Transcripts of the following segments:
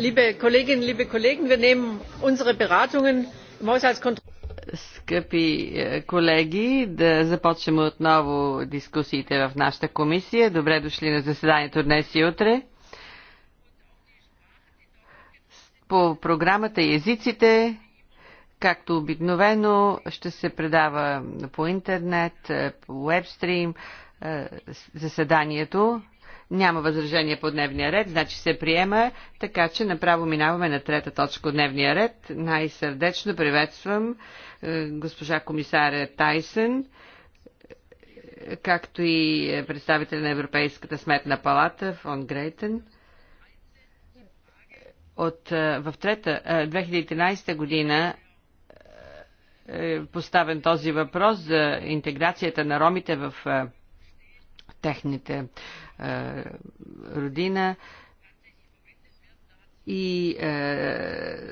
Liebe Kolleginnen, liebe Kollegen, wir nehmen unsere Beratungen im Скъпи е, колеги, да започнем отново дискусиите в нашата комисия. Добре дошли на заседанието днес и утре. По програмата езиците, както обикновено, ще се предава по интернет, е, по вебстрим е, заседанието няма възражение по дневния ред, значи се приема, така че направо минаваме на трета точка от дневния ред. Най-сърдечно приветствам е, госпожа комисаря Тайсън, е, както и представител на Европейската сметна палата Фон Грейтен. От, е, в трета, 2013 година е поставен този въпрос за интеграцията на ромите в техните е, родина и е,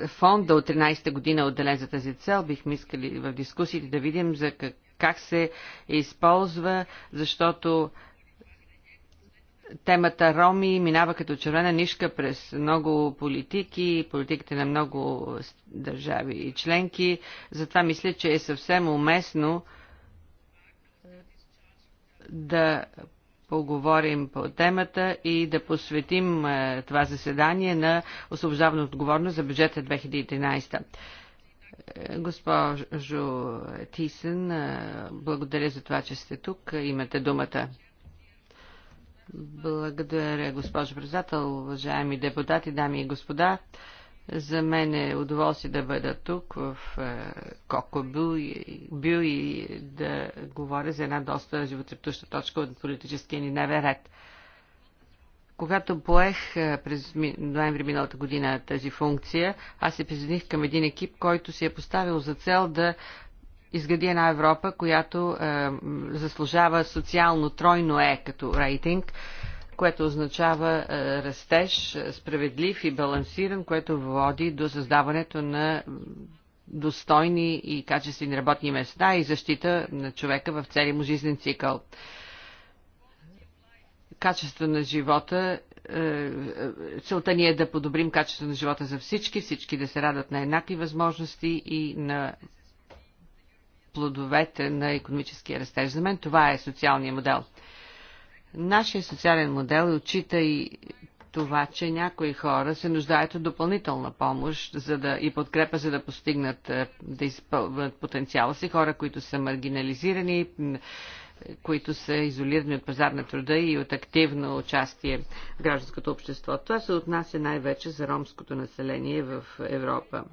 фонда от 13-та година е отделен за тази цел. Бихме искали в дискусиите да видим за как, как се използва, защото темата Роми минава като червена нишка през много политики, политиките на много държави и членки. Затова мисля, че е съвсем уместно да поговорим по темата и да посветим е, това заседание на освобождаване отговорност за бюджета 2013. Е, госпожо Тисен, е, благодаря за това, че сте тук. Имате думата. Благодаря, госпожо председател, уважаеми депутати, дами и господа. За мен е удоволствие да бъда тук в е, Коко бил и да говоря за една доста животрептуща точка от политическия ни дневен ред. Когато поех е, през ноември миналата година тази функция, аз се присъединих към един екип, който си е поставил за цел да изгради една Европа, която е, заслужава социално тройно е като рейтинг което означава е, растеж, справедлив и балансиран, което води до създаването на достойни и качествени работни места и защита на човека в целия му жизнен цикъл. Качество на живота е, е, целта ни е да подобрим качеството на живота за всички, всички да се радват на еднакви възможности и на плодовете на економическия растеж. За мен това е социалния модел. Нашия социален модел отчита и това, че някои хора се нуждаят от допълнителна помощ за да, и подкрепа, за да постигнат, е, да изпълнят потенциала си, хора, които са маргинализирани, които са изолирани от пазар на труда и от активно участие в гражданското общество. Това се отнася най-вече за ромското население в Европа.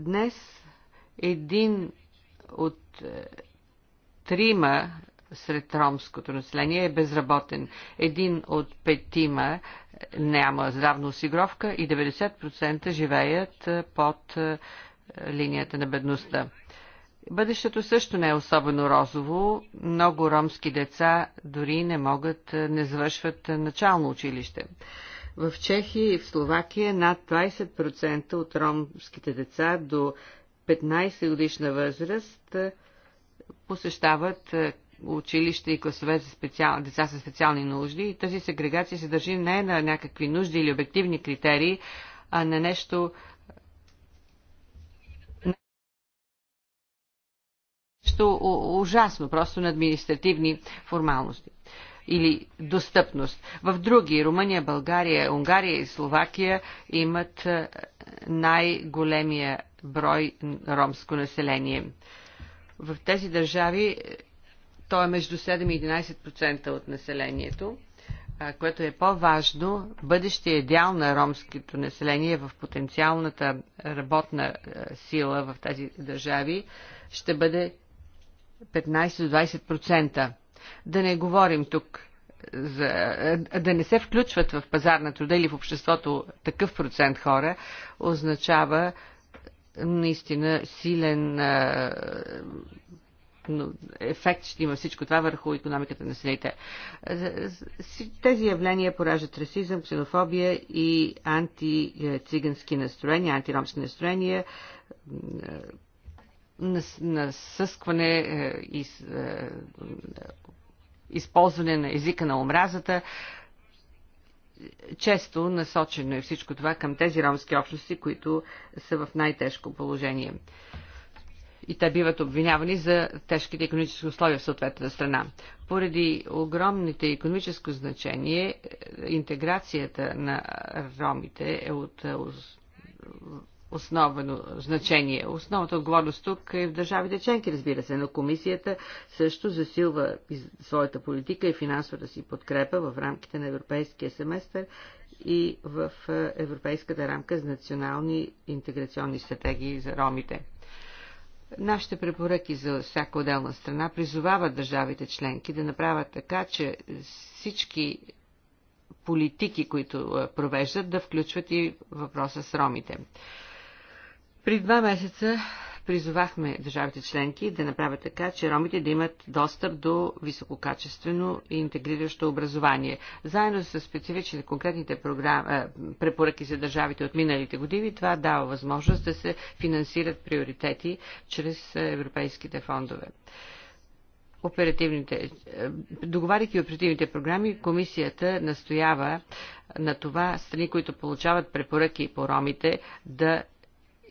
Днес един от е, трима сред ромското население е безработен. Един от петима няма здравна осигуровка и 90% живеят под линията на бедността. Бъдещето също не е особено розово. Много ромски деца дори не могат, не завършват начално училище. В Чехия и в Словакия над 20% от ромските деца до 15 годишна възраст посещават Училище и класове за специал... деца със специални нужди. И тази сегрегация се държи не на някакви нужди или обективни критерии, а на нещо, нещо ужасно, просто на административни формалности или достъпност. В други, Румъния, България, Унгария и Словакия имат е, най-големия брой ромско население. В тези държави е, то е между 7 и 11% от населението, което е по-важно. Бъдещия идеал на ромското население е в потенциалната работна сила в тези държави ще бъде 15 20%. Да не говорим тук за, да не се включват в пазар на труда или в обществото такъв процент хора, означава наистина силен ефект ще има всичко това върху економиката на страните. Тези явления поражат расизъм, ксенофобия и антицигански настроения, антиромски настроения, насъскване е, и е, използване на езика на омразата. Често насочено е всичко това към тези ромски общности, които са в най-тежко положение и те биват обвинявани за тежките економически условия в съответната страна. Поради огромните економическо значение, е, интеграцията на ромите е от е, основено значение. Основната отговорност тук е в държавите членки, разбира се, но комисията също засилва своята политика и финансовата си подкрепа в рамките на европейския семестър и в е, европейската рамка с национални интеграционни стратегии за ромите. Нашите препоръки за всяка отделна страна призовават държавите членки да направят така, че всички политики, които е, провеждат, да включват и въпроса с ромите. При два месеца призовахме държавите членки да направят така, че ромите да имат достъп до висококачествено и интегриращо образование. Заедно с специфичните конкретните програм... Е, препоръки за държавите от миналите години, това дава възможност да се финансират приоритети чрез европейските фондове оперативните, е, договаряйки оперативните програми, комисията настоява на това страни, които получават препоръки по ромите, да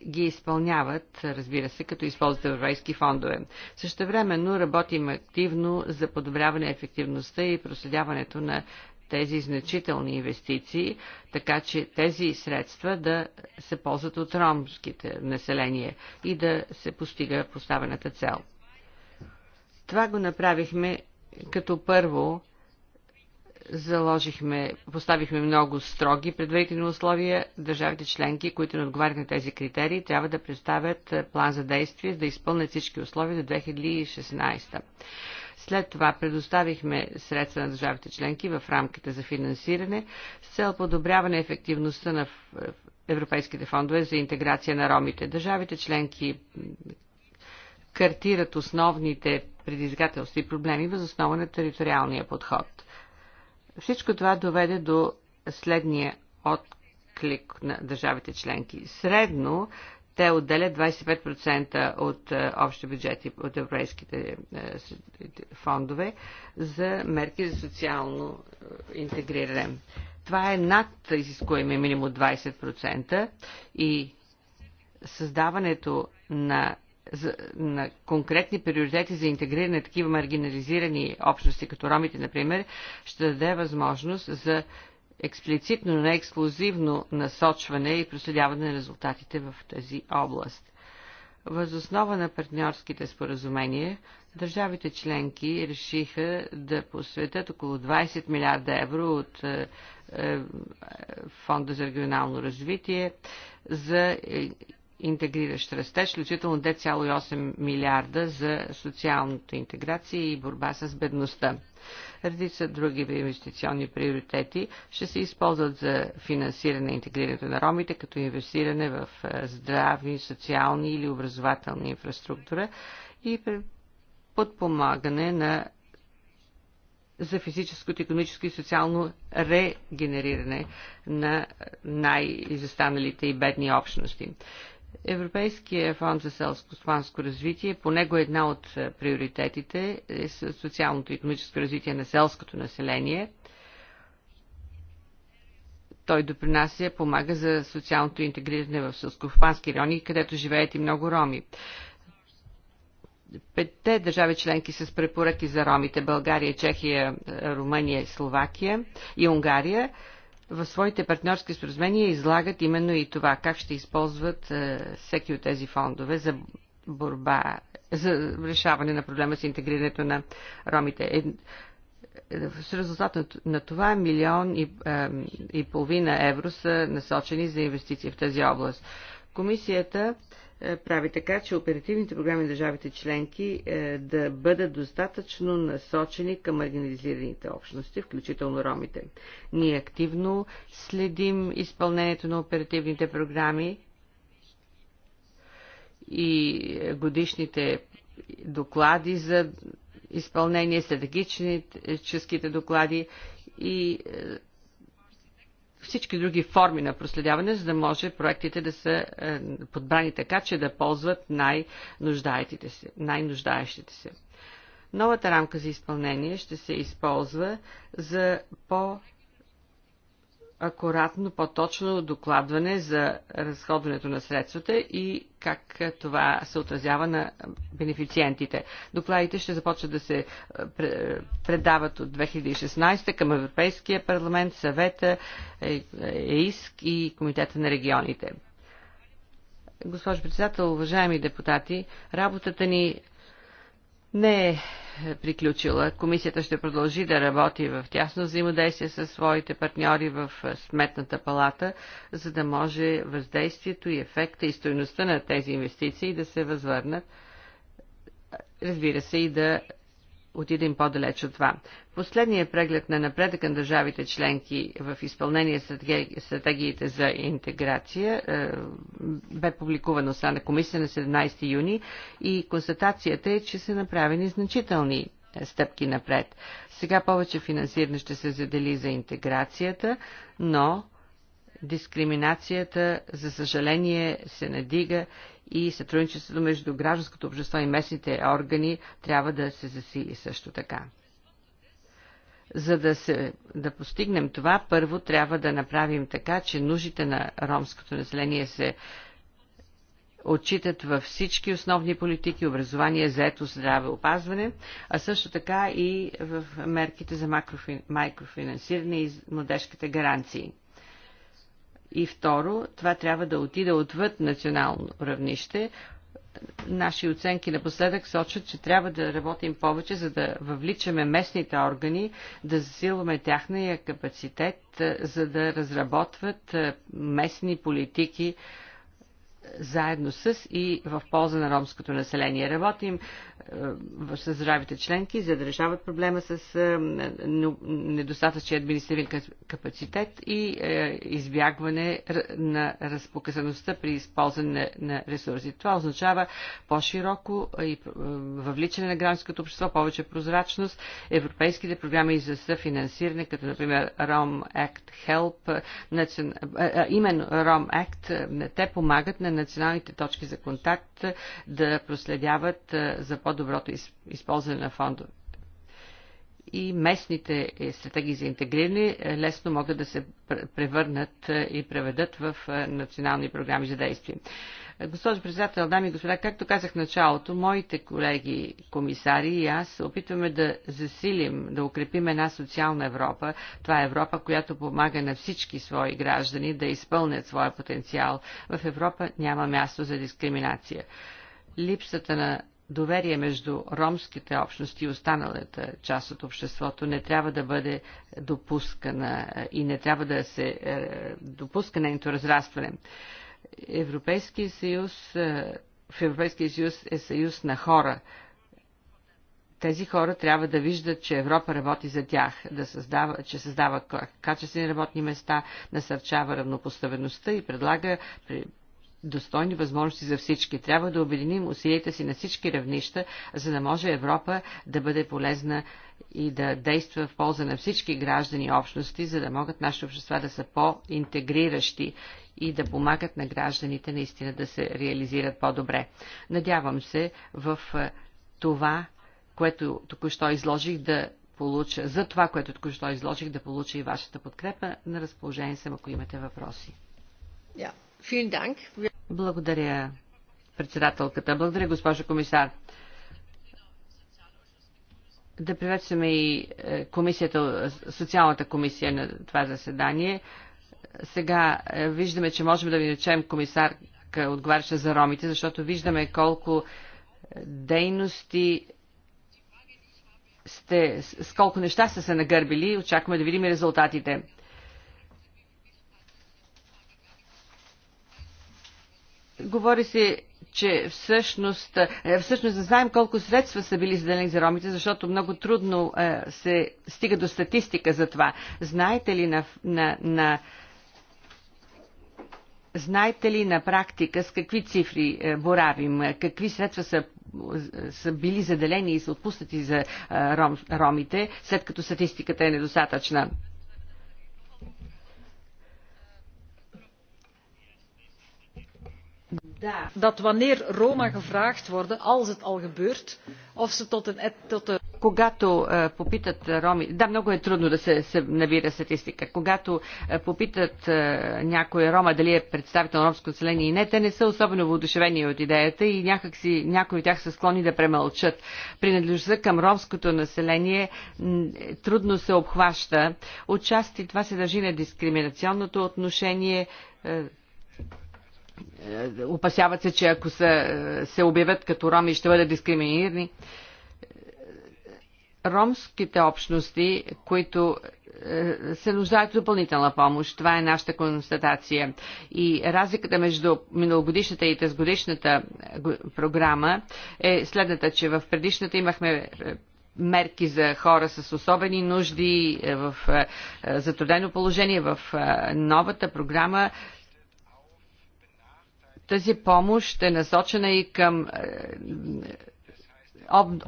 ги изпълняват, разбира се, като използват европейски фондове. Същевременно работим активно за подобряване ефективността и проследяването на тези значителни инвестиции, така че тези средства да се ползват от ромските население и да се постига поставената цел. Това го направихме като първо заложихме, поставихме много строги предварителни условия. Държавите членки, които не отговарят на тези критерии, трябва да представят е, план за действие, за да изпълнят всички условия до 2016. След това предоставихме средства на държавите членки в рамките за финансиране с цел подобряване ефективността на е, европейските фондове за интеграция на ромите. Държавите членки картират основните предизвикателства и проблеми въз основа на териториалния подход. Всичко това доведе до следния отклик на държавите членки. Средно те отделят 25% от е, общо бюджети от европейските е, е, фондове за мерки за социално интегриране. Това е над изискуемия минимум 20% и създаването на за, на конкретни приоритети за интегриране на такива маргинализирани общности, като ромите, например, ще даде възможност за експлицитно, не ексклюзивно насочване и проследяване на резултатите в тази област. Възоснова на партньорските споразумения, държавите членки решиха да посветят около 20 милиарда евро от е, е, Фонда за регионално развитие за е, интегриращ растеж, включително 2,8 милиарда за социалната интеграция и борба с бедността. Редица други инвестиционни приоритети ще се използват за финансиране на интегрирането на ромите, като инвестиране в здравни, социални или образователни инфраструктура и подпомагане на за физическото, економическо и социално регенериране на най-изостаналите и бедни общности. Европейския фонд за селско-стопанско развитие, по него е една от е, приоритетите е социалното и економическо развитие на селското население. Той допринася, помага за социалното интегриране в селско селско-стопански райони, където живеят и много роми. Петте държави членки с препоръки за ромите България, Чехия, Румъния, Словакия и Унгария – в своите партньорски споразумения излагат именно и това, как ще използват е, всеки от тези фондове за борба, за решаване на проблема с интегрирането на ромите. Е, е, с резултат на това милион и, и половина евро са насочени за инвестиции в тази област. Комисията е, прави така, че оперативните програми на държавите членки е, да бъдат достатъчно насочени към маргинализираните общности, включително ромите. Ние активно следим изпълнението на оперативните програми и е, годишните доклади за изпълнение, стратегическите доклади и всички други форми на проследяване, за да може проектите да са е, подбрани така, че да ползват най-нуждаещите се. Най се. Новата рамка за изпълнение ще се използва за по- акуратно по-точно докладване за разходването на средствата и как това се отразява на бенефициентите. Докладите ще започват да се е, предават от 2016 към Европейския парламент, съвета, ЕИСК е, и Комитета на регионите. Госпожо председател, уважаеми депутати, работата ни не е приключила. Комисията ще продължи да работи в тясно взаимодействие с своите партньори в Сметната палата, за да може въздействието и ефекта и стоеността на тези инвестиции да се възвърнат. Разбира се и да отидем по-далеч от това. Последният преглед на напредъка на държавите членки в изпълнение стратегиите за интеграция е, бе публикувано са на комисия на 17 юни и констатацията е, че са направени значителни стъпки напред. Сега повече финансиране ще се задели за интеграцията, но дискриминацията, за съжаление, се надига и сътрудничеството между гражданското общество и местните органи трябва да се засили също така. За да, се, да постигнем това, първо трябва да направим така, че нуждите на ромското население се отчитат във всички основни политики, образование, заето, здраве, опазване, а също така и в мерките за макрофин... макрофинансиране и младежките гаранции. И второ, това трябва да отиде отвъд национално равнище. Наши оценки напоследък сочат, че трябва да работим повече, за да въвличаме местните органи, да засилваме тяхния капацитет, за да разработват е, местни политики, е, заедно с и в полза на ромското население. Работим е, с здравите членки, за да решават проблема с е, недостатъчен административен капацитет и е, избягване на разпокъсаността при използване на ресурси. Това означава по-широко и въвличане на гражданското общество, повече прозрачност, европейските програми за съфинансиране, като например ROM Act Help, именно ROM Act, те помагат на националните точки за контакт да проследяват за по по-доброто използване на фондове. И местните е, стратегии за интегриране е, лесно могат да се превърнат е, и преведат в национални програми за действие. Госпожо председател, дами и господа, както казах в началото, моите колеги комисари и аз се опитваме да засилим, да укрепим една социална Европа. Това е Европа, която помага на всички свои граждани да изпълнят своя потенциал. В Европа няма място за дискриминация. Липсата на доверие между ромските общности и останалата част от обществото не трябва да бъде допускана е, и не трябва да се е, допуска нейното разрастване. Европейския съюз, е, в Европейския съюз е съюз на хора. Тези хора трябва да виждат, че Европа работи за тях, да създава, че създава качествени работни места, насърчава равнопоставеността и предлага достойни възможности за всички. Трябва да обединим усилията си на всички равнища, за да може Европа да бъде полезна и да действа в полза на всички граждани и общности, за да могат нашите общества да са по-интегриращи и да помагат на гражданите наистина да се реализират по-добре. Надявам се в това, което току-що изложих да получа, за това, което току-що изложих, да получа и вашата подкрепа. На разположение съм, ако имате въпроси. Yeah. Благодаря, председателката. Благодаря, госпожа комисар. Да приветстваме и е, комисията, социалната комисия на това заседание. Сега е, виждаме, че можем да ви начем комисарка, отговаряща за ромите, защото виждаме колко е, дейности сте, с колко неща са се нагърбили. Очакваме да видим резултатите. Говори се, че всъщност, е, всъщност не знаем колко средства са били заделени за ромите, защото много трудно е, се стига до статистика за това. Знаете ли на, на, на Знаете ли на практика с какви цифри е, боравим, какви средства са, са били заделени и са отпуснати за ром, ромите, след като статистиката е недостатъчна? dat wanneer Roma gevraagd worden, als het al gebeurt, of ze tot een... Когато eh, попитат роми... Да, много е трудно да се, се набира статистика. Когато е, попитат е, някой рома дали е представител на ромско население и не, те не са особено воодушевени от идеята и някакси, някои от тях са склонни да премълчат. Принадлежността към ромското население трудно се обхваща. Отчасти това се държи на дискриминационното отношение е, опасяват се, че ако се, се обявят като роми, ще бъдат дискриминирани. Ромските общности, които е, се нуждаят от допълнителна помощ. Това е нашата констатация. И разликата между миналогодишната и тазгодишната е, програма е следната, че в предишната имахме е, мерки за хора с особени нужди в затрудено положение. В новата програма тази помощ е насочена и към е,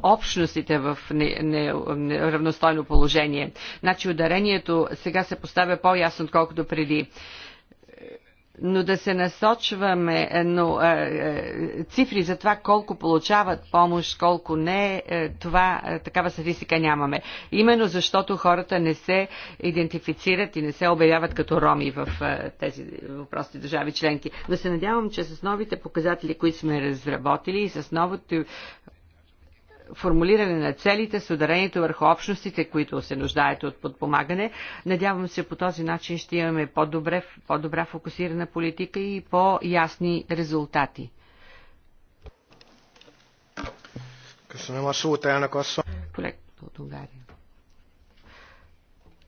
общностите в неравностойно положение. Значи ударението сега се поставя по-ясно, отколкото преди но да се насочваме, е, но е, е, цифри за това колко получават помощ, колко не, това, такава статистика нямаме. Именно защото хората не се идентифицират и не се обявяват като роми в тези въпросите държави членки. Но се надявам, че с новите показатели, които сме разработили и с новото формулиране на целите с ударението върху общностите, които се нуждаят от подпомагане. Надявам се по този начин ще имаме по-добре, по-добра фокусирана политика и по-ясни резултати.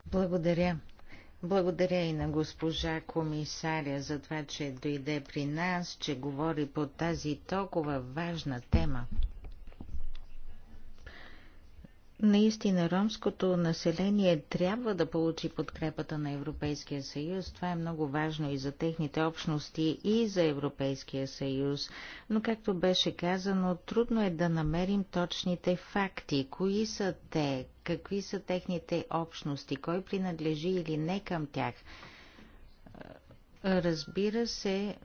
Благодаря. Благодаря и на госпожа комисаря за това, че дойде при нас, че говори по тази толкова важна тема. Наистина, ромското население трябва да получи подкрепата на Европейския съюз. Това е много важно и за техните общности, и за Европейския съюз. Но, както беше казано, трудно е да намерим точните факти. Кои са те? Какви са техните общности? Кой принадлежи или не към тях? Разбира се,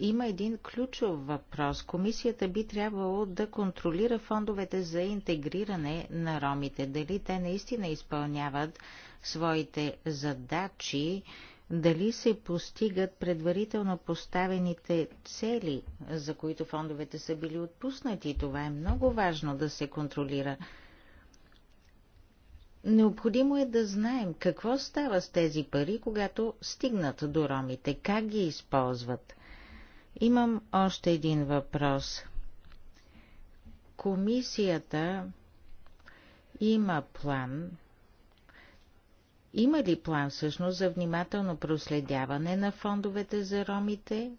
има един ключов въпрос. Комисията би трябвало да контролира фондовете за интегриране на ромите. Дали те наистина изпълняват своите задачи, дали се постигат предварително поставените цели, за които фондовете са били отпуснати. Това е много важно да се контролира. Необходимо е да знаем какво става с тези пари, когато стигнат до ромите, как ги използват – Имам още един въпрос. Комисията има план. Има ли план всъщност за внимателно проследяване на фондовете за ромите,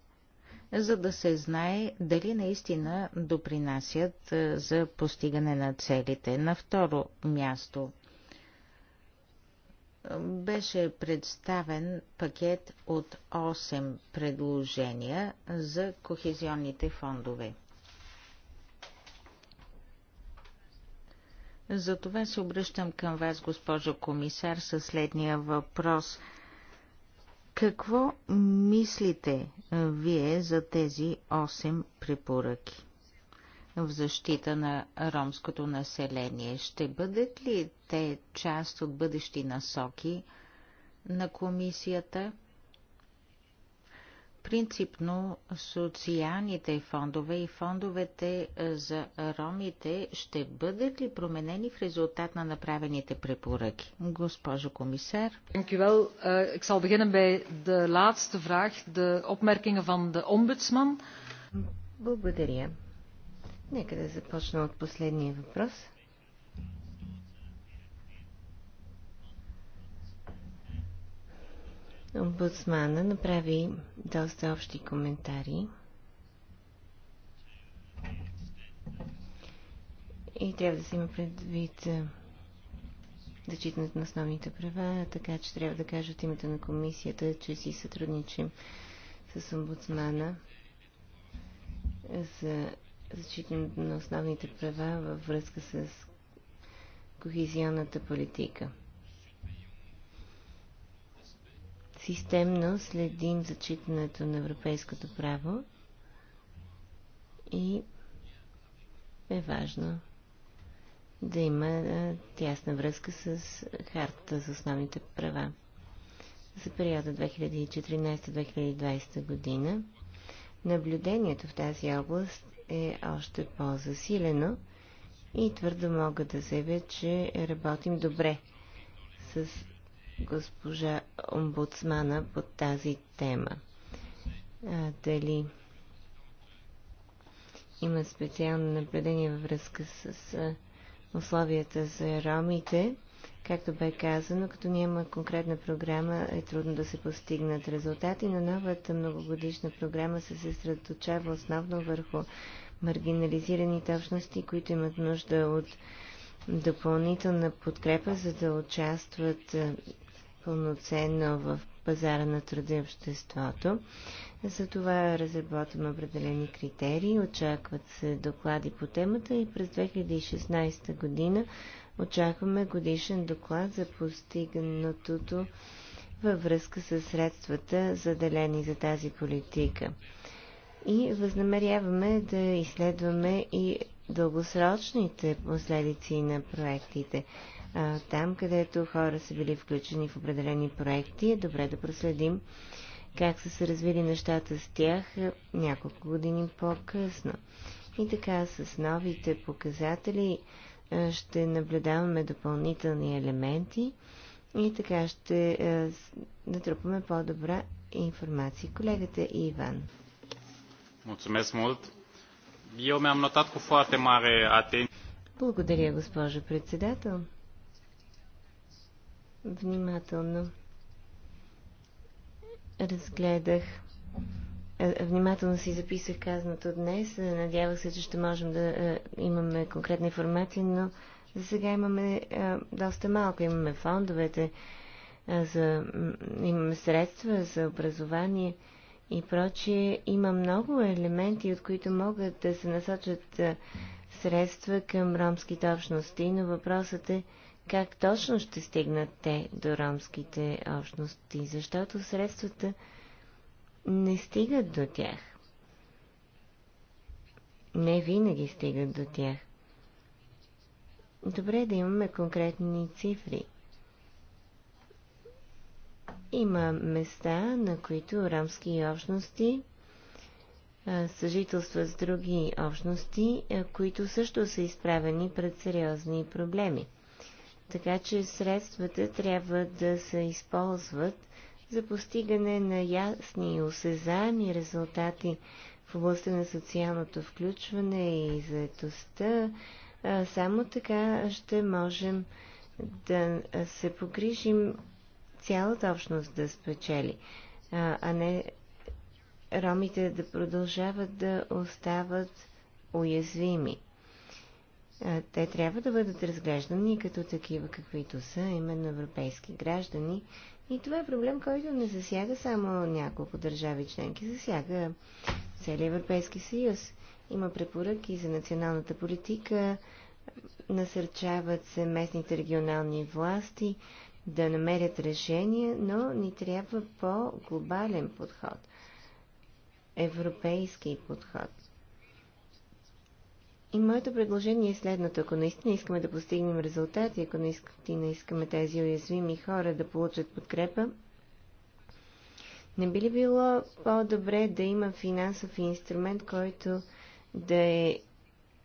за да се знае дали наистина допринасят за постигане на целите? На второ място, беше представен пакет от 8 предложения за кохезионните фондове. За това се обръщам към вас, госпожо комисар, със следния въпрос. Какво мислите вие за тези 8 препоръки? в защита на ромското население. Ще бъдат ли те част от бъдещи насоки на комисията? Принципно социалните фондове и фондовете за ромите ще бъдат ли променени в резултат на направените препоръки? Госпожо комисар. Dank u wel. Eh, ik zal beginnen bij de laatste vraag, de opmerkingen van de ombudsman. Благодаря. Нека да започна от последния въпрос. Омбудсмана направи доста общи коментари. И трябва да се има предвид зачитането да на основните права, така че трябва да кажа от името на комисията, че си сътрудничим с омбудсмана за защитим на основните права във връзка с кохезионната политика. Системно следим зачитането на европейското право и е важно да има тясна връзка с хартата за основните права. За периода 2014-2020 година наблюдението в тази област е още по-засилено и твърдо мога да заявя, че работим добре с госпожа омбудсмана по тази тема. А, дали има специално наблюдение във връзка с условията за ромите Както бе казано, като няма конкретна програма, е трудно да се постигнат резултати, но новата многогодишна програма се съсредоточава основно върху маргинализираните общности, които имат нужда от допълнителна подкрепа, за да участват е, пълноценно в пазара на труда и обществото. За това разработваме определени критерии, очакват се доклади по темата и през 2016 година Очакваме годишен доклад за постигнатото във връзка с средствата, заделени за тази политика. И възнамеряваме да изследваме и дългосрочните последици на проектите. там, където хора са били включени в определени проекти, е добре да проследим как са се развили нещата с тях е, няколко години по-късно. И така с новите показатели е, ще наблюдаваме допълнителни елементи и така ще е, натрупаме по-добра информация. Колегата Иван. Mulțumesc mult. Eu mi-am notat cu foarte mare atenție. Благодаря, госпожо председател. Внимателно разгледах е, е, внимателно си записах казаното днес. Е, надявах се, че ще можем да имаме конкретна информация, но за сега имаме доста малко. Имаме фондовете, за, имаме средства за образование и прочие. Има много елементи, от които могат да се насочат средства към ромските общности, но въпросът е как точно ще стигнат те до ромските общности, защото средствата не стигат до тях. Не винаги стигат до тях. Добре да имаме конкретни цифри. Има места, на които рамски общности съжителства с други общности, които също са изправени пред сериозни проблеми. Така че средствата трябва да се използват за постигане на ясни и осезаеми резултати в областта на социалното включване и заетостта, само така ще можем да се погрижим цялата общност да спечели, а не ромите да продължават да остават уязвими. Те трябва да бъдат разглеждани като такива, каквито са, именно европейски граждани, и това е проблем, който не засяга само няколко държави членки, засяга целият Европейски съюз. Има препоръки за националната политика, насърчават се местните регионални власти да намерят решение, но ни трябва по-глобален подход, европейски подход – и моето предложение е следното. Ако наистина искаме да постигнем резултати, ако наистина искаме тези уязвими хора да получат подкрепа, не би ли било по-добре да има финансов инструмент, който да е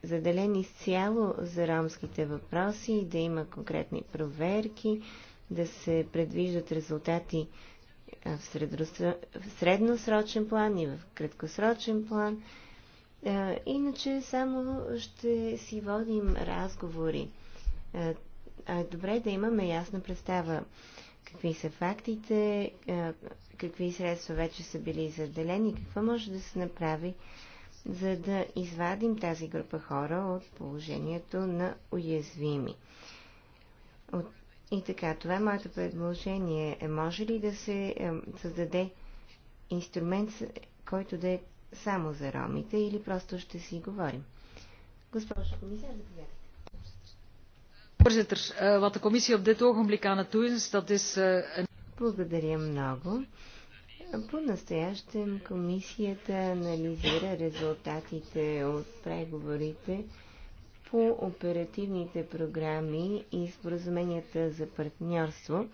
заделен изцяло за ромските въпроси, да има конкретни проверки, да се предвиждат резултати в средносрочен план и в краткосрочен план, е, иначе само ще си водим разговори. Е, а, е добре да имаме ясна представа какви са фактите, е, какви средства вече са били заделени, какво може да се направи, за да извадим тази група хора от положението на уязвими. И така, това е моето предложение. Може ли да се създаде инструмент, който да е само за ромите или просто ще си говорим. Госпожо комисар, заповядайте. Eh, eh, Благодаря много. По-настоящем комисията анализира резултатите от преговорите по оперативните програми и споразуменията за партньорство.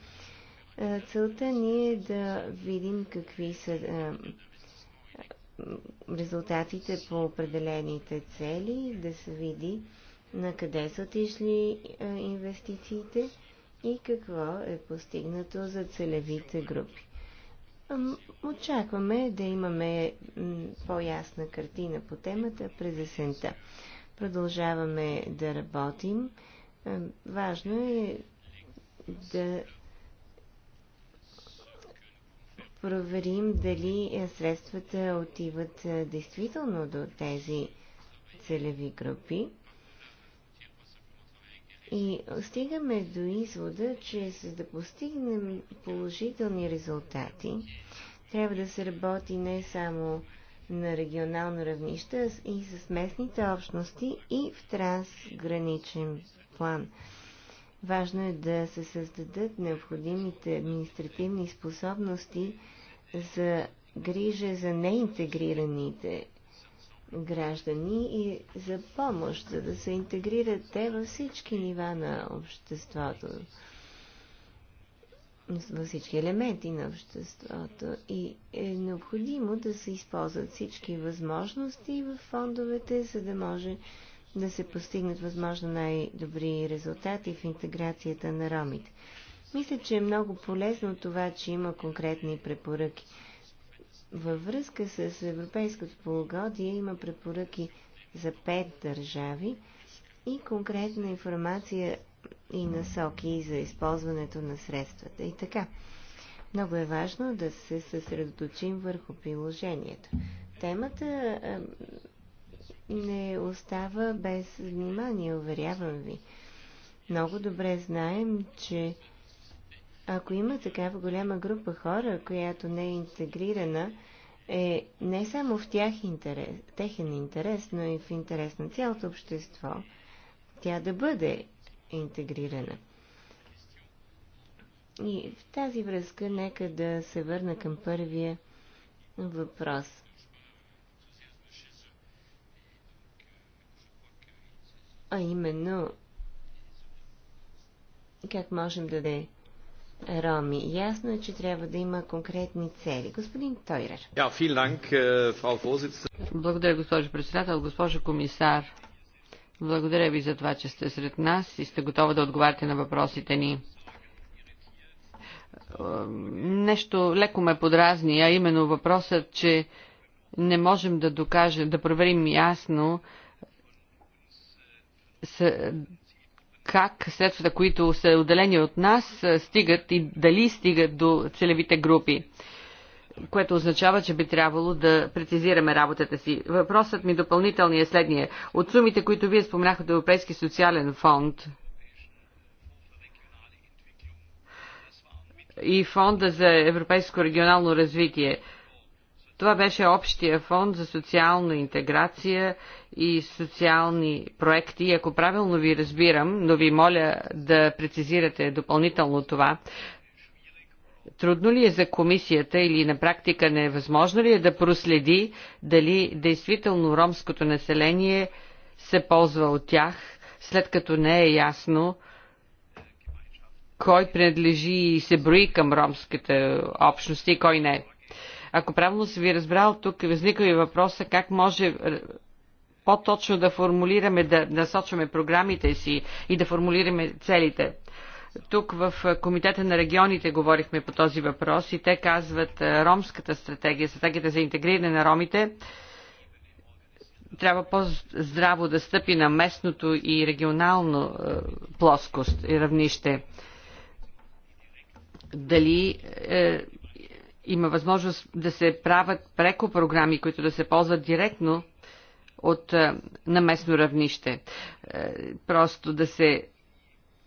Е, целта ни е да видим какви са е, резултатите по определените цели, да се види на къде са отишли инвестициите и какво е постигнато за целевите групи. Очакваме да имаме по-ясна картина по темата през есента. Продължаваме да работим. Важно е да проверим дали е, средствата отиват е, действително до тези целеви групи. И стигаме до извода, че за да постигнем положителни резултати, трябва да се работи не само на регионално равнище, а и с местните общности и в трансграничен план. Важно е да се създадат необходимите административни способности за грижа за неинтегрираните граждани и за помощ, за да се интегрират те във всички нива на обществото, във всички елементи на обществото. И е необходимо да се използват всички възможности в фондовете, за да може да се постигнат възможно най-добри резултати в интеграцията на ромите. Мисля, че е много полезно това, че има конкретни препоръки. Във връзка с Европейското полугодие има препоръки за пет държави и конкретна информация и насоки за използването на средствата. И така, много е важно да се съсредоточим върху приложението. Темата не остава без внимание, уверявам ви. Много добре знаем, че ако има такава голяма група хора, която не е интегрирана, е не само в тях интерес, техен интерес, но и в интерес на цялото общество, тя да бъде интегрирана. И в тази връзка нека да се върна към първия въпрос. а именно как можем да де роми. Ясно е, че трябва да има конкретни цели. Господин Тойрер. Äh, благодаря, госпожо председател, госпожо комисар. Благодаря ви за това, че сте сред нас и сте готова да отговаряте на въпросите ни. Нещо леко ме подразни, а именно въпросът, че не можем да докажем, да проверим ясно, как средствата, които са отделени от нас, стигат и дали стигат до целевите групи, което означава, че би трябвало да прецизираме работата си. Въпросът ми допълнителният е следния. От сумите, които вие споменахте от Европейски социален фонд, и фонда за европейско регионално развитие – това беше общия фонд за социална интеграция и социални проекти. И ако правилно ви разбирам, но ви моля да прецизирате допълнително това, трудно ли е за комисията или на практика невъзможно е ли е да проследи дали действително ромското население се ползва от тях, след като не е ясно кой принадлежи и се брои към ромските общности и кой не. е? Ако правилно се ви разбрал, тук възниква и въпроса как може по-точно да формулираме, да насочваме програмите си и да формулираме целите. Тук в Комитета на регионите говорихме по този въпрос и те казват ромската стратегия, стратегията за интегриране на ромите, трябва по-здраво да стъпи на местното и регионално плоскост и равнище. Дали е, има възможност да се правят преко програми, които да се ползват директно от, е, на местно равнище. Е, просто да се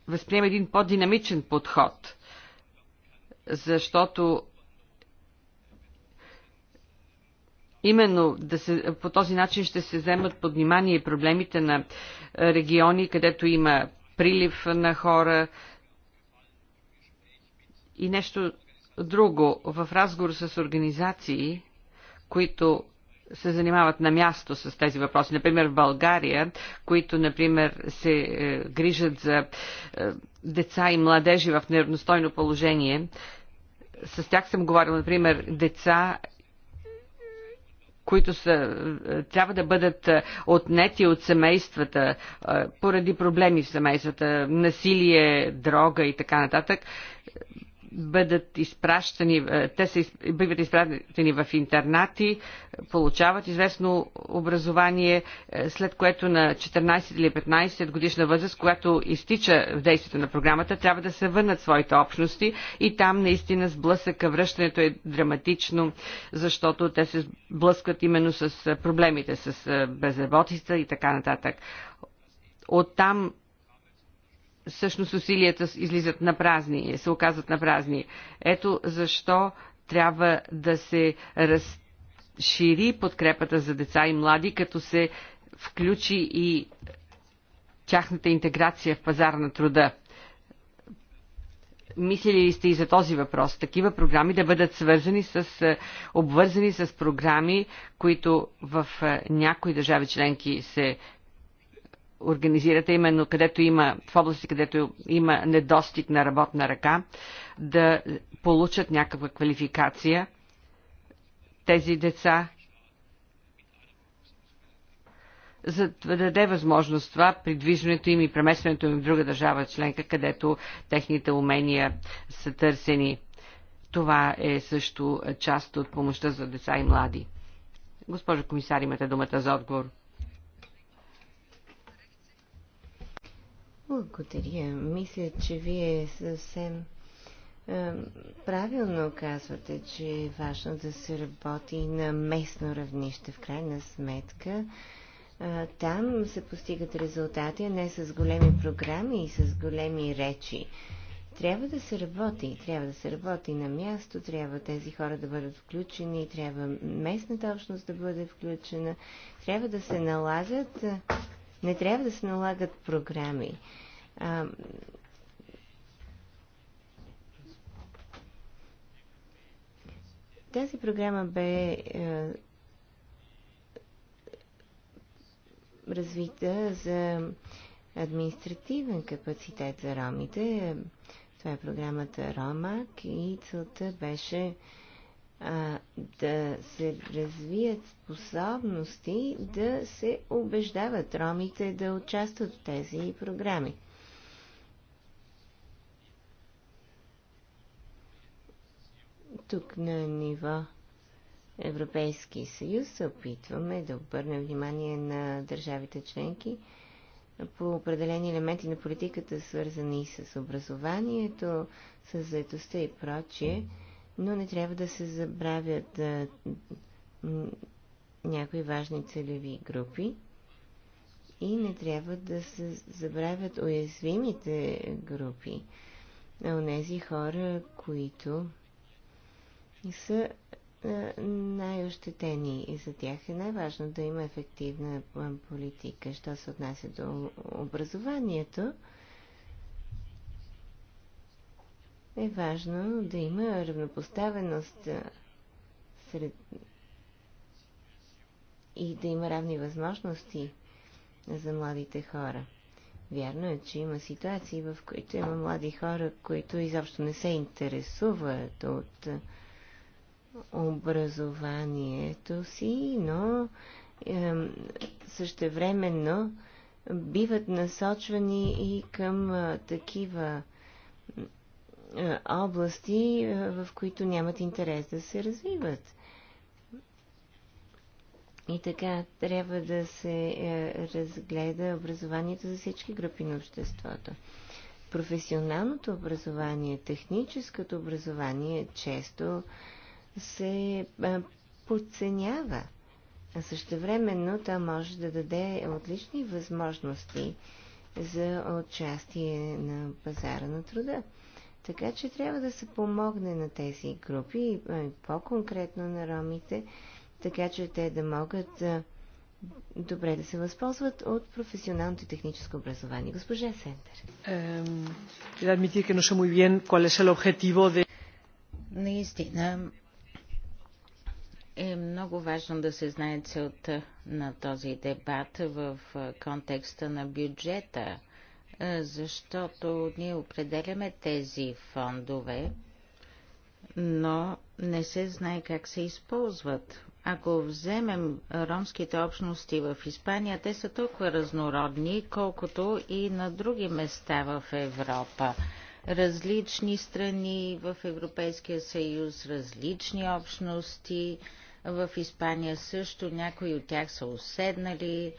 възприеме един по-динамичен подход, защото именно да се, по този начин ще се вземат под внимание проблемите на е, региони, където има прилив на хора и нещо Друго, в разговор с организации, които се занимават на място с тези въпроси. Например, в България, които, например, се е, грижат за е, деца и младежи в неравностойно положение. С тях съм говорил, например, деца, които са, е, трябва да бъдат е, отнети от семействата е, поради проблеми в семействата, насилие, дрога и така нататък бъдат изпращани, е, те са, биват изпратени в интернати, получават известно образование, е, след което на 14 или 15 годишна възраст, когато изтича в действието на програмата, трябва да се върнат своите общности и там наистина сблъсъка, връщането е драматично, защото те се сблъскват именно с е, проблемите, с безработица и така нататък. Оттам всъщност усилията излизат на празни, се оказват на празни. Ето защо трябва да се разшири подкрепата за деца и млади, като се включи и тяхната интеграция в пазар на труда. Мислили ли сте и за този въпрос? Такива програми да бъдат свързани с, е, обвързани с програми, които в е, някои държави членки се организирате, именно където има, в области, където има недостиг на работна ръка, да получат някаква квалификация тези деца, за да даде възможност това придвижването им и преместването им в друга държава членка, където техните умения са търсени. Това е също част от помощта за деца и млади. Госпожо комисар, имате думата за отговор. Благодаря. Мисля, че вие съвсем е, правилно казвате, че е важно да се работи на местно равнище. В крайна сметка, е, там се постигат резултати, а не с големи програми и с големи речи. Трябва да се работи, трябва да се работи на място, трябва тези хора да бъдат включени, трябва местната общност да бъде включена, трябва да се налазят е, не трябва да се налагат програми. тази програма бе е, развита за административен капацитет за ромите. Е, това е програмата Ромак и целта беше е, а, да се развият способности да се убеждават ромите да участват в тези програми. Тук на ниво Европейски съюз се опитваме да обърнем внимание на държавите членки по определени елементи на политиката, свързани с образованието, с заедостта и прочие. Mm но не трябва да се забравят а, някои важни целеви групи и не трябва да се забравят уязвимите групи, онези хора, които са най-ощетени и за тях е най-важно да има ефективна политика. Що се отнася до образованието, е важно да има равнопоставеност сред и да има равни възможности за младите хора. Вярно е, че има ситуации, в които има млади хора, които изобщо не се интересуват от образованието си, но е, същевременно биват насочвани и към е, такива е, области, е, в които нямат интерес да се развиват. И така трябва да се е, разгледа образованието за всички групи на обществото. Професионалното образование, техническото образование често се подценява. А същевременно то може да даде отлични възможности за участие на пазара на труда. Така че трябва да се помогне на тези групи, по-конкретно на ромите, така че те да могат добре да се възползват от професионалното и техническо образование. Госпожа Сендер. Наистина е много важно да се знае целта на този дебат в контекста на бюджета защото ние определяме тези фондове, но не се знае как се използват. Ако вземем ромските общности в Испания, те са толкова разнородни, колкото и на други места в Европа. Различни страни в Европейския съюз, различни общности. В Испания също някои от тях са уседнали,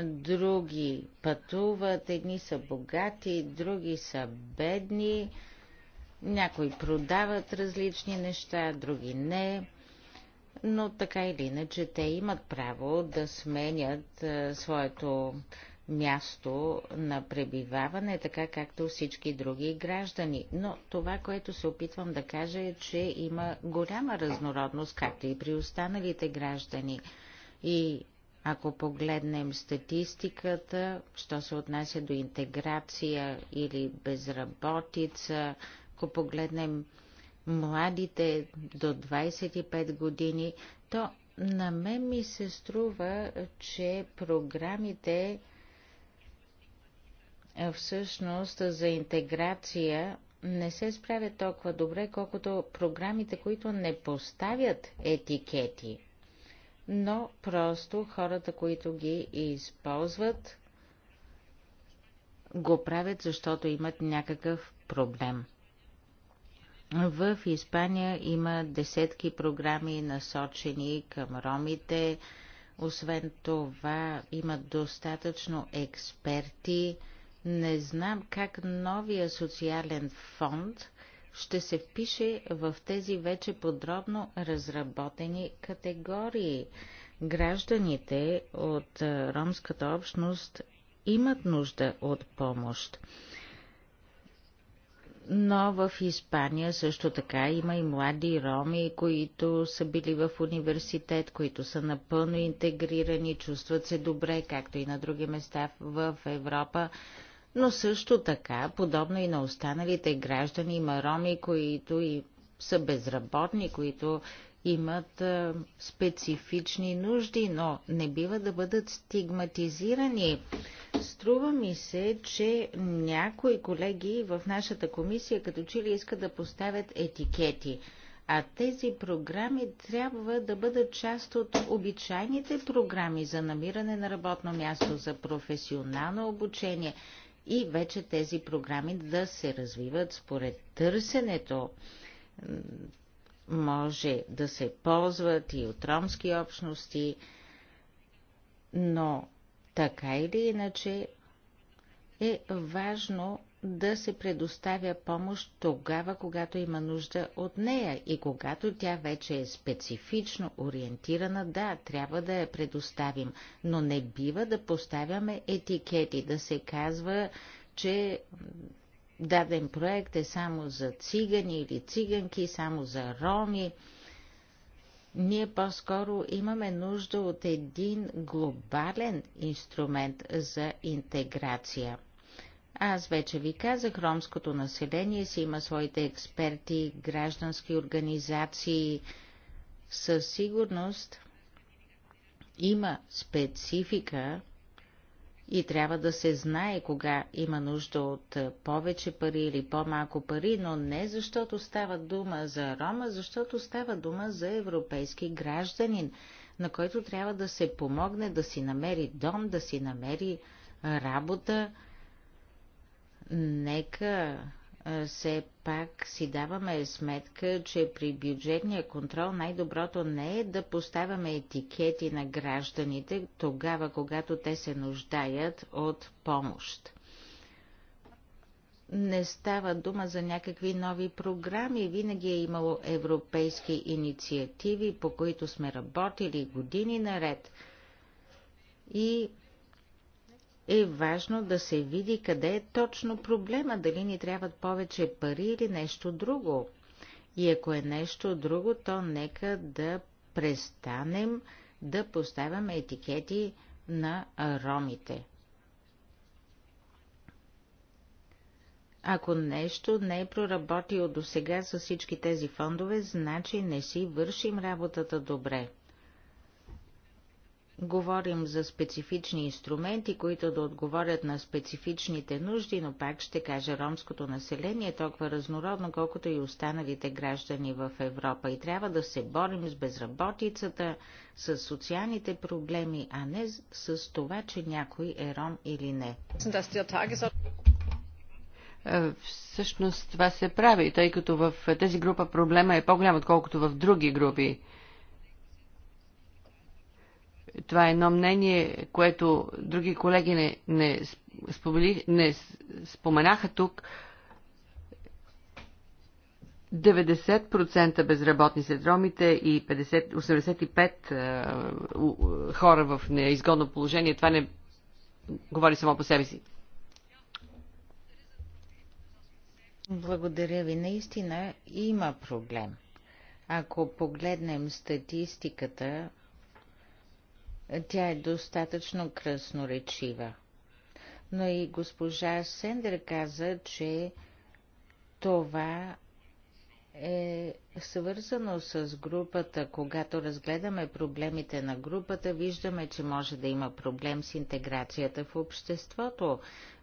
други пътуват, едни са богати, други са бедни, някои продават различни неща, други не, но така или иначе те имат право да сменят своето място на пребиваване, така както всички други граждани. Но това, което се опитвам да кажа е, че има голяма разнородност, както и при останалите граждани. И ако погледнем статистиката, що се отнася до интеграция или безработица, ако погледнем младите до 25 години, то на мен ми се струва, че програмите всъщност за интеграция не се справят толкова добре, колкото програмите, които не поставят етикети но просто хората, които ги използват, го правят, защото имат някакъв проблем. В Испания има десетки програми насочени към ромите. Освен това, има достатъчно експерти. Не знам как новия социален фонд – ще се впише в тези вече подробно разработени категории. Гражданите от ромската общност имат нужда от помощ. Но в Испания също така има и млади роми, които са били в университет, които са напълно интегрирани, чувстват се добре, както и на други места в Европа но също така, подобно и на останалите граждани, има роми, които и са безработни, които имат специфични нужди, но не бива да бъдат стигматизирани. Струва ми се, че някои колеги в нашата комисия като че ли искат да поставят етикети. А тези програми трябва да бъдат част от обичайните програми за намиране на работно място, за професионално обучение и вече тези програми да се развиват според търсенето. Може да се ползват и от ромски общности, но така или иначе е важно да се предоставя помощ тогава, когато има нужда от нея и когато тя вече е специфично ориентирана, да, трябва да я предоставим, но не бива да поставяме етикети, да се казва, че даден проект е само за цигани или циганки, само за роми. Ние по-скоро имаме нужда от един глобален инструмент за интеграция – аз вече ви казах, ромското население си има своите експерти, граждански организации. Със сигурност има специфика и трябва да се знае кога има нужда от повече пари или по-малко пари, но не защото става дума за Рома, защото става дума за европейски гражданин, на който трябва да се помогне да си намери дом, да си намери работа Нека все пак си даваме сметка, че при бюджетния контрол най-доброто не е да поставяме етикети на гражданите тогава, когато те се нуждаят от помощ. Не става дума за някакви нови програми, винаги е имало европейски инициативи, по които сме работили години наред. И е важно да се види къде е точно проблема, дали ни трябват повече пари или нещо друго. И ако е нещо друго, то нека да престанем да поставяме етикети на аромите. Ако нещо не е проработило до сега с всички тези фондове, значи не си вършим работата добре. Говорим за специфични инструменти, които да отговорят на специфичните нужди, но пак ще кажа, ромското население е толкова разнородно, колкото и останалите граждани в Европа. И трябва да се борим с безработицата, с социалните проблеми, а не с това, че някой е ром или не. Е, всъщност това се прави, тъй като в е, тази група проблема е по-голям, отколкото в други групи. Това е едно мнение, което други колеги не, не, спобили, не споменаха тук. 90% безработни сред ромите и 50, 85 хора в неизгодно положение. Това не говори само по себе си. Благодаря ви. Наистина има проблем. Ако погледнем статистиката тя е достатъчно красноречива. Но и госпожа Сендер каза, че това е свързано с групата. Когато разгледаме проблемите на групата, виждаме, че може да има проблем с интеграцията в обществото.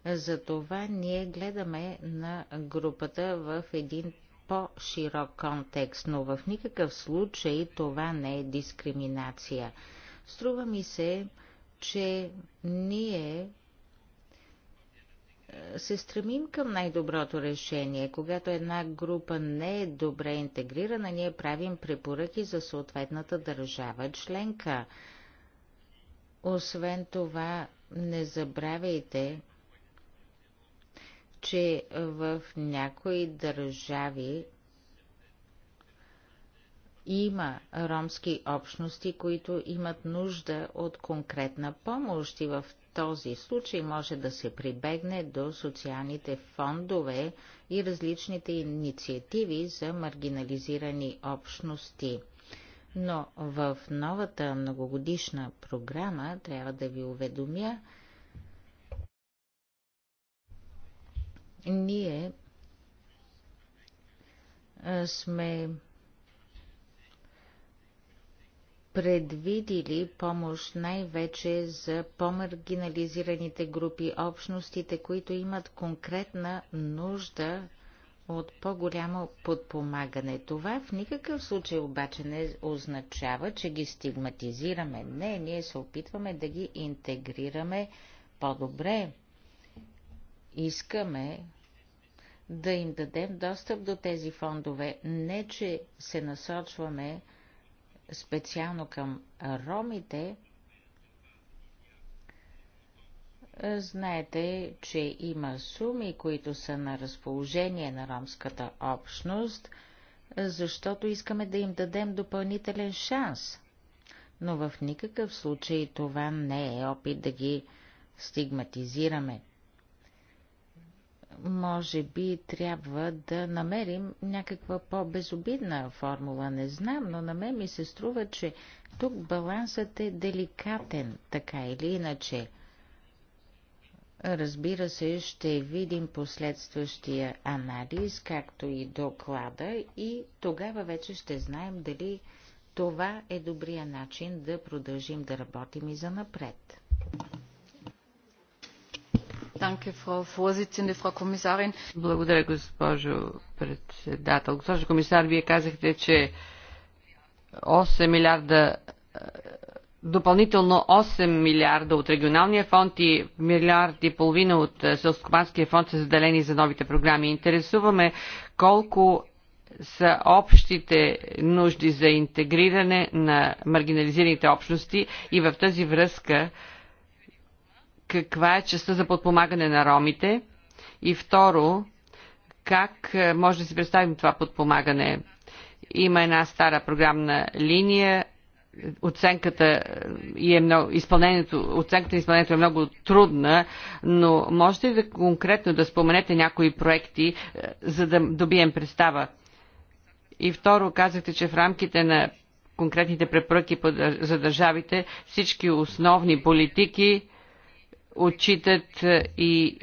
Затова ние гледаме на групата в един по-широк контекст, но в никакъв случай това не е дискриминация. Струва ми се, че ние е, се стремим към най-доброто решение. Когато една група не е добре интегрирана, ние правим препоръки за съответната държава членка. Освен това, не забравяйте, че в някои държави има ромски общности, които имат нужда от конкретна помощ и в този случай може да се прибегне до социалните фондове и различните инициативи за маргинализирани общности. Но в новата многогодишна програма трябва да ви уведомя, ние сме предвидили помощ най-вече за по-маргинализираните групи, общностите, които имат конкретна нужда от по-голямо подпомагане. Това в никакъв случай обаче не означава, че ги стигматизираме. Не, ние се опитваме да ги интегрираме по-добре. Искаме да им дадем достъп до тези фондове. Не, че се насочваме специално към ромите, знаете, че има суми, които са на разположение на ромската общност, защото искаме да им дадем допълнителен шанс. Но в никакъв случай това не е опит да ги стигматизираме може би трябва да намерим някаква по-безобидна формула, не знам, но на мен ми се струва, че тук балансът е деликатен, така или иначе. Разбира се, ще видим последстващия анализ, както и доклада, и тогава вече ще знаем дали това е добрия начин да продължим да работим и за напред. Благодаря, госпожо председател. Госпожо комисар, вие казахте, че 8 милиарда е, допълнително 8 милиарда от регионалния фонд и милиард и половина от е, селскопанския фонд са заделени за новите програми. Интересуваме колко са общите нужди за интегриране на маргинализираните общности и в тази връзка каква е частта за подпомагане на ромите? И второ, как е, може да си представим това подпомагане? Има една стара програмна линия, оценката е, и е много, изпълнението, оценката на изпълнението е много трудна, но можете ли да конкретно да споменете някои проекти, е, за да добием представа? И второ, казахте, че в рамките на конкретните препоръки за държавите всички основни политики отчитат е, и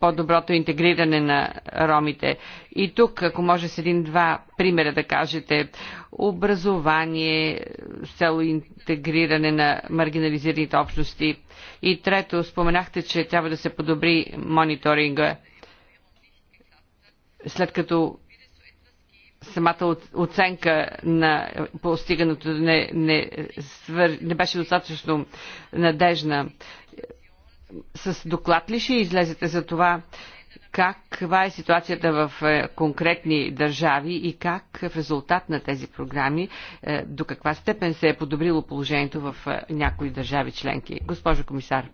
по-доброто интегриране на ромите. И тук, ако може с един-два примера да кажете, образование, село интегриране на маргинализираните общности. И трето, споменахте, че трябва да се подобри мониторинга, след като самата оценка на постигането не, не, свър... не беше достатъчно надежна. С доклад ли ще излезете за това каква е ситуацията в е, конкретни държави и как в резултат на тези програми е, до каква степен се е подобрило положението в е, някои държави членки? Госпожо комисар.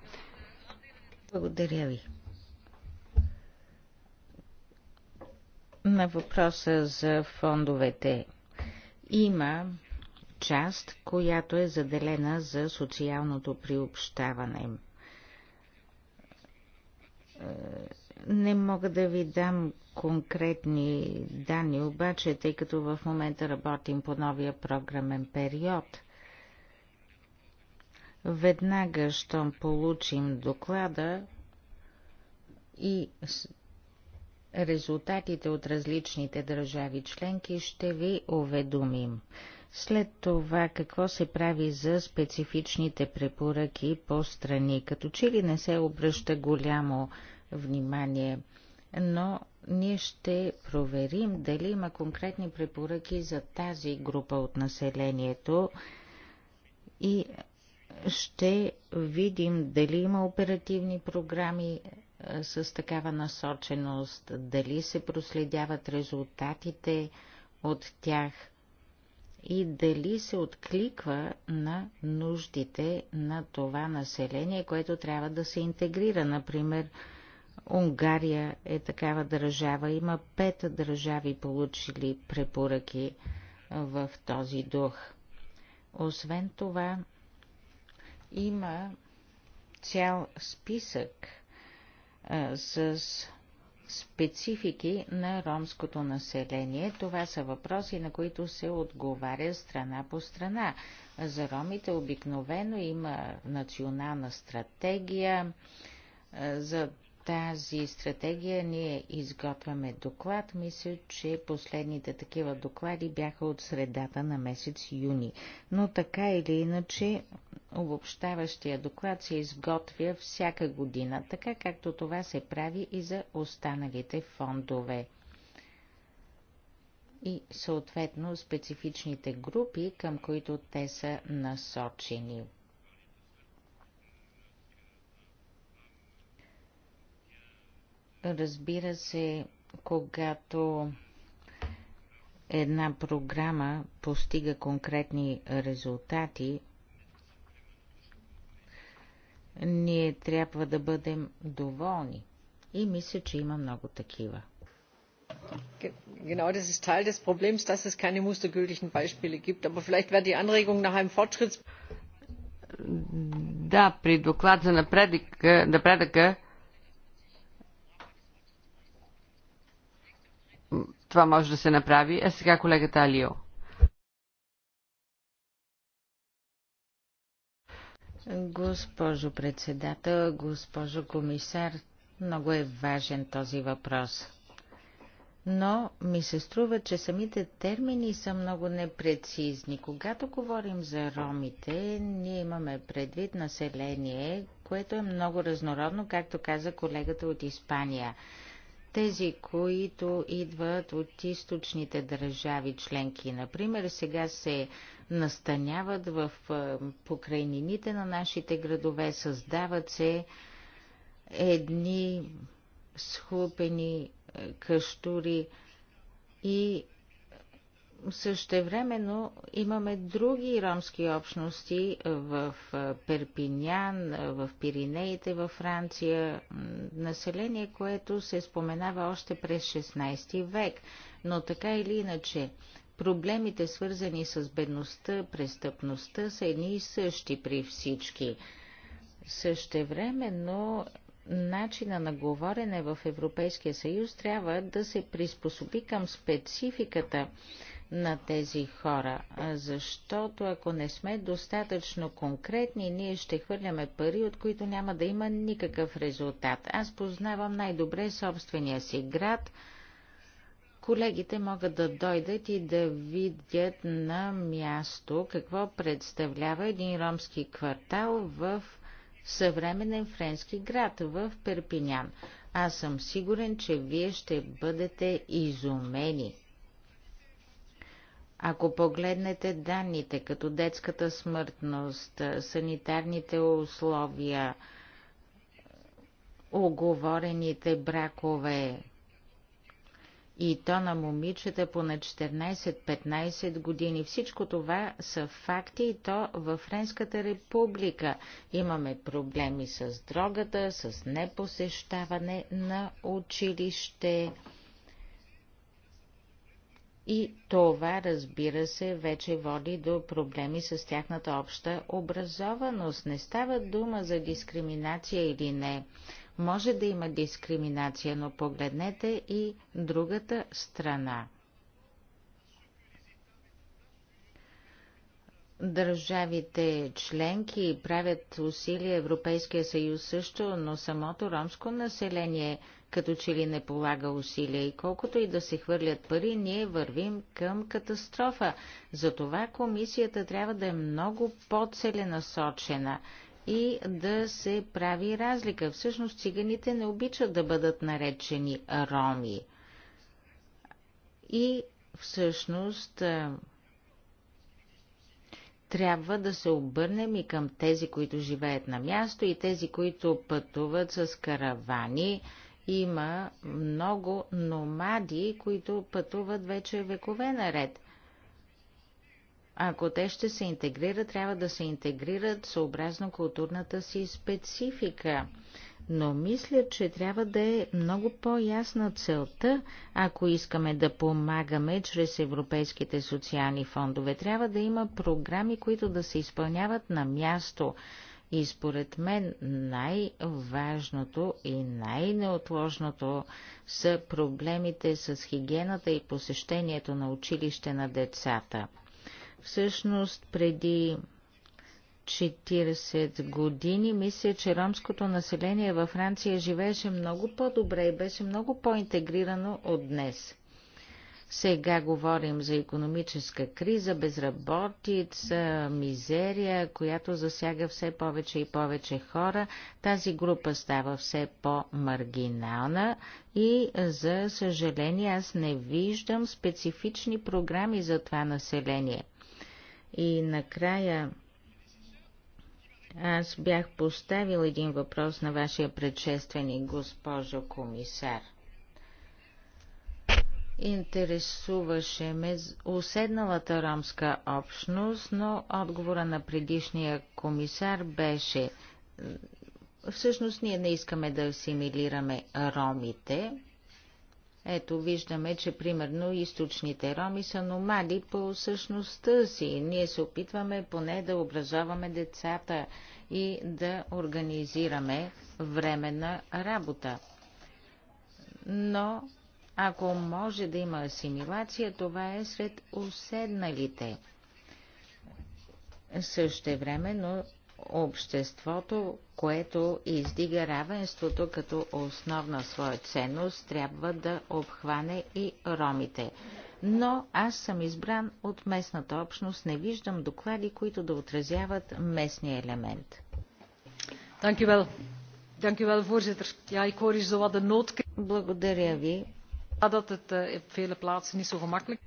Благодаря ви. на въпроса за фондовете. Има част, която е заделена за социалното приобщаване. Е, не мога да ви дам конкретни данни, обаче, тъй като в момента работим по новия програмен период. Веднага, щом получим доклада и резултатите от различните държави членки ще ви уведомим. След това какво се прави за специфичните препоръки по страни, като че ли не се обръща голямо внимание, но ние ще проверим дали има конкретни препоръки за тази група от населението и ще видим дали има оперативни програми с такава насоченост, дали се проследяват резултатите от тях и дали се откликва на нуждите на това население, което трябва да се интегрира. Например, Унгария е такава държава. Има пет държави получили препоръки в този дух. Освен това, има цял списък с специфики на ромското население. Това са въпроси, на които се отговаря страна по страна. За ромите обикновено има национална стратегия за тази стратегия ние изготвяме доклад. Мисля, че последните такива доклади бяха от средата на месец юни. Но така или иначе, обобщаващия доклад се изготвя всяка година, така както това се прави и за останалите фондове. И съответно специфичните групи, към които те са насочени. Разбира се, когато една програма постига конкретни резултати, ние трябва да бъдем доволни. И мисля, че има много такива. Genau, das ist Teil des Problems, dass es keine mustergültigen Beispiele gibt. Aber vielleicht wäre die Anregung nach einem Fortschritts... Да, при доклад за напредъка, напредъка Това може да се направи. А е, сега колегата Алио. Госпожо председател, госпожо комисар, много е важен този въпрос. Но ми се струва, че самите термини са много непрецизни. Когато говорим за ромите, ние имаме предвид население, което е много разнородно, както каза колегата от Испания тези, които идват от източните държави членки. Например, сега се настаняват в покрайнините на нашите градове, създават се едни схлупени къщури и Същевременно имаме други ромски общности в Перпинян, в Пиринеите, във Франция. Население, което се споменава още през 16 век. Но така или иначе, проблемите свързани с бедността, престъпността са едни и същи при всички. Същевременно начина на говорене в Европейския съюз трябва да се приспособи към спецификата на тези хора, защото ако не сме достатъчно конкретни, ние ще хвърляме пари, от които няма да има никакъв резултат. Аз познавам най-добре собствения си град. Колегите могат да дойдат и да видят на място какво представлява един ромски квартал в съвременен френски град в Перпинян. Аз съм сигурен, че вие ще бъдете изумени. Ако погледнете данните, като детската смъртност, санитарните условия, оговорените бракове, и то на момичета по на 14-15 години. Всичко това са факти и то във Френската република. Имаме проблеми с дрогата, с непосещаване на училище. И това, разбира се, вече води до проблеми с тяхната обща образованост. Не става дума за дискриминация или не. Може да има дискриминация, но погледнете и другата страна. Държавите членки правят усилия Европейския съюз също, но самото ромско население като че ли не полага усилия и колкото и да се хвърлят пари, ние вървим към катастрофа. Затова комисията трябва да е много по-целенасочена и да се прави разлика. Всъщност циганите не обичат да бъдат наречени роми. И всъщност трябва да се обърнем и към тези, които живеят на място и тези, които пътуват с каравани, има много номади, които пътуват вече векове наред. Ако те ще се интегрират, трябва да се интегрират съобразно културната си специфика. Но мисля, че трябва да е много по-ясна целта, ако искаме да помагаме чрез европейските социални фондове. Трябва да има програми, които да се изпълняват на място. И според мен най-важното и най-неотложното са проблемите с хигиената и посещението на училище на децата. Всъщност, преди 40 години, мисля, че ромското население във Франция живееше много по-добре и беше много по-интегрирано от днес. Сега говорим за економическа криза, безработица, мизерия, която засяга все повече и повече хора. Тази група става все по-маргинална и, за съжаление, аз не виждам специфични програми за това население. И накрая аз бях поставил един въпрос на вашия предшественик, госпожо комисар – Интересуваше ме уседналата ромска общност, но отговора на предишния комисар беше всъщност ние не искаме да асимилираме ромите. Ето виждаме, че примерно източните роми са номади по същността си. Ние се опитваме поне да образоваме децата и да организираме временна работа. Но ако може да има асимилация, това е сред уседналите. Същевременно обществото, което издига равенството като основна своя ценност, трябва да обхване и ромите. Но аз съм избран от местната общност, не виждам доклади, които да отразяват местния елемент. Благодаря ви. Eh,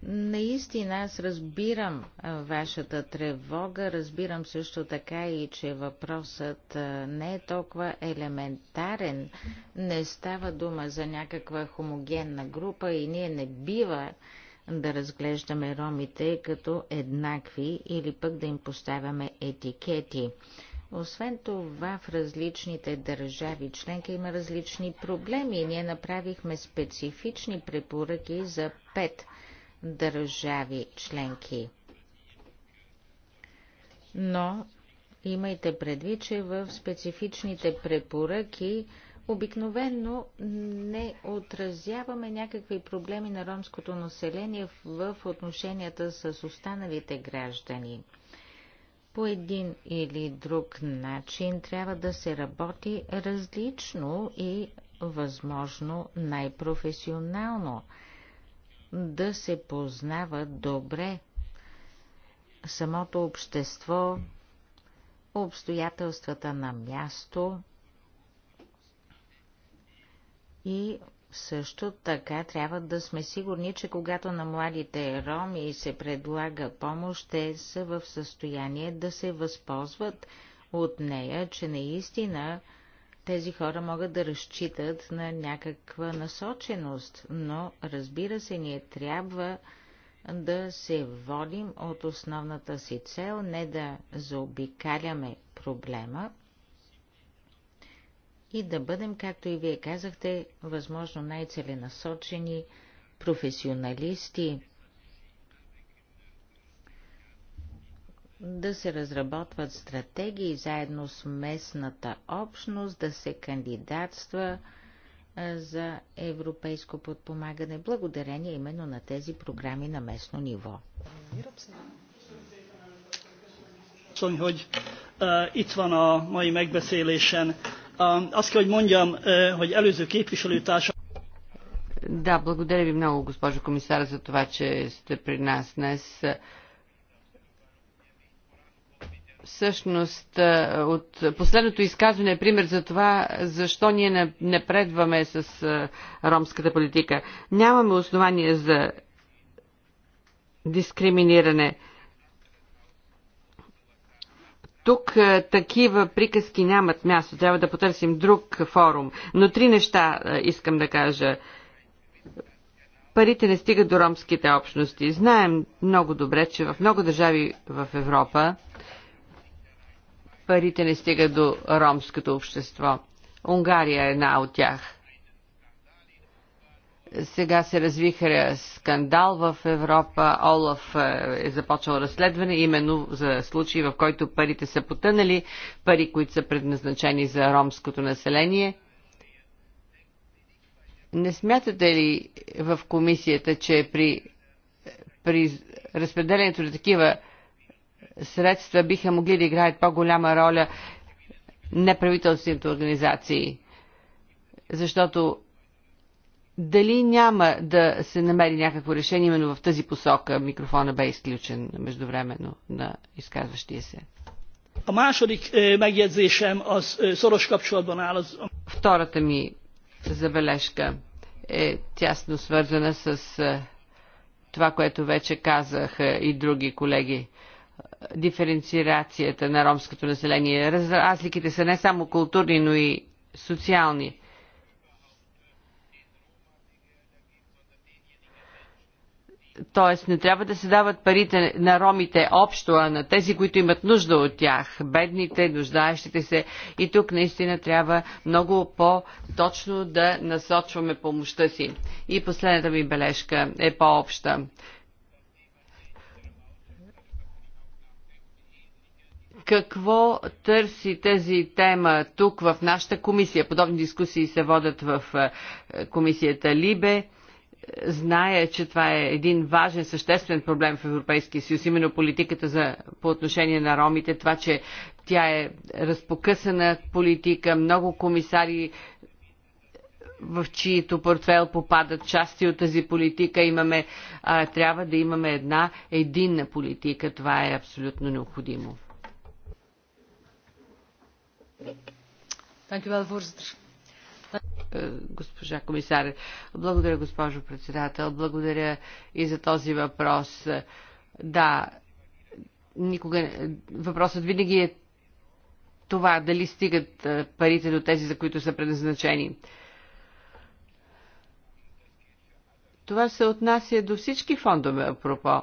Наистина аз разбирам вашата тревога, разбирам също така и, че въпросът не е толкова елементарен. Не става дума за някаква хомогенна група и ние не бива да разглеждаме ромите като еднакви или пък да им поставяме етикети. Освен това, в различните държави членки има различни проблеми. Ние направихме специфични препоръки за пет държави членки. Но имайте предвид, че в специфичните препоръки обикновенно не отразяваме някакви проблеми на ромското население в отношенията с останалите граждани по един или друг начин трябва да се работи различно и възможно най-професионално, да се познава добре самото общество, обстоятелствата на място и също така трябва да сме сигурни, че когато на младите роми се предлага помощ, те са в състояние да се възползват от нея, че наистина тези хора могат да разчитат на някаква насоченост, но разбира се, ние трябва да се водим от основната си цел, не да заобикаляме проблема, и да бъдем, както и вие казахте, възможно най-целенасочени професионалисти, да се разработват стратегии заедно с местната общност, да се кандидатства за европейско подпомагане, благодарение именно на тези програми на местно ниво. Hogy itt van a mai megbeszélésen аз kell, hogy mondjam, елюзо előző таша. Да, благодаря ви много, госпожо комисар, за това, че сте при нас днес. Всъщност, е, от последното изказване е пример за това, защо ние не предваме с е, ромската политика. Нямаме основания за дискриминиране. Тук е, такива приказки нямат място. Трябва да потърсим друг форум. Но три неща е, искам да кажа. Парите не стигат до ромските общности. Знаем много добре, че в много държави в Европа парите не стигат до ромското общество. Унгария е една от тях. Сега се развиха скандал в Европа. Олаф е, е започнал разследване именно за случаи, в който парите са потънали, пари, които са предназначени за ромското население. Не смятате ли в комисията, че при, при разпределението на такива средства биха могли да играят по-голяма роля неправителствените организации? Защото дали няма да се намери някакво решение именно в тази посока? Микрофона бе изключен междувременно на изказващия се. A második е, megjegyzésem az е, szoros kapcsolatban áll az... Втората ми забележка е тясно свързана с е, това, което вече казах и други колеги. Диференцирацията на ромското население. Разликите са не само културни, но и социални Т.е. не трябва да се дават парите на ромите общо, а на тези, които имат нужда от тях, бедните, нуждаещите се. И тук наистина трябва много по-точно да насочваме помощта си. И последната ми бележка е по-обща. какво търси тази тема тук в нашата комисия. Подобни дискусии се водят в е, комисията Либе. Знае, че това е един важен, съществен проблем в Европейския съюз, именно политиката за, по отношение на ромите, това, че тя е разпокъсана политика, много комисари в чието портфел попадат части от тази политика, имаме, а, трябва да имаме една единна политика. Това е абсолютно необходимо. Thank you, wel, е, госпожа комисар. Благодаря, госпожо председател. Благодаря и за този въпрос. Да, никога... въпросът винаги е това, дали стигат е, парите до тези, за които са предназначени. Това се отнася до всички фондове, апропо.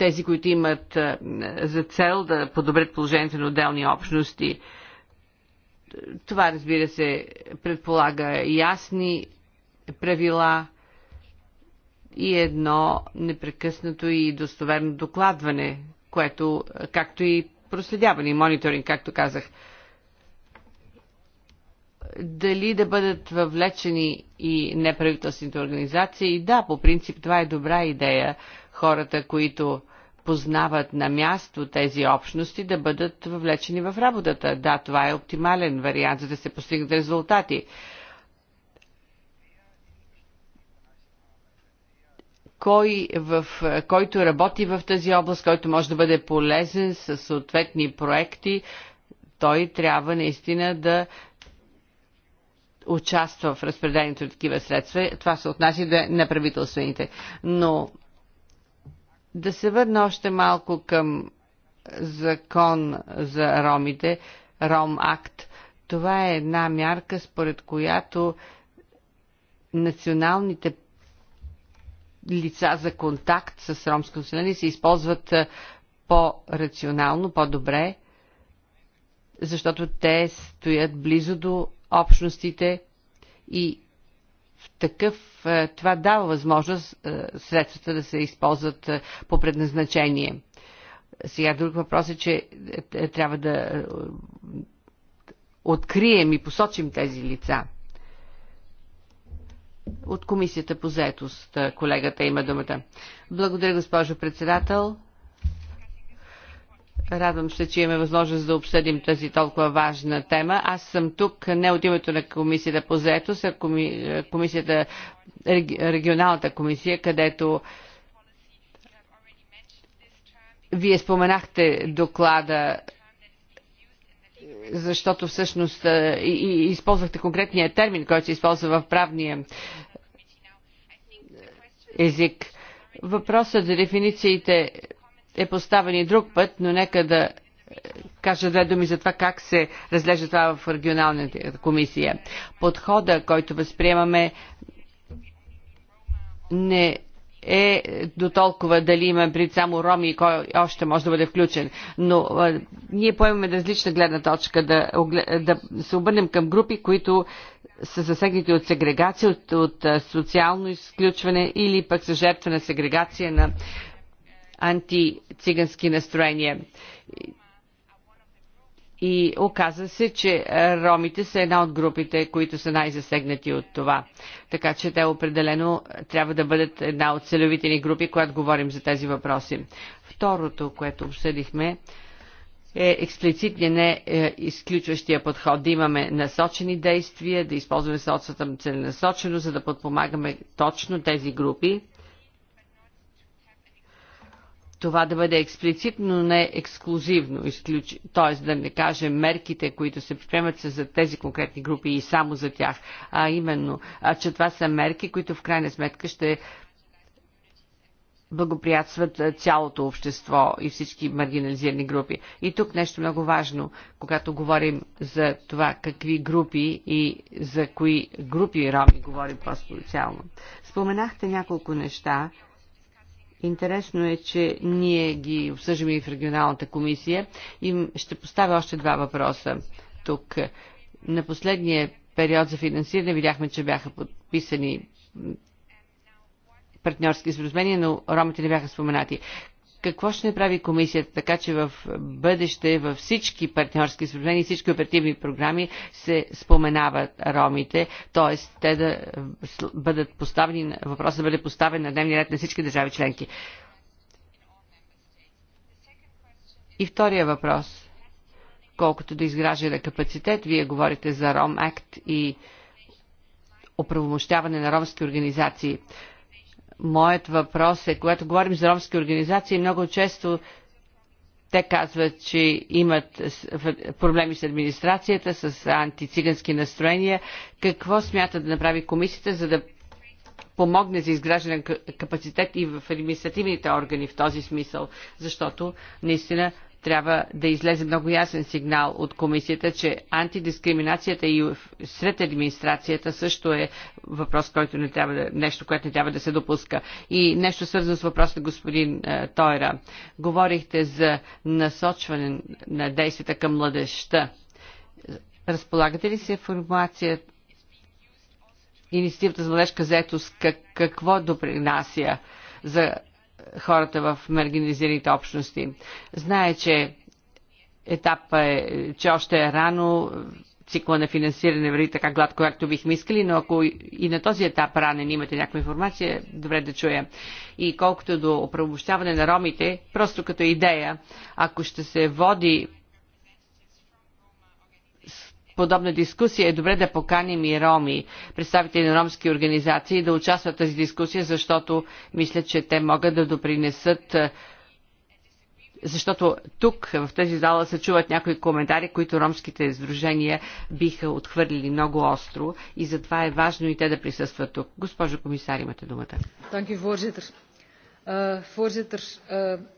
тези, които имат за цел да подобрят положението на отделни общности. Това, разбира се, предполага ясни правила и едно непрекъснато и достоверно докладване, което, както и проследяване и мониторинг, както казах. Дали да бъдат въвлечени и неправителствените организации? Да, по принцип това е добра идея. Хората, които познават на място тези общности, да бъдат въвлечени в работата. Да, това е оптимален вариант, за да се постигнат резултати. кой в, който работи в тази област, който може да бъде полезен с съответни проекти, той трябва наистина да участва в разпределението на такива средства. Това се отнася да на правителствените. Но да се върна още малко към закон за ромите, Ром Акт. Това е една мярка, според която националните лица за контакт с ромско население се използват по-рационално, по-добре, защото те стоят близо до общностите и в такъв, е, това дава възможност е, средствата да се използват е, по предназначение. Сега друг въпрос е, че трябва да открием и посочим тези лица. От комисията по заетост колегата има думата. Благодаря, госпожо председател. Радвам се, че имаме възможност да обсъдим тази толкова важна тема. Аз съм тук не от името на комисията по заетост, а коми, комисията, регионалната комисия, където вие споменахте доклада защото всъщност и, и използвахте конкретния термин, който се използва в правния език. Въпросът за дефинициите е поставен и друг път, но нека да е, кажа две думи за това как се разглежда това в регионалната комисия. Подхода, който възприемаме, не е до толкова дали има пред само роми и кой още може да бъде включен. Но а, ние поемаме различна гледна точка да, да се обърнем към групи, които са засегнати от сегрегация, от, от социално изключване или пък са жертва на сегрегация на антицигански настроения. И оказа се, че ромите са една от групите, които са най-засегнати от това. Така че те определено трябва да бъдат една от целевите ни групи, когато говорим за тези въпроси. Второто, което обсъдихме, е експлицитни, не е, изключващия подход. Да имаме насочени действия, да използваме средствата целенасочено, за да подпомагаме точно тези групи това да бъде експлицитно, но не ексклюзивно, изключ... т.е. да не кажем мерките, които се приемат са за тези конкретни групи и само за тях, а именно, а, че това са мерки, които в крайна сметка ще благоприятстват цялото общество и всички маргинализирани групи. И тук нещо много важно, когато говорим за това какви групи и за кои групи роми говорим по-специално. Споменахте няколко неща, Интересно е, че ние ги обсъждаме и в регионалната комисия. И ще поставя още два въпроса тук. На последния период за финансиране видяхме, че бяха подписани партньорски споразумения, но ромите не бяха споменати какво ще направи комисията, така че в бъдеще във всички партньорски споразумения, всички оперативни програми се споменават ромите, т.е. те да е, бъдат поставени, въпросът да бъде поставен на дневния ред на всички държави членки. И втория въпрос. Колкото да изгражда капацитет, вие говорите за Ром Акт и оправомощаване на ромски организации. Моят въпрос е, когато говорим за ромски организации, много често те казват, че имат проблеми с администрацията, с антицигански настроения. Какво смята да направи комисията, за да помогне за изграждане на капацитет и в административните органи в този смисъл? Защото наистина трябва да излезе много ясен сигнал от комисията, че антидискриминацията и сред администрацията също е въпрос, който не трябва да, нещо, което не трябва да се допуска. И нещо свързано с въпроса господин е, Тойра. Говорихте за насочване на действията към младеща. Разполагате ли се информация инициативата за младежка заетост как, какво допринася за хората в маргинализираните общности. Знае, че етапа е, че още е рано, цикла на финансиране върви така гладко, както бихме искали, но ако и на този етап ранен имате някаква информация, добре да чуя. И колкото до оправобощаване на ромите, просто като идея, ако ще се води подобна дискусия е добре да поканим и роми, представители на ромски организации, да участват в тази дискусия, защото мисля, че те могат да допринесат е, защото тук в тази зала се чуват някои коментари, които ромските издружения биха отхвърлили много остро и затова е важно и те да присъстват тук. Госпожо комисар, имате думата. voorzitter. Uh, voorzitter,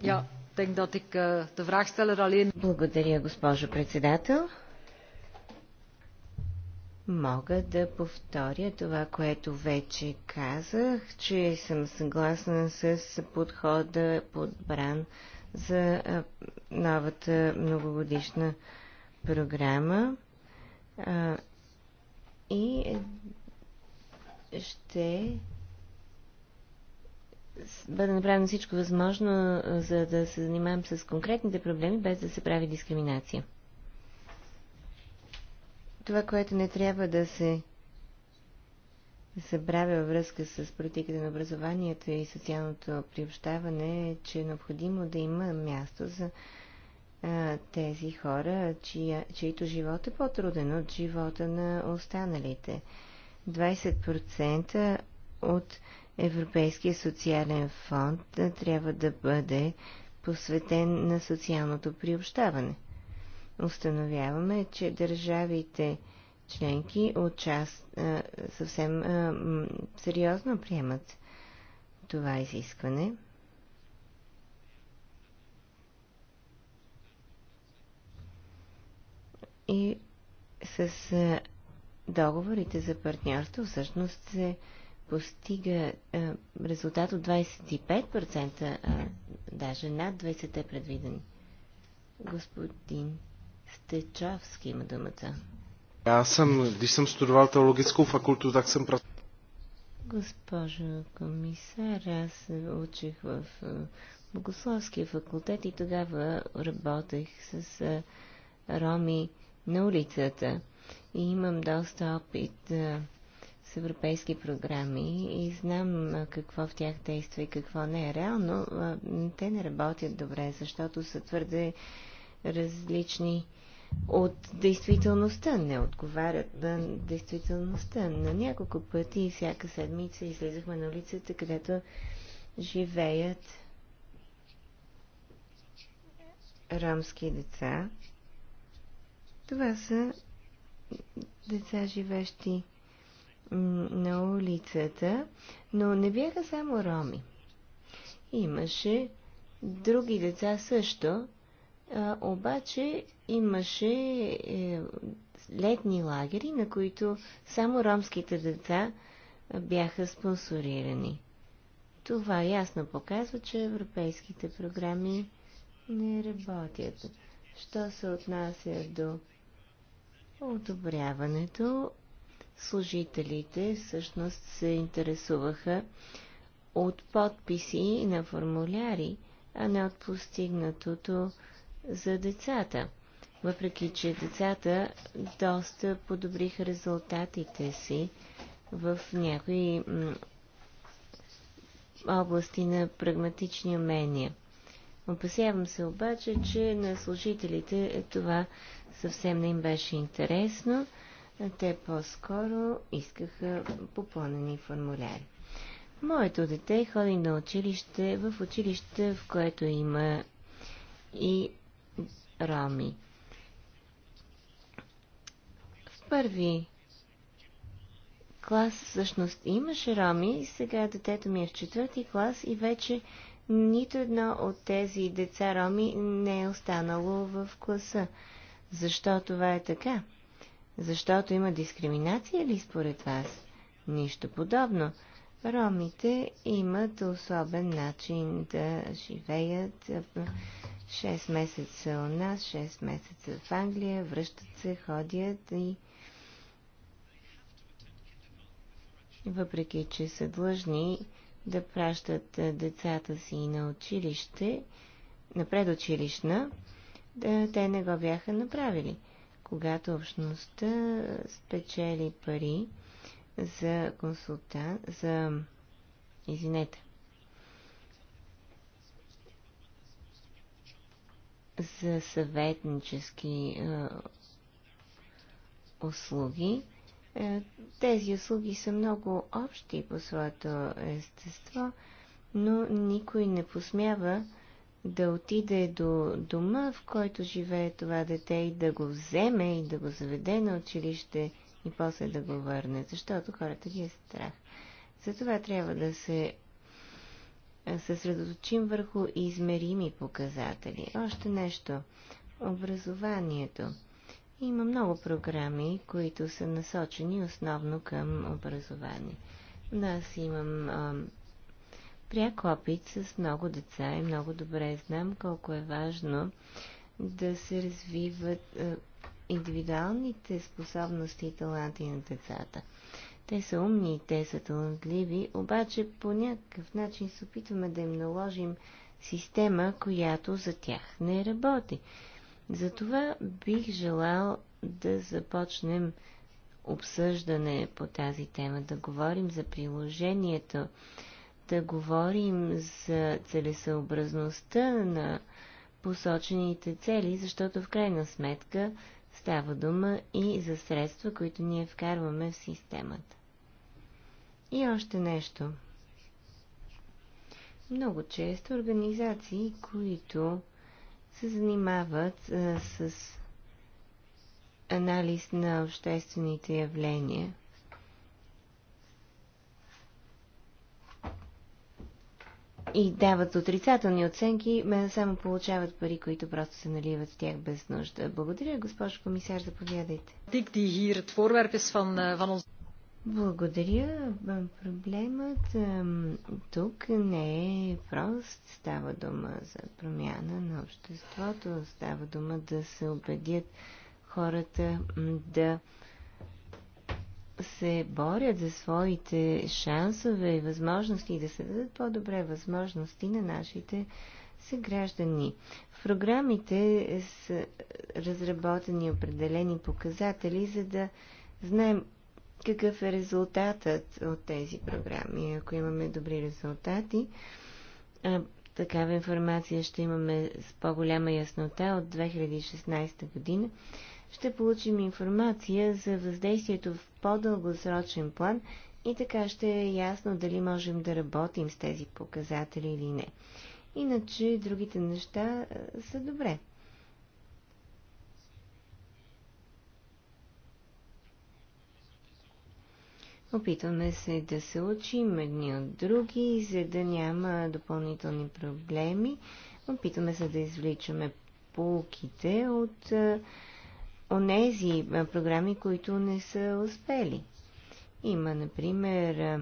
uh, denk dat ik uh, de vraagsteller alleen... Благодаря, госпожо председател. Мога да повторя това, което вече казах, че съм съгласна с подхода подбран за новата многогодишна програма и ще бъде направено всичко възможно, за да се занимавам с конкретните проблеми, без да се прави дискриминация. Това, което не трябва да се забравя във връзка с политиката на образованието и социалното приобщаване е, че е необходимо да има място за а, тези хора, чия, чието живот е по-труден от живота на останалите. 20% от Европейския социален фонд трябва да бъде посветен на социалното приобщаване – установяваме, че държавите членки от част съвсем сериозно приемат това изискване. И с договорите за партньорство всъщност се постига резултат от 25%, даже над 20% е предвидени. Господин Стечавски има думата. Аз съм, když съм студовал теологическо факулту, так съм прав... Госпожо комисар, аз учих в е, Богословския факултет и тогава работех с е, роми на улицата. И имам доста опит е, с европейски програми и знам какво в тях действа и какво не е. Реално те не работят добре, защото са твърде различни от действителността, не отговарят на действителността. На няколко пъти всяка седмица излизахме на улицата, където живеят ромски деца. Това са деца, живещи на улицата, но не бяха само роми. Имаше други деца също, а, обаче имаше е, летни лагери, на които само ромските деца бяха спонсорирани. Това ясно показва, че европейските програми не работят. Що се отнася до одобряването, служителите всъщност се интересуваха от подписи на формуляри, а не от постигнатото за децата. Въпреки, че децата доста подобриха резултатите си в някои области на прагматични умения. Опасявам се обаче, че на служителите това съвсем не им беше интересно. Те по-скоро искаха попълнени формуляри. Моето дете ходи на училище, в училище, в което има и Рами. В първи клас всъщност имаше роми, сега детето ми е в четвърти клас и вече нито едно от тези деца роми не е останало в класа. Защо това е така? Защото има дискриминация ли според вас? Нищо подобно. Ромите имат особен начин да живеят, 6 месеца у нас, 6 месеца в Англия, връщат се, ходят и въпреки, че са длъжни да пращат децата си на училище, на предучилищна, да, те не го бяха направили. Когато общността спечели пари за консултант, за, извинете, за съветнически е, услуги. Е, тези услуги са много общи по своето естество, но никой не посмява да отиде до дома, в който живее това дете и да го вземе и да го заведе на училище и после да го върне, защото хората ги е страх. Затова трябва да се съсредоточим върху измерими показатели. Още нещо. Образованието. Има много програми, които са насочени основно към образование. Но аз имам а, пряк опит с много деца и много добре знам колко е важно да се развиват а, индивидуалните способности и таланти на децата. Те са умни, те са талантливи, обаче по някакъв начин се опитваме да им наложим система, която за тях не работи. Затова бих желал да започнем обсъждане по тази тема, да говорим за приложението, да говорим за целесъобразността на посочените цели, защото в крайна сметка Става дума и за средства, които ние вкарваме в системата. И още нещо. Много често организации, които се занимават а, с анализ на обществените явления, и дават отрицателни оценки, само получават пари, които просто се наливат с тях без нужда. Благодаря, госпожо комисар, заповядайте. Е, Благодаря. Проблемът тук не е прост. Става дума за промяна на обществото. Става дума да се убедят хората да се борят за своите шансове и възможности да се дадат по-добре възможности на нашите съграждани. В програмите са разработени определени показатели, за да знаем какъв е резултатът от тези програми. Ако имаме добри резултати, такава информация ще имаме с по-голяма яснота от 2016 година ще получим информация за въздействието в по-дългосрочен план и така ще е ясно дали можем да работим с тези показатели или не. Иначе другите неща са добре. Опитваме се да се учим едни от други, за да няма допълнителни проблеми. Опитваме се да извличаме полуките от онези програми, които не са успели. Има, например,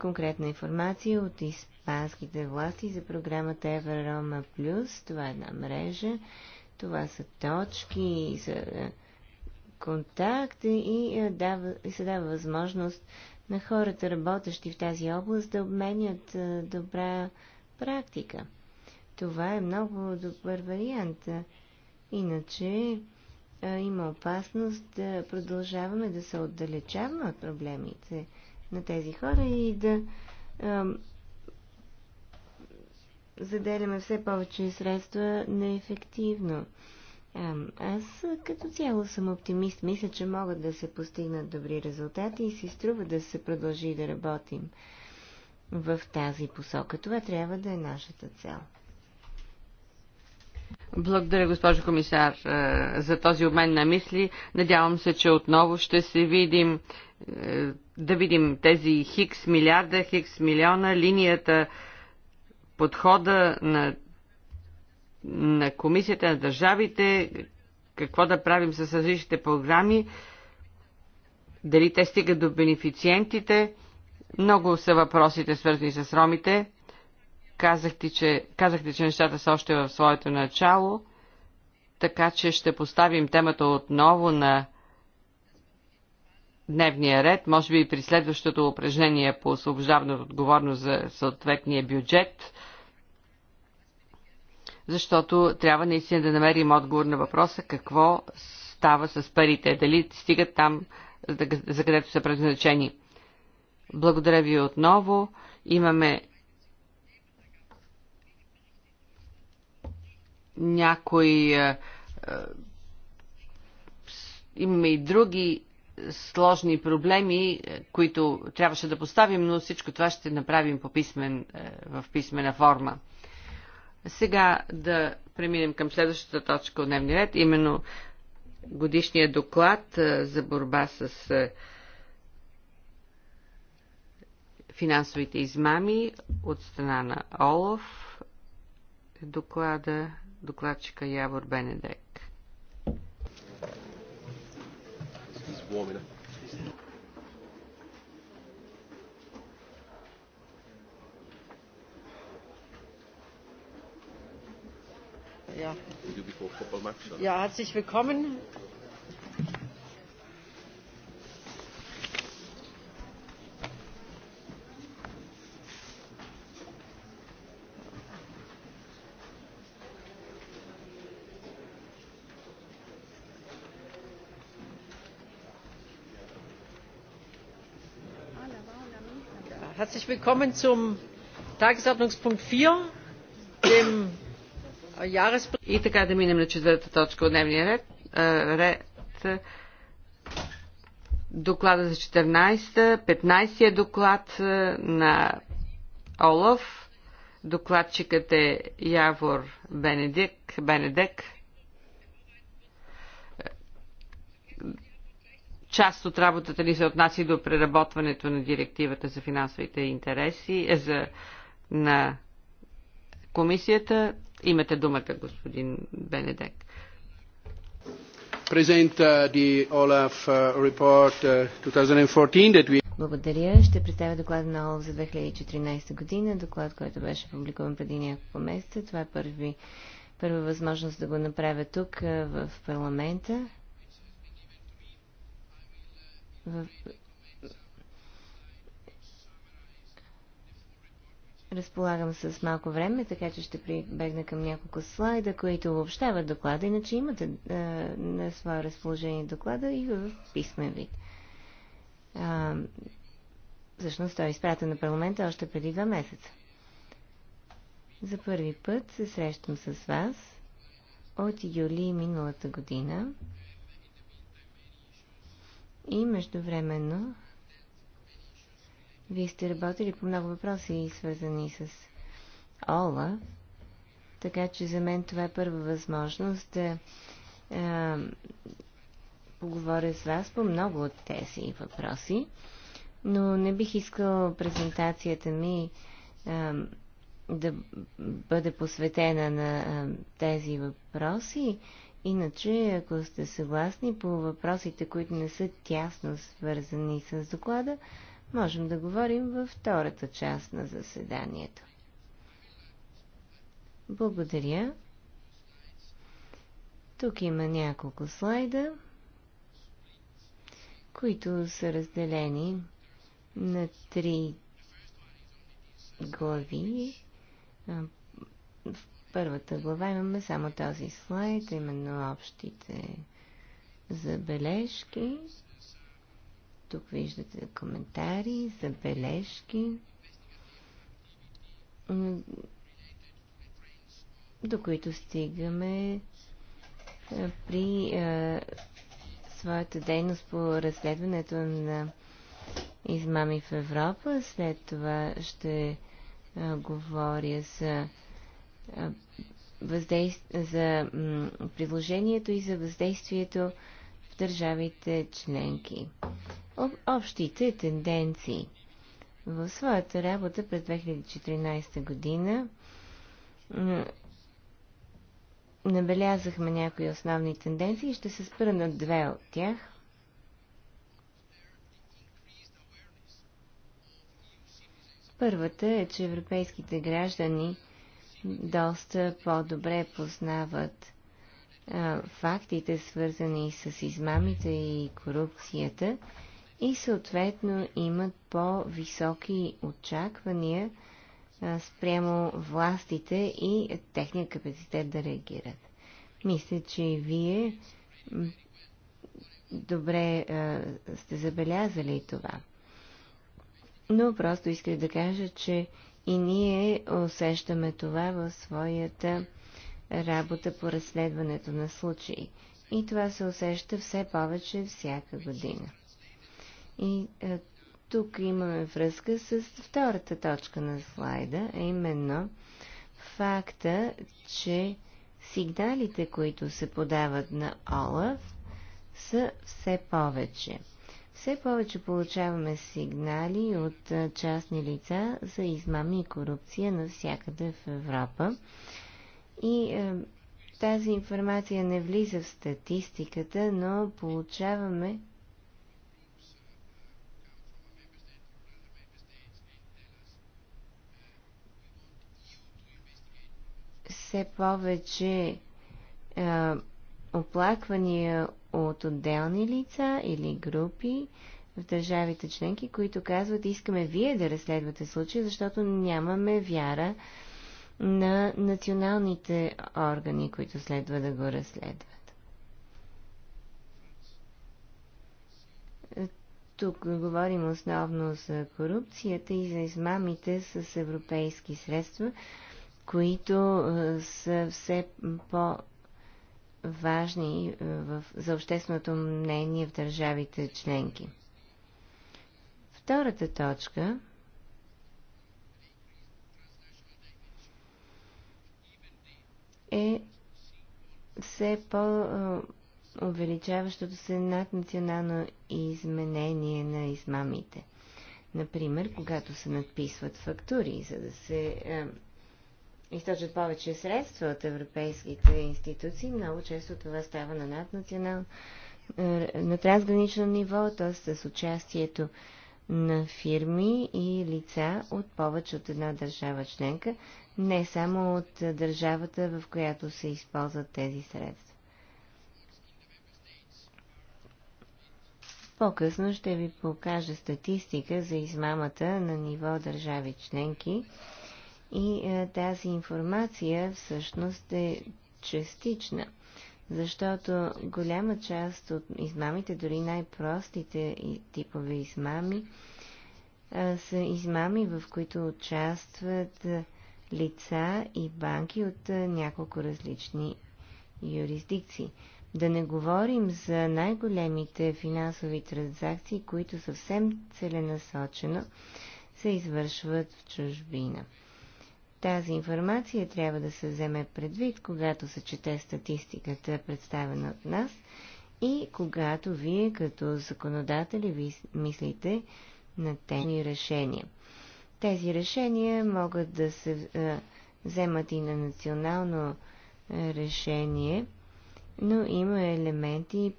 конкретна информация от испанските власти за програмата Евророма Плюс. Това е една мрежа. Това са точки за контакт и, и се дава възможност на хората, работещи в тази област, да обменят добра практика. Това е много добър вариант. Иначе има опасност да продължаваме да се отдалечаваме от проблемите на тези хора и да заделяме все повече средства неефективно. Аз като цяло съм оптимист. Мисля, че могат да се постигнат добри резултати и си струва да се продължи да работим в тази посока. Това трябва да е нашата цел. Благодаря, госпожо комисар, е, за този обмен на мисли. Надявам се, че отново ще се видим, е, да видим тези хикс милиарда, хикс милиона, линията, подхода на, на комисията, на държавите, какво да правим с различните програми, дали те стигат до бенефициентите. Много са въпросите, свързани с ромите. Казахте че, казахте, че нещата са още в своето начало, така че ще поставим темата отново на дневния ред, може би и при следващото упражнение по освобождаване от отговорност за съответния бюджет, защото трябва наистина да намерим отговор на въпроса какво става с парите, дали стигат там, за където са предназначени. Благодаря ви отново. Имаме някои. Е, е, имаме и други сложни проблеми, е, които трябваше да поставим, но всичко това ще направим по писмен, в писмена форма. Сега да преминем към следващата точка от дневния ред, именно годишния доклад за борба с финансовите измами от страна на Олов. Доклада докладчика Явор Бенедек. Ja, herzlich willkommen. willkommen zum Tagesordnungspunkt vier dem äh, Jahresbericht. И така да минем на четвърта точка от дневния ред. Е, ред е, доклада за 14-та, 15-я е доклад на Олаф. Докладчикът е Явор Бенедек. Бенедек част от работата ни се отнася до преработването на директивата за финансовите интереси, е за, на комисията. Имате думата, господин Бенедек. Uh, uh, uh, Благодаря. Ще представя доклада на ОЛАФ за 2014 година, доклад, който беше публикуван преди няколко месеца. Това е първи, първа възможност да го направя тук в парламента. Разполагам с малко време, така че ще прибегна към няколко слайда, които обобщават доклада, иначе имате а, на свое разположение доклада и в писмен вид. А, всъщност той е изпратен на парламента още преди два месеца. За първи път се срещам с вас от юли миналата година и междувременно вие сте работили по много въпроси, свързани с Ола, така че за мен това е първа възможност да е, поговоря с вас по много от тези въпроси, но не бих искал презентацията ми е, да бъде посветена на е, тези въпроси. Иначе, ако сте съгласни по въпросите, които не са тясно свързани с доклада, можем да говорим във втората част на заседанието. Благодаря. Тук има няколко слайда, които са разделени на три глави. В първата глава имаме само този слайд, именно общите забележки. Тук виждате коментари, забележки, до които стигаме при а, своята дейност по разследването на измами в Европа. След това ще а, говоря за за приложението и за въздействието в държавите членки. Общите тенденции. В своята работа през 2014 година набелязахме някои основни тенденции и ще се спра на две от тях. Първата е, че европейските граждани – доста по-добре познават а, фактите, свързани с измамите и корупцията и съответно имат по-високи очаквания а, спрямо властите и техния капацитет да реагират. Мисля, че и вие добре а, сте забелязали това. Но просто исках да кажа, че и ние усещаме това в своята работа по разследването на случаи. И това се усеща все повече всяка година. И е, тук имаме връзка с втората точка на слайда, а именно факта, че сигналите, които се подават на ОЛАФ, са все повече. Все повече получаваме сигнали от частни лица за измами и корупция навсякъде в Европа. И е, тази информация не влиза в статистиката, но получаваме все повече е, оплаквания от отделни лица или групи в държавите членки, които казват, искаме вие да разследвате случая, защото нямаме вяра на националните органи, които следва да го разследват. Тук говорим основно за корупцията и за измамите с европейски средства, които са все по- важни е, в, за общественото мнение в държавите членки. Втората точка е все по-увеличаващото се наднационално изменение на измамите. Например, когато се надписват фактури, за да се е, източат повече средства от европейските институции. Много често това става на наднационално, е, на трансгранично ниво, т.е. с участието на фирми и лица от повече от една държава членка, не само от държавата, в която се използват тези средства. По-късно ще ви покажа статистика за измамата на ниво държави членки и а, е, тази информация всъщност е частична, защото голяма част от измамите, дори най-простите типове измами, а, е, са измами, в които участват е, лица и банки от а, няколко различни юрисдикции. Да не говорим за най-големите финансови транзакции, които съвсем целенасочено се извършват в чужбина. Тази информация трябва да се вземе предвид, когато се чете статистиката, представена от нас, и когато вие като законодатели ви мислите на тези решения. Тези решения могат да се е, вземат и на национално е, решение, но има елементи,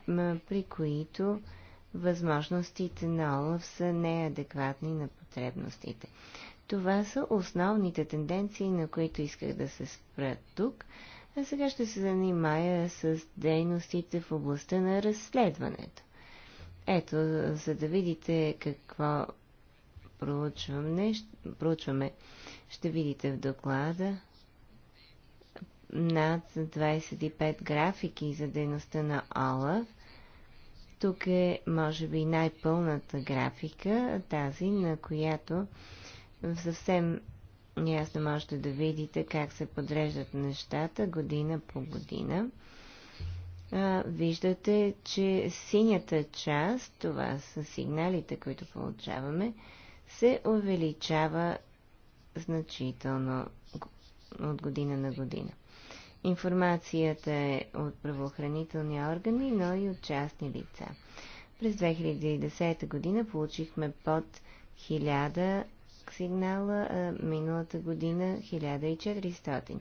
при които възможностите на ОЛАВ са неадекватни на потребностите. Това са основните тенденции, на които исках да се спра тук, а сега ще се занимая с дейностите в областта на разследването. Ето, за да видите какво проучваме, проучваме ще видите в доклада над 25 графики за дейността на ОЛАФ. Тук е, може би, най-пълната графика, тази, на която съвсем ясно можете да видите как се подреждат нещата година по година. Виждате, че синята част, това са сигналите, които получаваме, се увеличава значително от година на година. Информацията е от правоохранителни органи, но и от частни лица. През 2010 година получихме под 1000 сигнала, а миналата година 1400.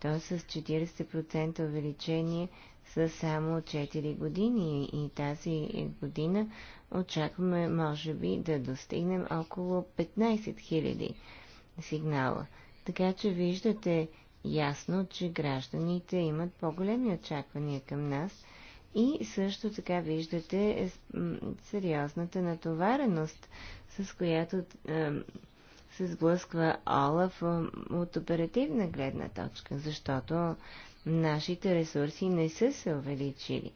То с 40% увеличение са само 4 години и тази година очакваме, може би, да достигнем около 15 000 сигнала. Така че виждате ясно, че гражданите имат по-големи очаквания към нас и също така виждате сериозната натовареност, с която е, се сблъсква Олаф от оперативна гледна точка, защото нашите ресурси не са се увеличили.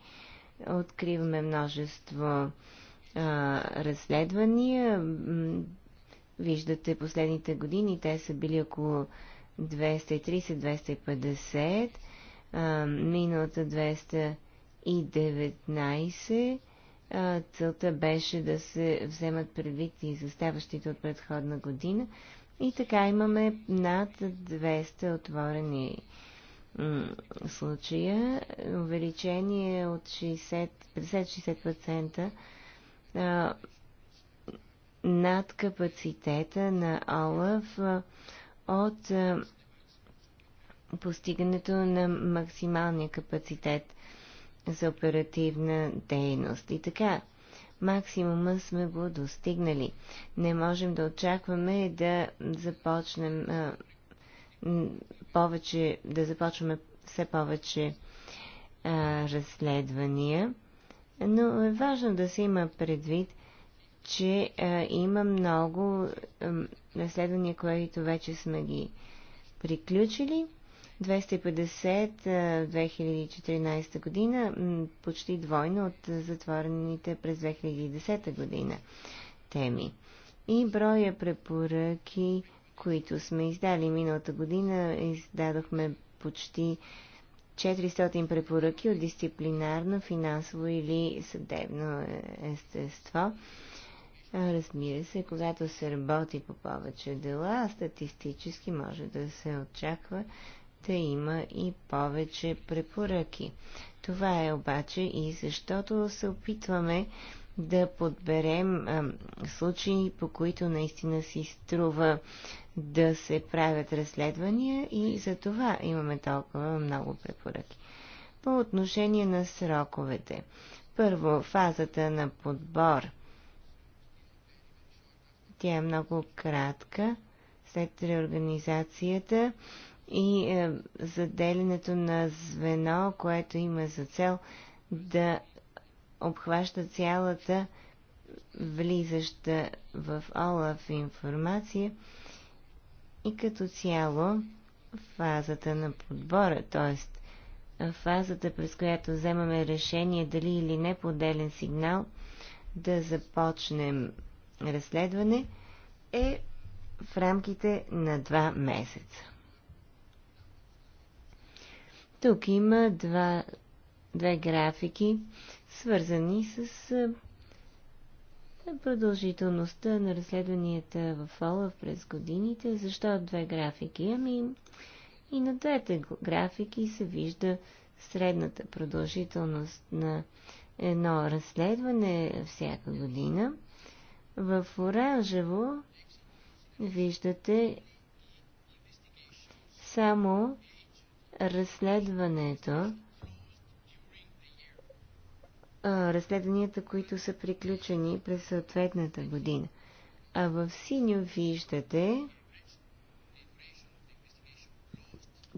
Откриваме множество а, разследвания. Виждате, последните години те са били около 230-250, миналата 219 Целта беше да се вземат предвид и заставащите от предходна година. И така имаме над 200 отворени случая, увеличение от 50-60% над капацитета на ОЛАВ от постигането на максималния капацитет за оперативна дейност. И така, максимума сме го достигнали. Не можем да очакваме да започнем а, повече, да започваме все повече а, разследвания, но е важно да се има предвид, че а, има много а, разследвания, които вече сме ги приключили 250 2014 година, почти двойно от затворените през 2010 година теми. И броя препоръки, които сме издали миналата година, издадохме почти 400 препоръки от дисциплинарно, финансово или съдебно е, естество. Разбира се, когато се работи по повече дела, статистически може да се очаква, ще има и повече препоръки. Това е обаче и защото се опитваме да подберем а, случаи, по които наистина си струва да се правят разследвания и за това имаме толкова много препоръки. По отношение на сроковете. Първо, фазата на подбор. Тя е много кратка. След реорганизацията и е, заделянето на звено, което има за цел да обхваща цялата влизаща в ОЛАФ информация и като цяло фазата на подбора, т.е. фазата, през която вземаме решение дали или не поделен сигнал да започнем разследване, е в рамките на два месеца. Тук има два, две графики, свързани с продължителността на разследванията в ОЛАФ през годините. Защо две графики? Ами и на двете графики се вижда средната продължителност на едно разследване всяка година. В оранжево виждате само разследването, разследванията, които са приключени през съответната година. А в синьо виждате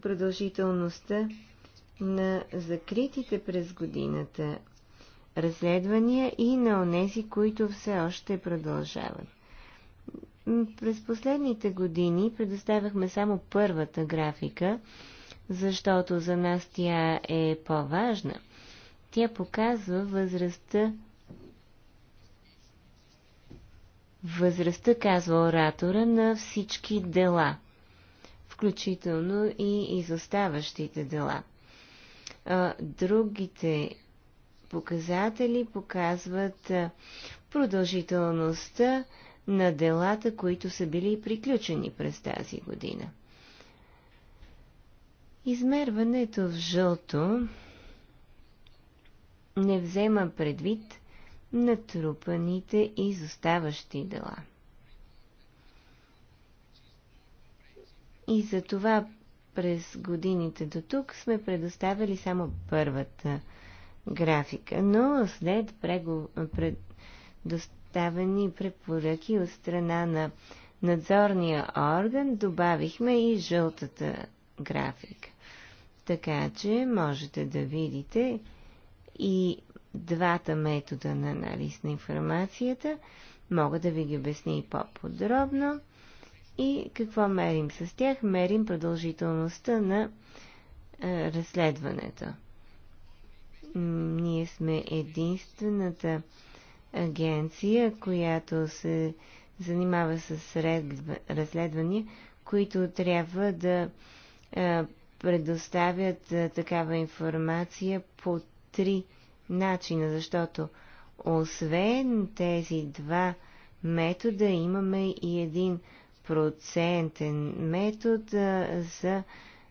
продължителността на закритите през годината разследвания и на онези, които все още продължават. През последните години предоставяхме само първата графика, защото за нас тя е по-важна. Тя показва възрастта Възрастта, казва оратора, на всички дела, включително и изоставащите дела. Другите показатели показват продължителността на делата, които са били приключени през тази година. Измерването в жълто не взема предвид натрупаните и изоставащи дела. И за това през годините до тук сме предоставили само първата графика, но след прего... предоставени препоръки от страна на надзорния орган добавихме и жълтата графика. Така че можете да видите и двата метода на анализ на информацията. Мога да ви ги обясня и по-подробно. И какво мерим с тях? Мерим продължителността на е, разследването. Ние сме единствената агенция, която се занимава с разследвания, които трябва да е, предоставят а, такава информация по три начина, защото освен тези два метода имаме и един процентен метод а, за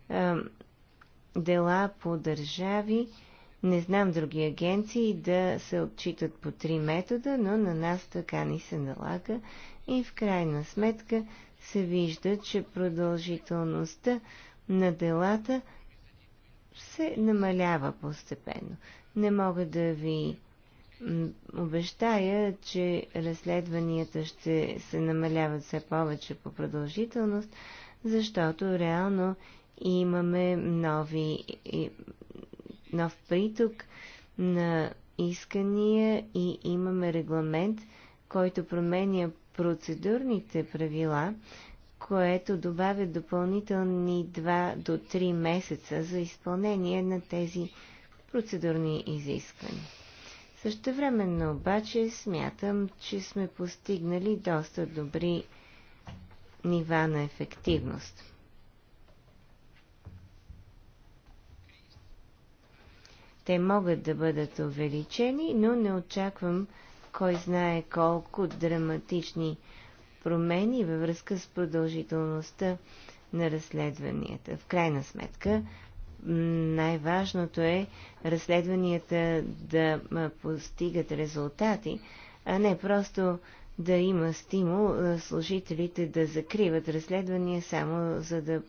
а, дела по държави. Не знам други агенции да се отчитат по три метода, но на нас така ни се налага и в крайна сметка се вижда, че продължителността на делата се намалява постепенно. Не мога да ви обещая, че разследванията ще се намаляват все повече по продължителност, защото реално имаме нови, нов приток на искания и имаме регламент, който променя процедурните правила, което добавя допълнителни 2 до 3 месеца за изпълнение на тези процедурни изисквания. Също времено обаче смятам, че сме постигнали доста добри нива на ефективност. Те могат да бъдат увеличени, но не очаквам кой знае колко драматични промени във връзка с продължителността на разследванията. В крайна сметка, най-важното е разследванията да постигат резултати, а не просто да има стимул служителите да закриват разследвания само за да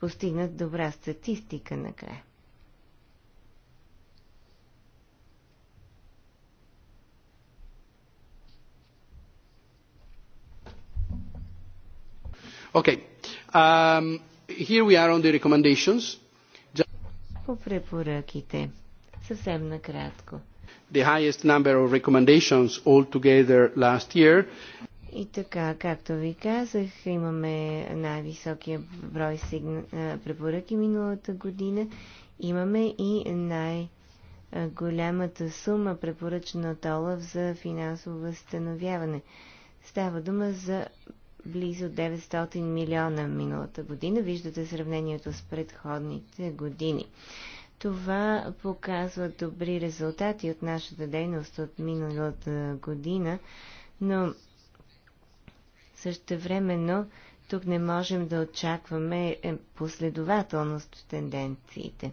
постигнат добра статистика накрая. Okay. Um, here we are on the recommendations. По препоръките. Съвсем накратко. The highest number of recommendations altogether last year. И така, както ви казах, имаме най-високия брой сигна... препоръки миналата година. Имаме и най- голямата сума препоръчена от Олаф за финансово възстановяване. Става дума за близо 900 милиона миналата година. Виждате сравнението с предходните години. Това показва добри резултати от нашата дейност от миналата година, но същевременно тук не можем да очакваме е, последователност в тенденциите.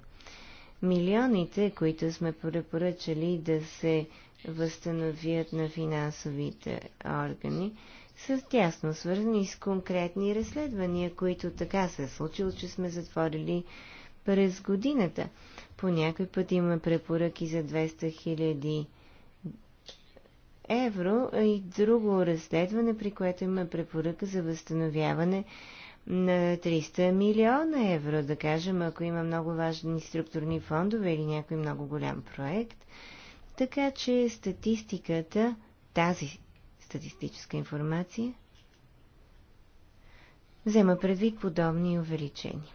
Милионите, които сме препоръчали да се възстановят на финансовите органи, са тясно свързани с конкретни разследвания, които така се е случило, че сме затворили през годината. По някой път има препоръки за 200 хиляди евро и друго разследване, при което има препоръка за възстановяване на 300 милиона евро, да кажем, ако има много важни структурни фондове или някой много голям проект. Така че статистиката, тази статистическа информация взема предвид подобни увеличения.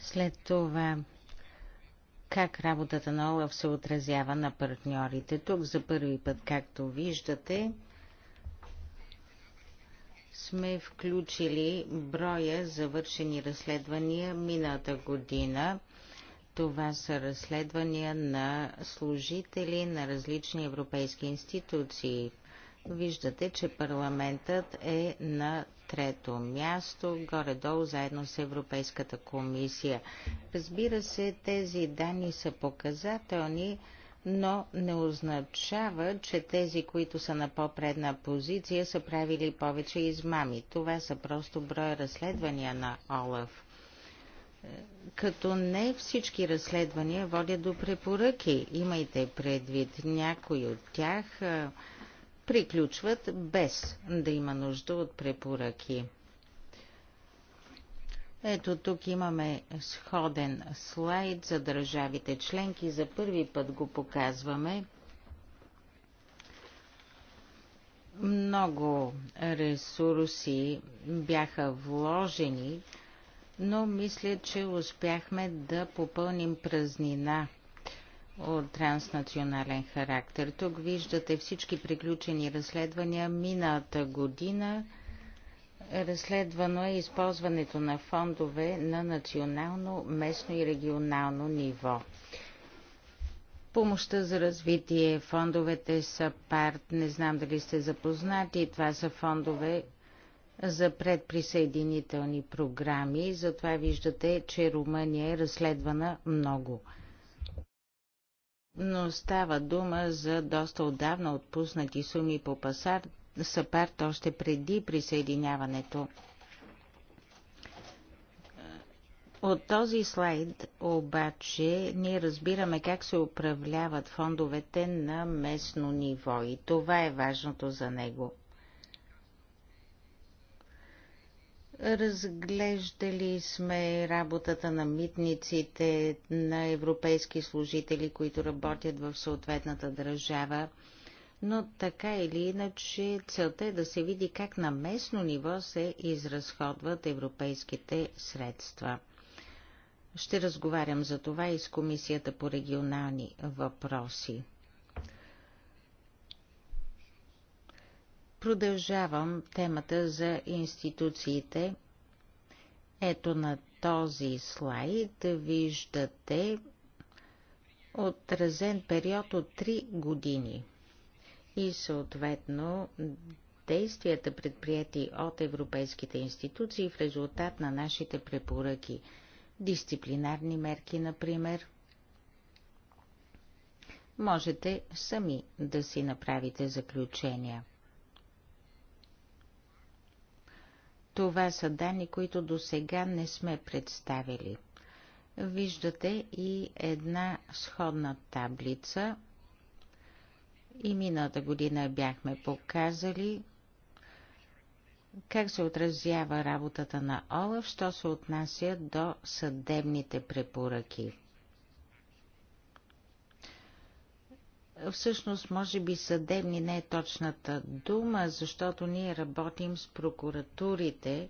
След това, как работата на ОЛАФ се отразява на партньорите? Тук за първи път, както виждате, сме включили броя завършени разследвания миналата година това са разследвания на служители на различни европейски институции. Виждате, че парламентът е на трето място, горе-долу заедно с Европейската комисия. Разбира се, тези данни са показателни, но не означава, че тези, които са на по-предна позиция, са правили повече измами. Това са просто броя разследвания на Олаф като не всички разследвания водят до препоръки. Имайте предвид, някои от тях приключват без да има нужда от препоръки. Ето тук имаме сходен слайд за държавите членки. За първи път го показваме. Много ресурси бяха вложени но мисля, че успяхме да попълним празнина от транснационален характер. Тук виждате всички приключени разследвания миналата година. Разследвано е използването на фондове на национално, местно и регионално ниво. Помощта за развитие, фондовете са парт, не знам дали сте запознати, това са фондове, за предприсъединителни програми. Затова виждате, че Румъния е разследвана много. Но става дума за доста отдавна отпуснати суми по пасар, САПАРТ още преди присъединяването. От този слайд обаче ние разбираме как се управляват фондовете на местно ниво и това е важното за него. Разглеждали сме работата на митниците, на европейски служители, които работят в съответната държава, но така или иначе целта е да се види как на местно ниво се изразходват европейските средства. Ще разговарям за това и с Комисията по регионални въпроси. Продължавам темата за институциите. Ето на този слайд виждате отразен период от 3 години и съответно действията предприяти от европейските институции в резултат на нашите препоръки. Дисциплинарни мерки, например. Можете сами да си направите заключения – Това са данни, които до сега не сме представили. Виждате и една сходна таблица. И миналата година бяхме показали как се отразява работата на Олаф, що се отнася до съдебните препоръки. Всъщност, може би съдебни не е точната дума, защото ние работим с прокуратурите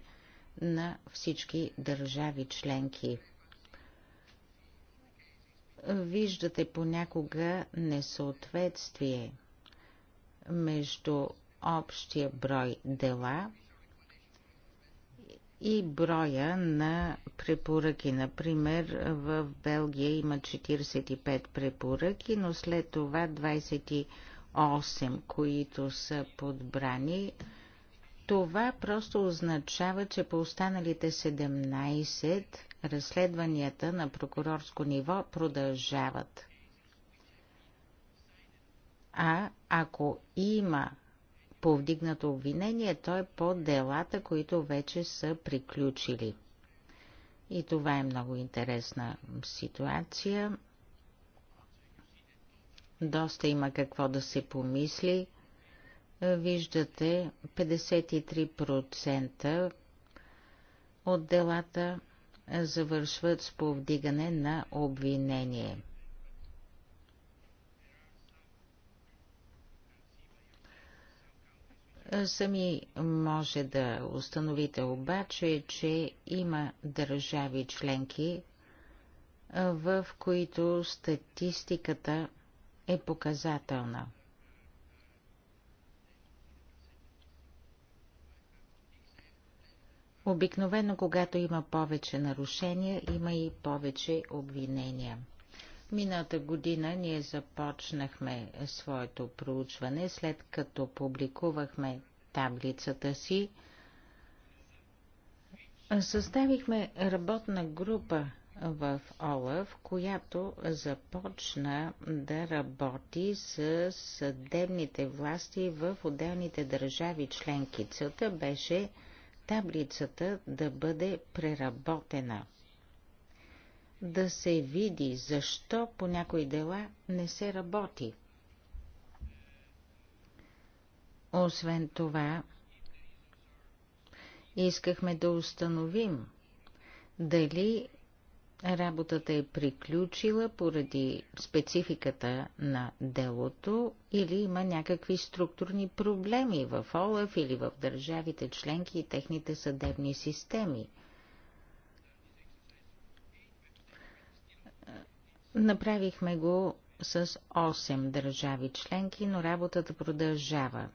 на всички държави членки. Виждате понякога несъответствие между общия брой дела и броя на препоръки. Например, в Белгия има 45 препоръки, но след това 28, които са подбрани. Това просто означава, че по останалите 17 разследванията на прокурорско ниво продължават. А ако има повдигнато обвинение, то е по делата, които вече са приключили. И това е много интересна ситуация. Доста има какво да се помисли. Виждате 53% от делата завършват с повдигане на обвинение – Сами може да установите обаче, че има държави членки, в които статистиката е показателна. Обикновено, когато има повече нарушения, има и повече обвинения. Миналата година ние започнахме своето проучване, след като публикувахме таблицата си. Съставихме работна група в ОЛАВ, която започна да работи с съдебните власти в отделните държави членки. Целта беше таблицата да бъде преработена – да се види защо по някои дела не се работи. Освен това, искахме да установим дали работата е приключила поради спецификата на делото или има някакви структурни проблеми в ОЛАФ или в държавите членки и техните съдебни системи – Направихме го с 8 държави членки, но работата продължава.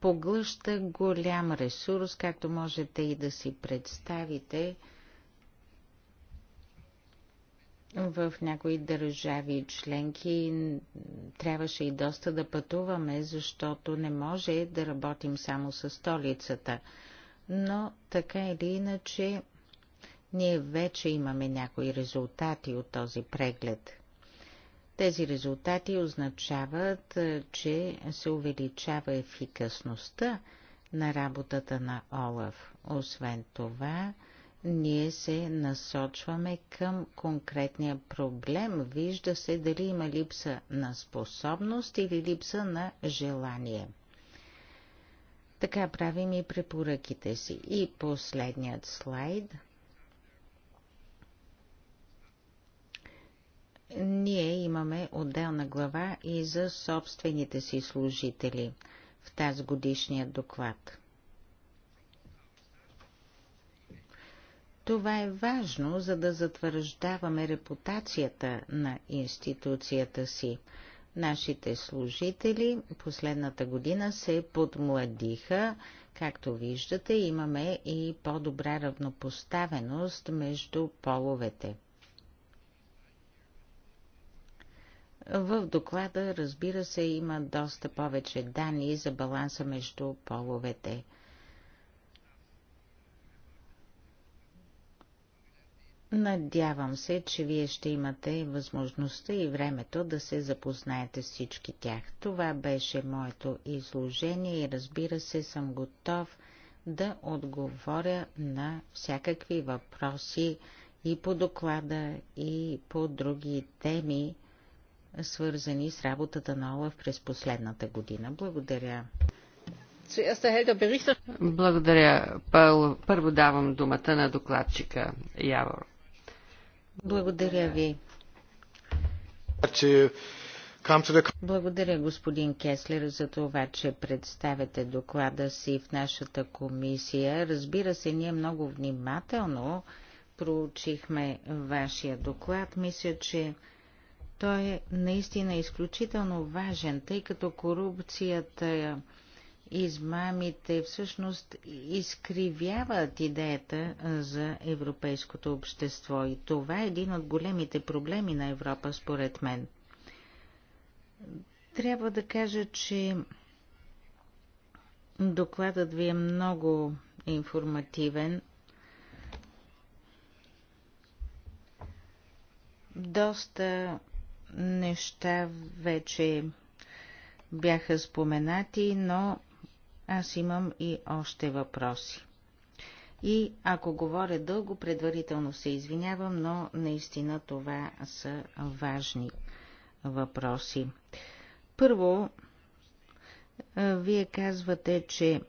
Поглъща голям ресурс, както можете и да си представите. В някои държави членки трябваше и доста да пътуваме, защото не може да работим само с столицата. Но така или иначе ние вече имаме някои резултати от този преглед. Тези резултати означават, е, че се увеличава ефикасността на работата на Олаф. Освен това, ние се насочваме към конкретния проблем. Вижда се дали има липса на способност или липса на желание. Така правим и препоръките си. И последният слайд – Ние имаме отделна глава и за собствените си служители в тази годишния доклад. Това е важно, за да затвърждаваме репутацията на институцията си. Нашите служители последната година се подмладиха. Както виждате, имаме и по-добра равнопоставеност между половете. В доклада, разбира се, има доста повече данни за баланса между половете. Надявам се, че вие ще имате възможността и времето да се запознаете с всички тях. Това беше моето изложение и разбира се, съм готов да отговоря на всякакви въпроси и по доклада, и по други теми свързани с работата на ОЛАФ през последната година. Благодаря. Благодаря. Първо давам думата на докладчика Явор. Благодаря ви. Благодаря, господин Кеслер, за това, че представяте доклада си в нашата комисия. Разбира се, ние много внимателно проучихме вашия доклад. Мисля, че той е наистина изключително важен, тъй като корупцията, измамите всъщност изкривяват идеята за европейското общество и това е един от големите проблеми на Европа, според мен. Трябва да кажа, че докладът ви е много информативен. Доста неща вече бяха споменати, но аз имам и още въпроси. И ако говоря дълго, предварително се извинявам, но наистина това са важни въпроси. Първо, вие казвате, че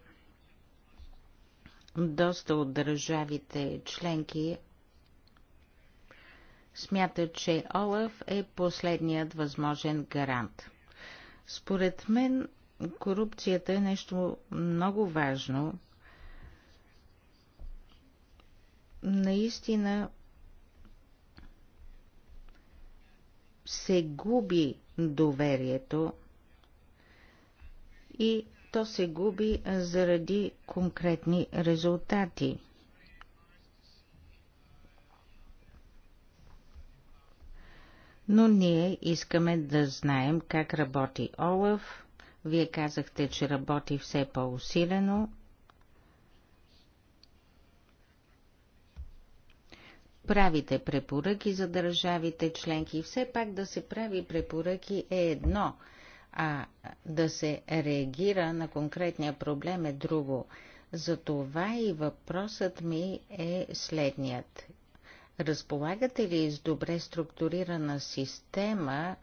доста от държавите членки Смята, че Олаф е последният възможен гарант. Според мен корупцията е нещо много важно. Наистина се губи доверието и то се губи заради конкретни резултати. но ние искаме да знаем как работи Олаф. Вие казахте, че работи все по-усилено. Правите препоръки за държавите членки. Все пак да се прави препоръки е едно, а да се реагира на конкретния проблем е друго. Затова и въпросът ми е следният. Разполагате ли с добре структурирана система,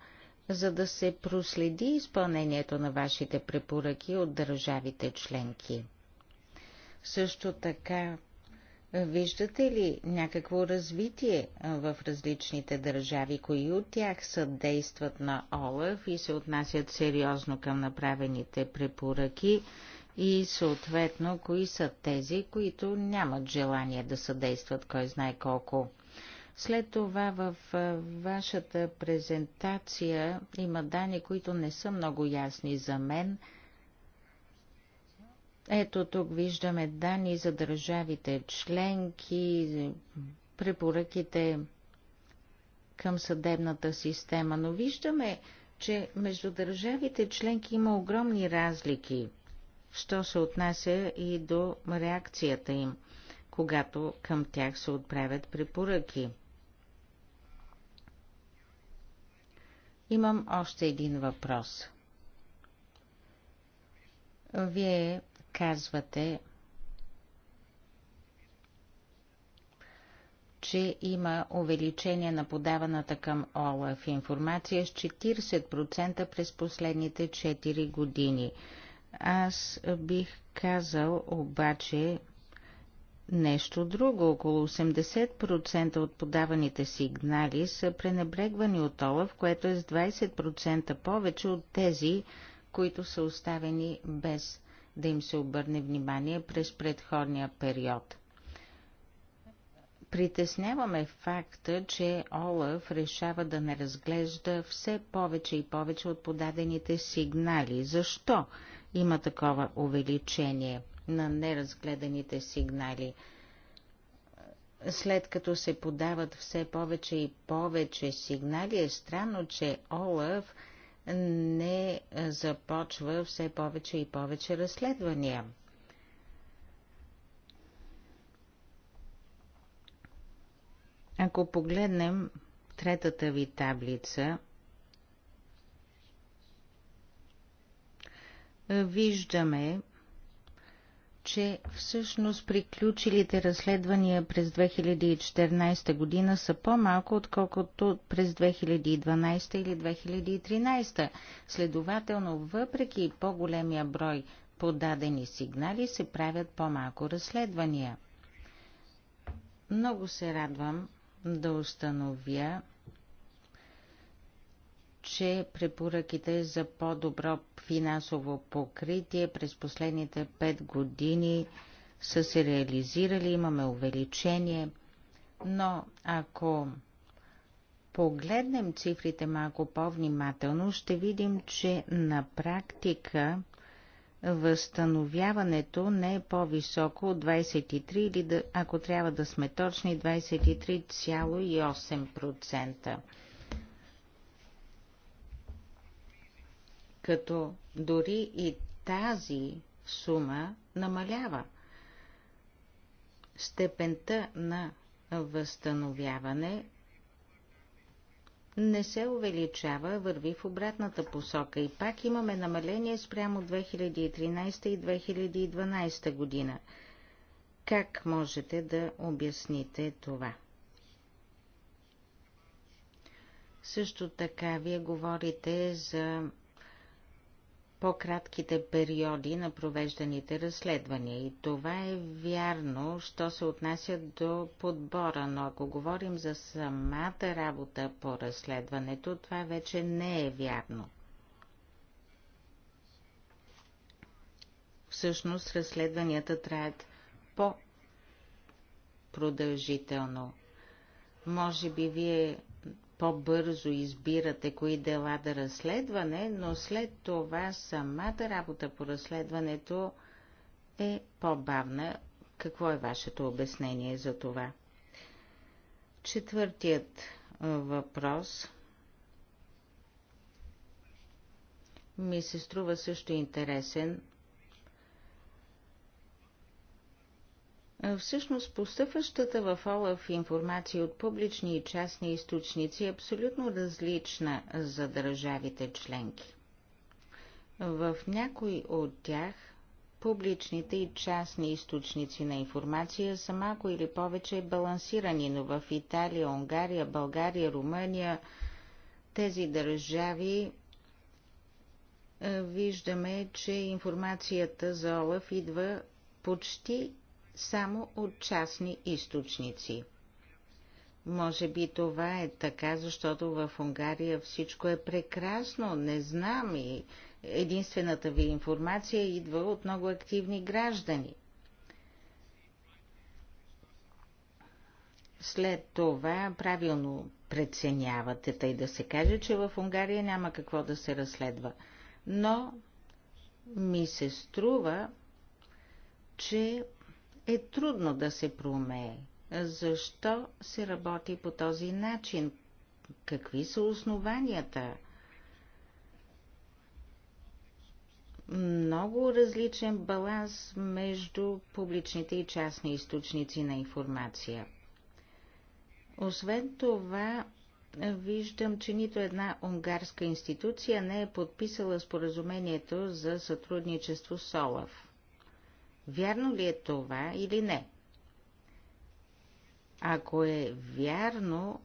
за да се проследи изпълнението на вашите препоръки от държавите членки? Също така, виждате ли някакво развитие в различните държави, кои от тях съдействат на ОЛАФ и се отнасят сериозно към направените препоръки и съответно кои са тези, които нямат желание да съдействат кой знае колко? След това в вашата презентация има данни, които не са много ясни за мен. Ето тук виждаме данни за държавите членки, препоръките към съдебната система, но виждаме, че между държавите членки има огромни разлики, що се отнася и до реакцията им, когато към тях се отправят препоръки. Имам още един въпрос. Вие казвате, че има увеличение на подаваната към ОЛАФ информация с 40% през последните 4 години. Аз бих казал обаче, нещо друго. Около 80% от подаваните сигнали са пренебрегвани от Олаф, което е с 20% повече от тези, които са оставени без да им се обърне внимание през предходния период. Притесняваме факта, че Олаф решава да не разглежда все повече и повече от подадените сигнали. Защо има такова увеличение – на неразгледаните сигнали. След като се подават все повече и повече сигнали, е странно, че Олаф не започва все повече и повече разследвания. Ако погледнем третата ви таблица, виждаме, че всъщност приключилите разследвания през 2014 година са по-малко, отколкото през 2012 или 2013. Следователно, въпреки по-големия брой подадени сигнали, се правят по-малко разследвания. Много се радвам да установя, че препоръките за по-добро финансово покритие през последните 5 години са се реализирали, имаме увеличение, но ако погледнем цифрите малко по-внимателно, ще видим, че на практика възстановяването не е по-високо от 23 или, ако трябва да сме точни, 23,8%. като дори и тази сума намалява. Степента на възстановяване не се увеличава, върви в обратната посока и пак имаме намаление спрямо 2013 и 2012 година. Как можете да обясните това? Също така вие говорите за по-кратките периоди на провежданите разследвания. И това е вярно, що се отнася до подбора, но ако говорим за самата работа по разследването, това вече не е вярно. Всъщност разследванията траят по-продължително. Може би вие по-бързо избирате кои дела да разследване, но след това самата работа по разследването е по-бавна. Какво е вашето обяснение за това? Четвъртият въпрос ми се струва също интересен – Всъщност постъпващата в ОЛАФ информация от публични и частни източници е абсолютно различна за държавите членки. В някои от тях публичните и частни източници на информация са малко или повече балансирани, но в Италия, Унгария, България, Румъния тези държави виждаме, че информацията за ОЛАФ идва почти само от частни източници. Може би това е така, защото в Унгария всичко е прекрасно, не знам и единствената ви информация идва от много активни граждани. След това правилно преценявате, тъй да се каже, че в Унгария няма какво да се разследва. Но ми се струва, че е трудно да се проумее. Защо се работи по този начин? Какви са основанията? Много различен баланс между публичните и частни източници на информация. Освен това, виждам, че нито една унгарска институция не е подписала споразумението за сътрудничество с ОЛАФ. Вярно ли е това или не? Ако е вярно,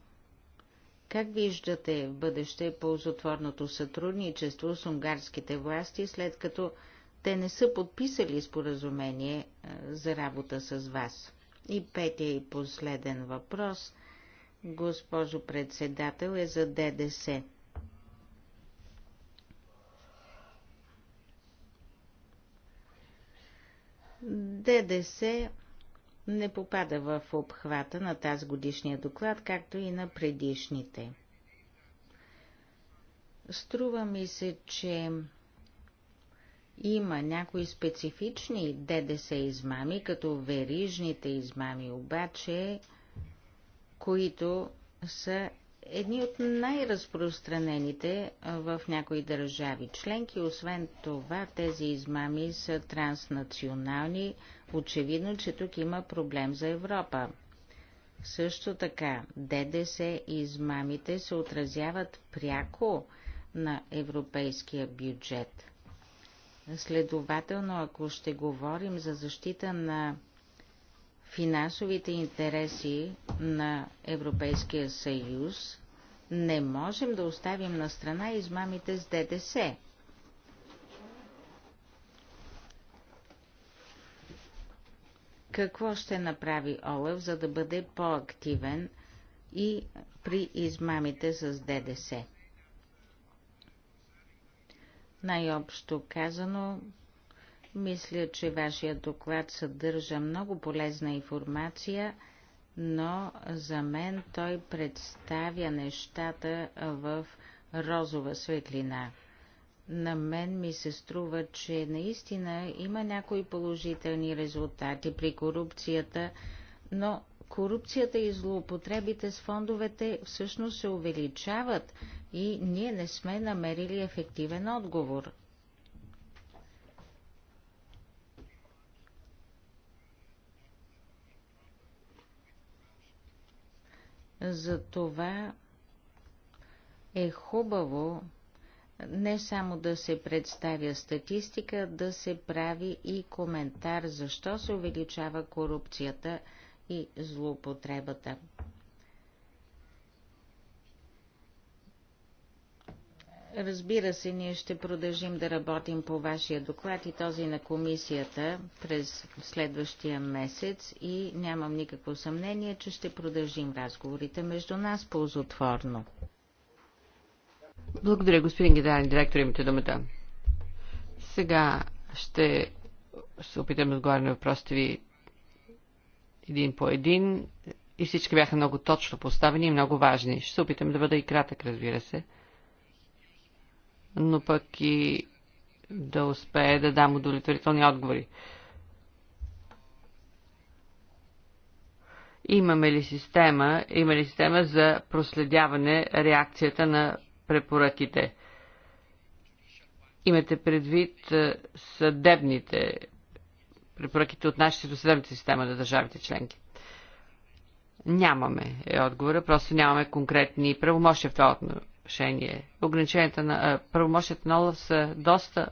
как виждате в бъдеще ползотворното сътрудничество с унгарските власти, след като те не са подписали споразумение за работа с вас? И петия и последен въпрос, госпожо председател, е за ДДС. ДДС не попада в обхвата на тази годишния доклад, както и на предишните. Струва ми се, че има някои специфични ДДС измами, като верижните измами обаче, които са едни от най-разпространените в някои държави членки. Освен това, тези измами са транснационални. Очевидно, че тук има проблем за Европа. Също така, ДДС и измамите се отразяват пряко на европейския бюджет. Следователно, ако ще говорим за защита на финансовите интереси на Европейския съюз, не можем да оставим на страна измамите с ДДС. Какво ще направи ОЛЕВ, за да бъде по-активен и при измамите с ДДС? Най-общо казано, мисля, че вашия доклад съдържа много полезна информация, но за мен той представя нещата в розова светлина. На мен ми се струва, че наистина има някои положителни резултати при корупцията, но корупцията и злоупотребите с фондовете всъщност се увеличават и ние не сме намерили ефективен отговор Затова е хубаво не само да се представя статистика, да се прави и коментар, защо се увеличава корупцията и злоупотребата. Разбира се, ние ще продължим да работим по вашия доклад и този на комисията през следващия месец и нямам никакво съмнение, че ще продължим разговорите между нас ползотворно. Благодаря, господин генерален директор, имате думата. Сега ще се опитам да отговоря на въпросите ви един по един и всички бяха много точно поставени и много важни. Ще се опитам да бъда и кратък, разбира се но пък и да успее да дам удовлетворителни отговори. Имаме ли система, има ли система за проследяване реакцията на препоръките? Имате предвид е, съдебните препоръките от нашите до съдебната система на държавите членки? Нямаме е отговора, просто нямаме конкретни правомощия в това отношение. Ограниченията на правомощията на Олаф са доста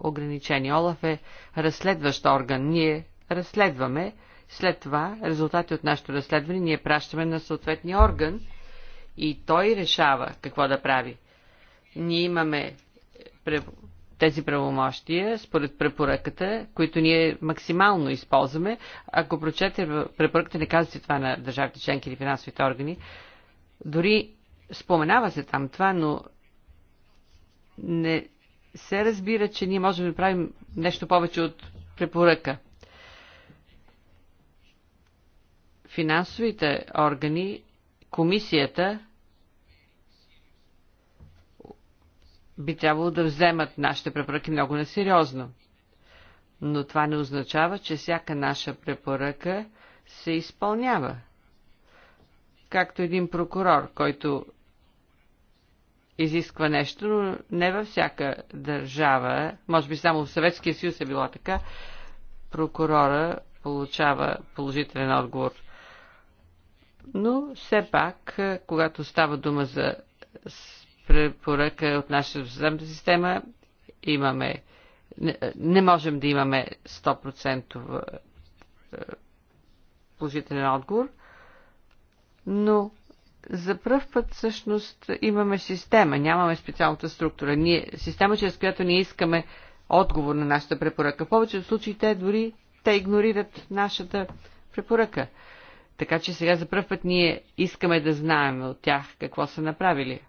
ограничени. Олаф е разследващ орган. Ние разследваме. След това резултати от нашето разследване ние пращаме на съответния орган и той решава какво да прави. Ние имаме тези правомощия според препоръката, които ние максимално използваме. Ако прочете препоръката, не казвате това на държавите членки или финансовите органи, дори Споменава се там това, но не се разбира, че ние можем да правим нещо повече от препоръка. Финансовите органи, комисията, би трябвало да вземат нашите препоръки много несериозно. Но това не означава, че всяка наша препоръка се изпълнява. Както един прокурор, който изисква нещо, но не във всяка държава, може би само в Съветския съюз е било така, прокурора получава положителен отговор. Но все пак, е, когато става дума за препоръка от нашата съдебна система, имаме, не, е, не можем да имаме 100% е, положителен отговор, но за първ път всъщност имаме система, нямаме специалната структура. Ние, система, чрез която ние искаме отговор на нашата препоръка. В повечето случаи те дори те игнорират нашата препоръка. Така че сега за първ път ние искаме да знаем от тях какво са направили.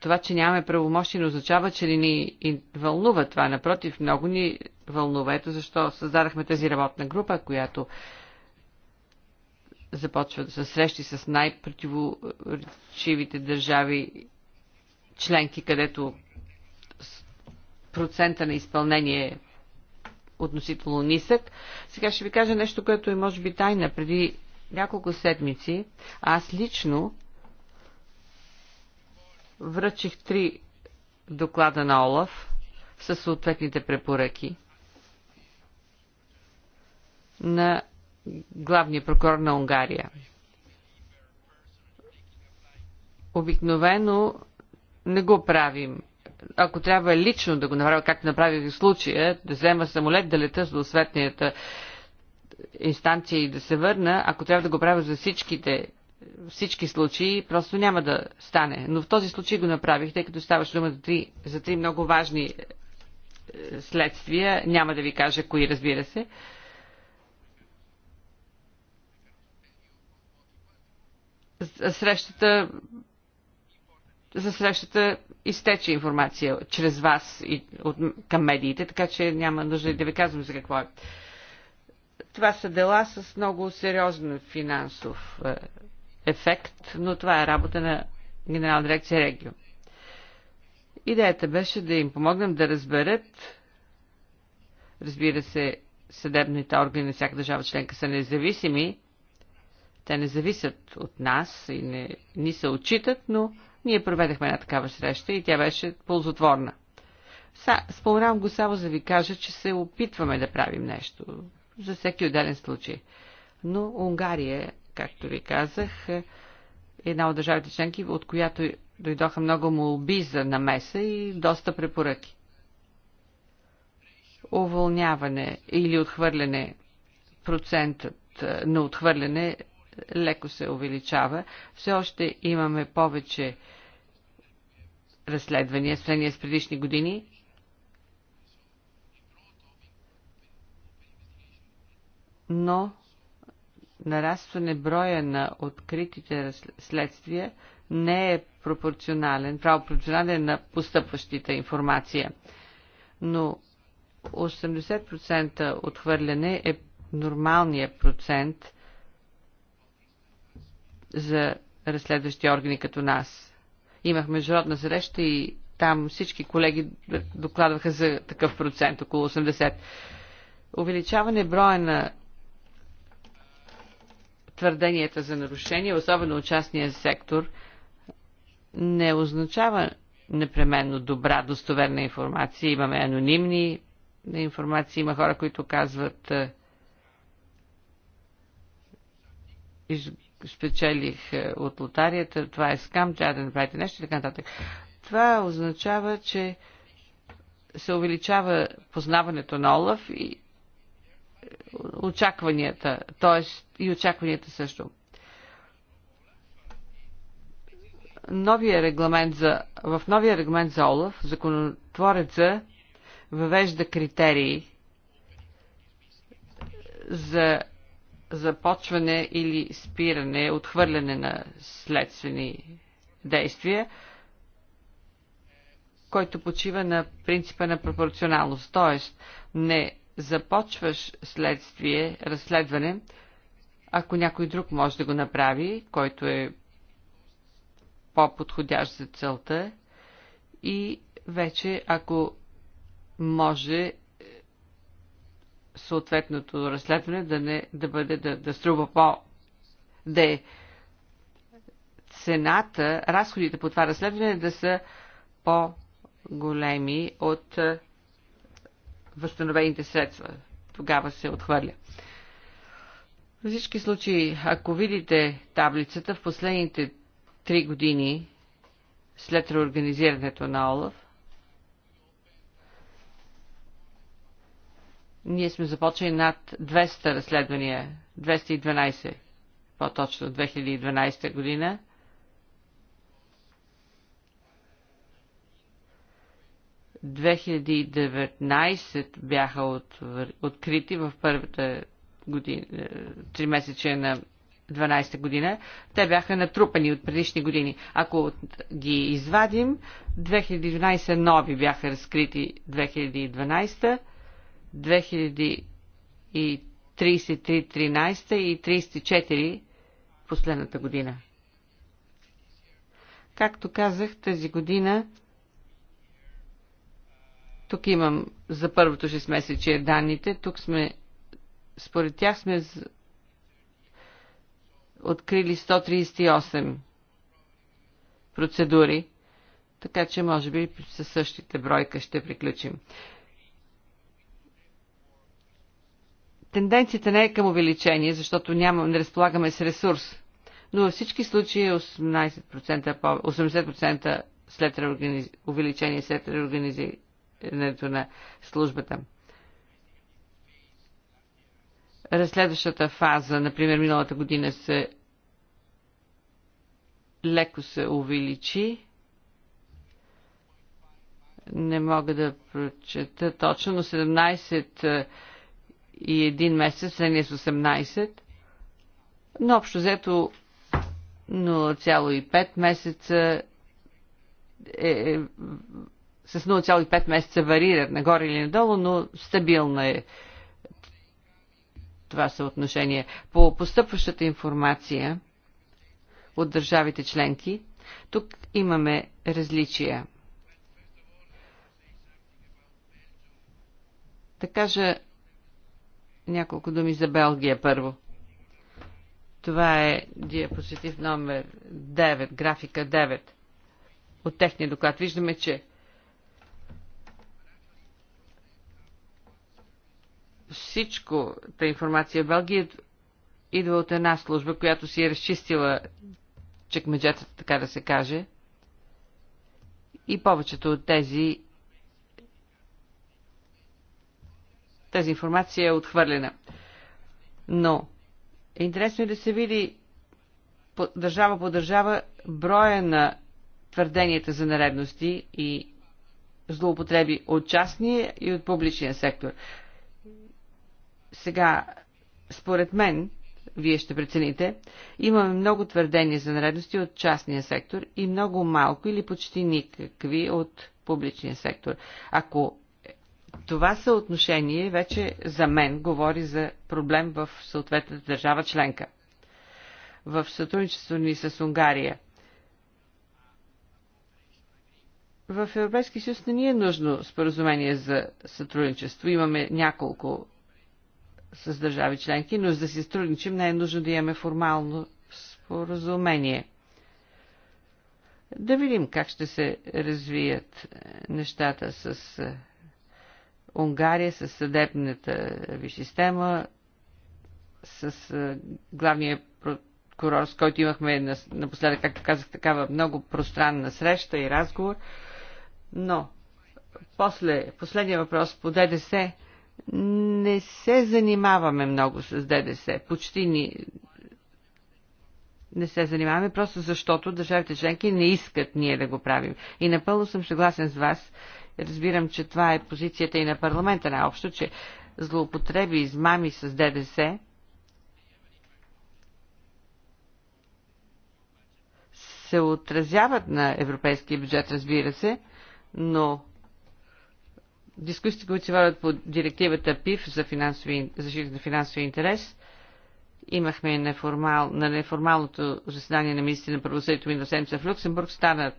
Това, че нямаме правомощи, не означава, че не ни вълнува това. Напротив, много ни вълнува. Ето защо създадахме тази работна група, която започват се срещи с най-противоречивите държави членки, където процента на изпълнение е относително нисък. Сега ще ви кажа нещо, което е може би тайна. Преди няколко седмици аз лично връчих три доклада на Олаф със съответните препоръки на главния прокурор на Унгария. Обикновено не го правим. Ако трябва лично да го направя, както направих в случая, да взема самолет, да лета до светнията инстанция и да се върна, ако трябва да го правя за всичките всички случаи, просто няма да стане. Но в този случай го направих, тъй като ставаше дума за три, за три много важни е, следствия. Няма да ви кажа кои, разбира се. срещата за срещата изтече информация чрез вас и от, към медиите, така че няма нужда и да ви казвам за какво е. Това са дела с много сериозен финансов е, ефект, но това е работа на Генерална дирекция Регио. Идеята беше да им помогнем да разберат, разбира се, съдебните органи на всяка държава членка са независими, те не зависят от нас и не ни се отчитат, но ние проведахме една такава среща и тя беше ползотворна. Са, споменавам го само за ви кажа, че се опитваме да правим нещо. За всеки отделен случай. Но Унгария, както ви казах, е една от държавите членки, от която дойдоха много молби за намеса и доста препоръки. Уволняване или отхвърляне, процентът на отхвърляне леко се увеличава. Все още имаме повече разследвания, сравнение с предишни години. Но нарастване броя на откритите следствия не е пропорционален, пропорционален е на постъпващите информация. Но 80% отхвърляне е нормалният процент за разследващи органи като нас. Имах международна среща и там всички колеги докладваха за такъв процент, около 80. Увеличаване броя на твърденията за нарушения, особено от частния сектор, не означава непременно добра, достоверна информация. Имаме анонимни информации, има хора, които казват е, спечелих е, от лотарията, това е скам, трябва да направите нещо и така нататък. Това означава, че се увеличава познаването на Олаф и е, очакванията, т.е. и очакванията също. Новия регламент за, в новия регламент за Олаф законотвореца въвежда критерии за започване или спиране, отхвърляне на следствени действия, който почива на принципа на пропорционалност, т.е. не започваш следствие, разследване, ако някой друг може да го направи, който е по-подходящ за целта и вече ако може съответното разследване да, не, да, бъде, да, да струва по... да е цената, разходите по това разследване да са по-големи от е, възстановените средства. Тогава се отхвърля. В всички случаи, ако видите таблицата в последните три години след реорганизирането на ОЛАФ, Ние сме започнали над 200 разследвания, 212 по-точно 2012 година. В 2019 бяха от, открити в първата година, е, три месече на 12-та година, те бяха натрупани от предишни години. Ако ги извадим, 2012 нови бяха разкрити 2012 2033-13 и 34 последната година. Както казах, тази година тук имам за първото 6 месече данните. Тук сме, според тях сме открили 138 процедури, така че може би със същите бройка ще приключим. Тенденцията не е към увеличение, защото няма, не разполагаме с ресурс. Но във всички случаи 18%, е 80% след реорганиз... увеличение след реорганизирането на службата. Разследващата фаза, например, миналата година се леко се увеличи. Не мога да прочета точно, но 17 и един месец, не с 18, но общо взето 0,5 месеца е, е с 0,5 месеца варират нагоре или надолу, но стабилна е това съотношение. По постъпващата информация от държавите членки, тук имаме различия. Да кажа няколко думи за Белгия първо. Това е диапозитив номер 9, графика 9 от техния доклад. Виждаме, че всичко та информация в Белгия идва от една служба, която си е разчистила чекмеджетата, така да се каже. И повечето от тези тази информация е отхвърлена. Но е интересно да се види по, държава по държава броя на твърденията за наредности и злоупотреби от частния и от публичния сектор. Сега, според мен, вие ще прецените, имаме много твърдения за наредности от частния сектор и много малко или почти никакви от публичния сектор. Ако това съотношение вече за мен говори за проблем в съответната държава членка. В сътрудничество ни с Унгария. В Европейски съюз не ни е нужно споразумение за сътрудничество. Имаме няколко с държави членки, но за да си сътрудничим не е нужно да имаме формално споразумение. Да видим как ще се развият е, нещата с е, Унгария с съдебната ви система, с главния прокурор, с който имахме напоследък, както казах, такава много пространна среща и разговор. Но, после, последния въпрос по ДДС. Не се занимаваме много с ДДС. Почти ни... не се занимаваме, просто защото държавите членки не искат ние да го правим. И напълно съм съгласен с вас, Разбирам, че това е позицията и на парламента наобщо, че злоупотреби, измами с ДДС се отразяват на европейския бюджет, разбира се, но дискусиите, които се водят по директивата ПИФ за защита на финансови интерес, имахме неформал, на неформалното заседание на министри на правосъдието миналата седмица в Люксембург, стана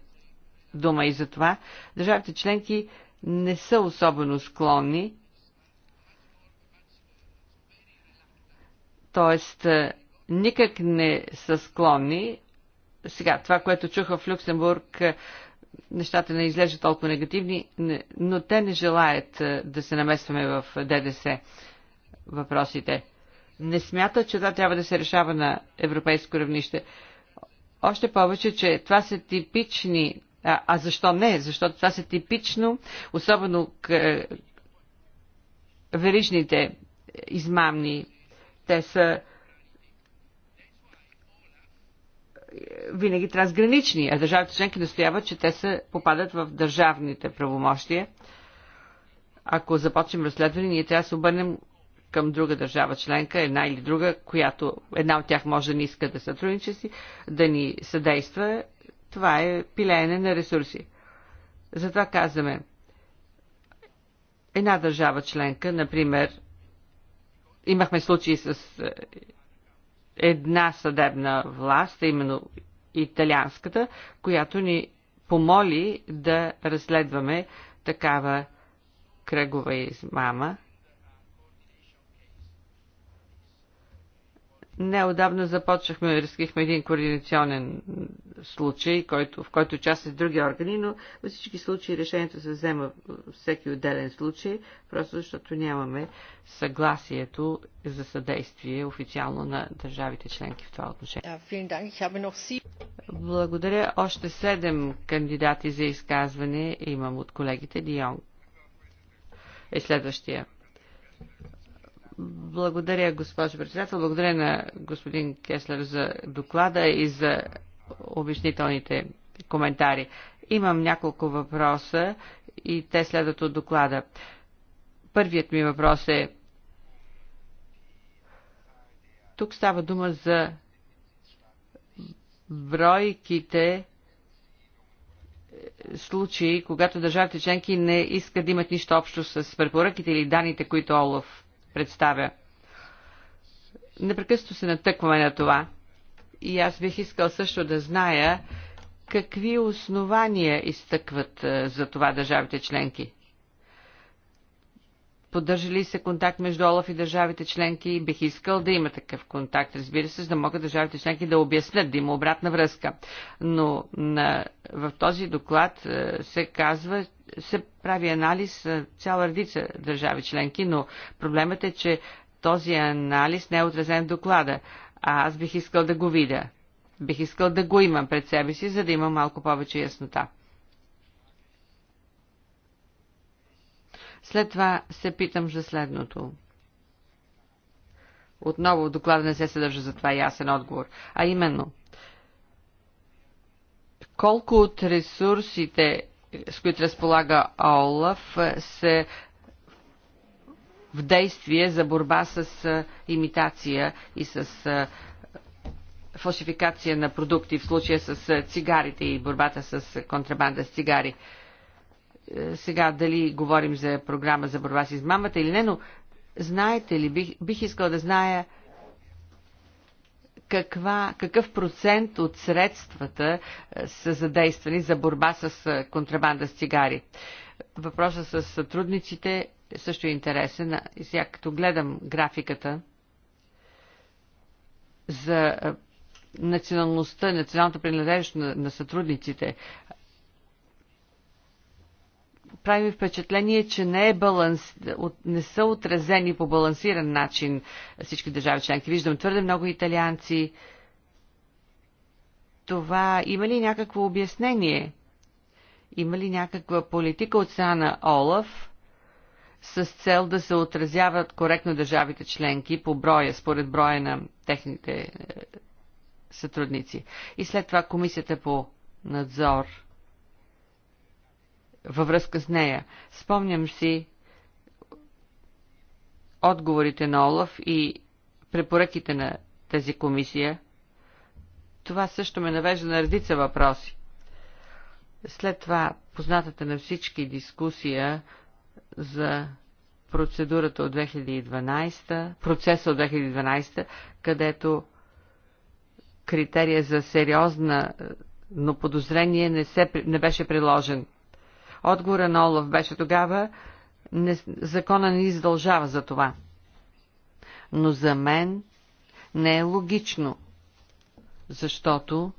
дума и за това, държавите членки не са особено склонни, т.е. никак не са склонни. Сега, това, което чуха в Люксембург, е, нещата не излежат толкова негативни, но те не желаят е, да се намесваме в ДДС въпросите. Не смятат, че това трябва да се решава на европейско равнище. Още повече, че това са типични а, а защо не? Защото това са типично, особено к, е, верижните измамни. Те са е, винаги трансгранични, а държавите членки настояват, че те са, попадат в държавните правомощия. Ако започнем разследване, ние трябва да се обърнем към друга държава членка, една или друга, която една от тях може да ни иска да сътрудничи си, да ни съдейства това е пилеене на ресурси. Затова казваме, една държава членка, например, имахме случаи с е, една съдебна власт, именно италианската, която ни помоли да разследваме такава кръгова измама. отдавна започнахме, разкрихме един координационен случай, който, в който участват други органи, но във всички случаи решението се взема всеки отделен случай, просто защото нямаме съгласието за съдействие официално на държавите членки в това отношение. Благодаря. Още седем кандидати за изказване имам от колегите. Дион е следващия. Благодаря, госпожо председател. Благодаря на господин Кеслер за доклада и за обяснителните коментари. Имам няколко въпроса и те следват от доклада. Първият ми въпрос е тук става дума за бройките случаи, когато държавите членки не искат да имат нищо общо с препоръките или данните, които Олаф представя. Непрекъснато се натъкваме на това. И аз бих искал също да зная какви основания изтъкват е, за това държавите членки. Поддържа ли се контакт между Олаф и държавите членки? Бих искал да има такъв контакт, разбира се, за да могат държавите членки да обяснят, да има обратна връзка. Но на, в този доклад е, се казва, се прави анализ на цяла редица държави членки, но проблемът е, че този анализ не е отразен в доклада, а аз бих искал да го видя. Бих искал да го имам пред себе си, за да имам малко повече яснота. След това се питам за следното. Отново доклада не се съдържа за това ясен отговор, а именно колко от ресурсите с които разполага ОЛАФ, е, се в действие за борба с е, имитация и с е, фалшификация на продукти, в случая с цигарите и борбата с контрабанда с цигари. Сега дали говорим за програма за борба с измамата или не, но знаете ли, бих, бих искал да зная каква, какъв процент от средствата е, са задействани за борба с е, контрабанда с цигари. Въпросът с сътрудниците също е интересен. И сега като гледам графиката за е, националността, националната принадлежност на, на сътрудниците, прави ми впечатление, че не, е баланс, не са отразени по балансиран начин всички държави членки. Виждам твърде много италианци. Това има ли някакво обяснение? Има ли някаква политика от страна на Олаф с цел да се отразяват коректно държавите членки по броя, според броя на техните е, сътрудници? И след това комисията по надзор във връзка с нея. Спомням си отговорите на Олаф и препоръките на тази комисия. Това също ме навежда на редица въпроси. След това познатата на всички дискусия за процедурата от 2012, процеса от 2012, където критерия за сериозна, но подозрение не, се, не беше приложен – Отговора на Олаф беше тогава, не, закона не издължава за това. Но за мен не е логично, защото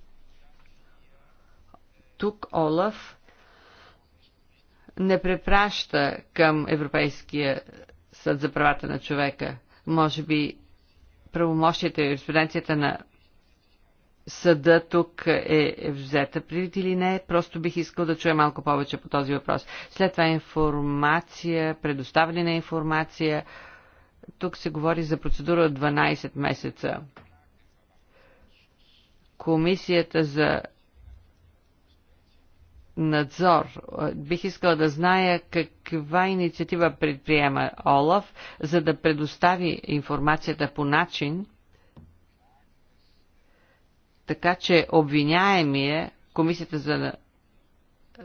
тук Олаф не препраща към Европейския съд за правата на човека. Може би правомощията и юриспруденцията на съда тук е взета предвид или не. Просто бих искал да чуя малко повече по този въпрос. След това информация, предоставяне на информация. Тук се говори за процедура от 12 месеца. Комисията за надзор. Бих искала да зная каква инициатива предприема Олаф, за да предостави информацията по начин, така че обвиняемия, комисията за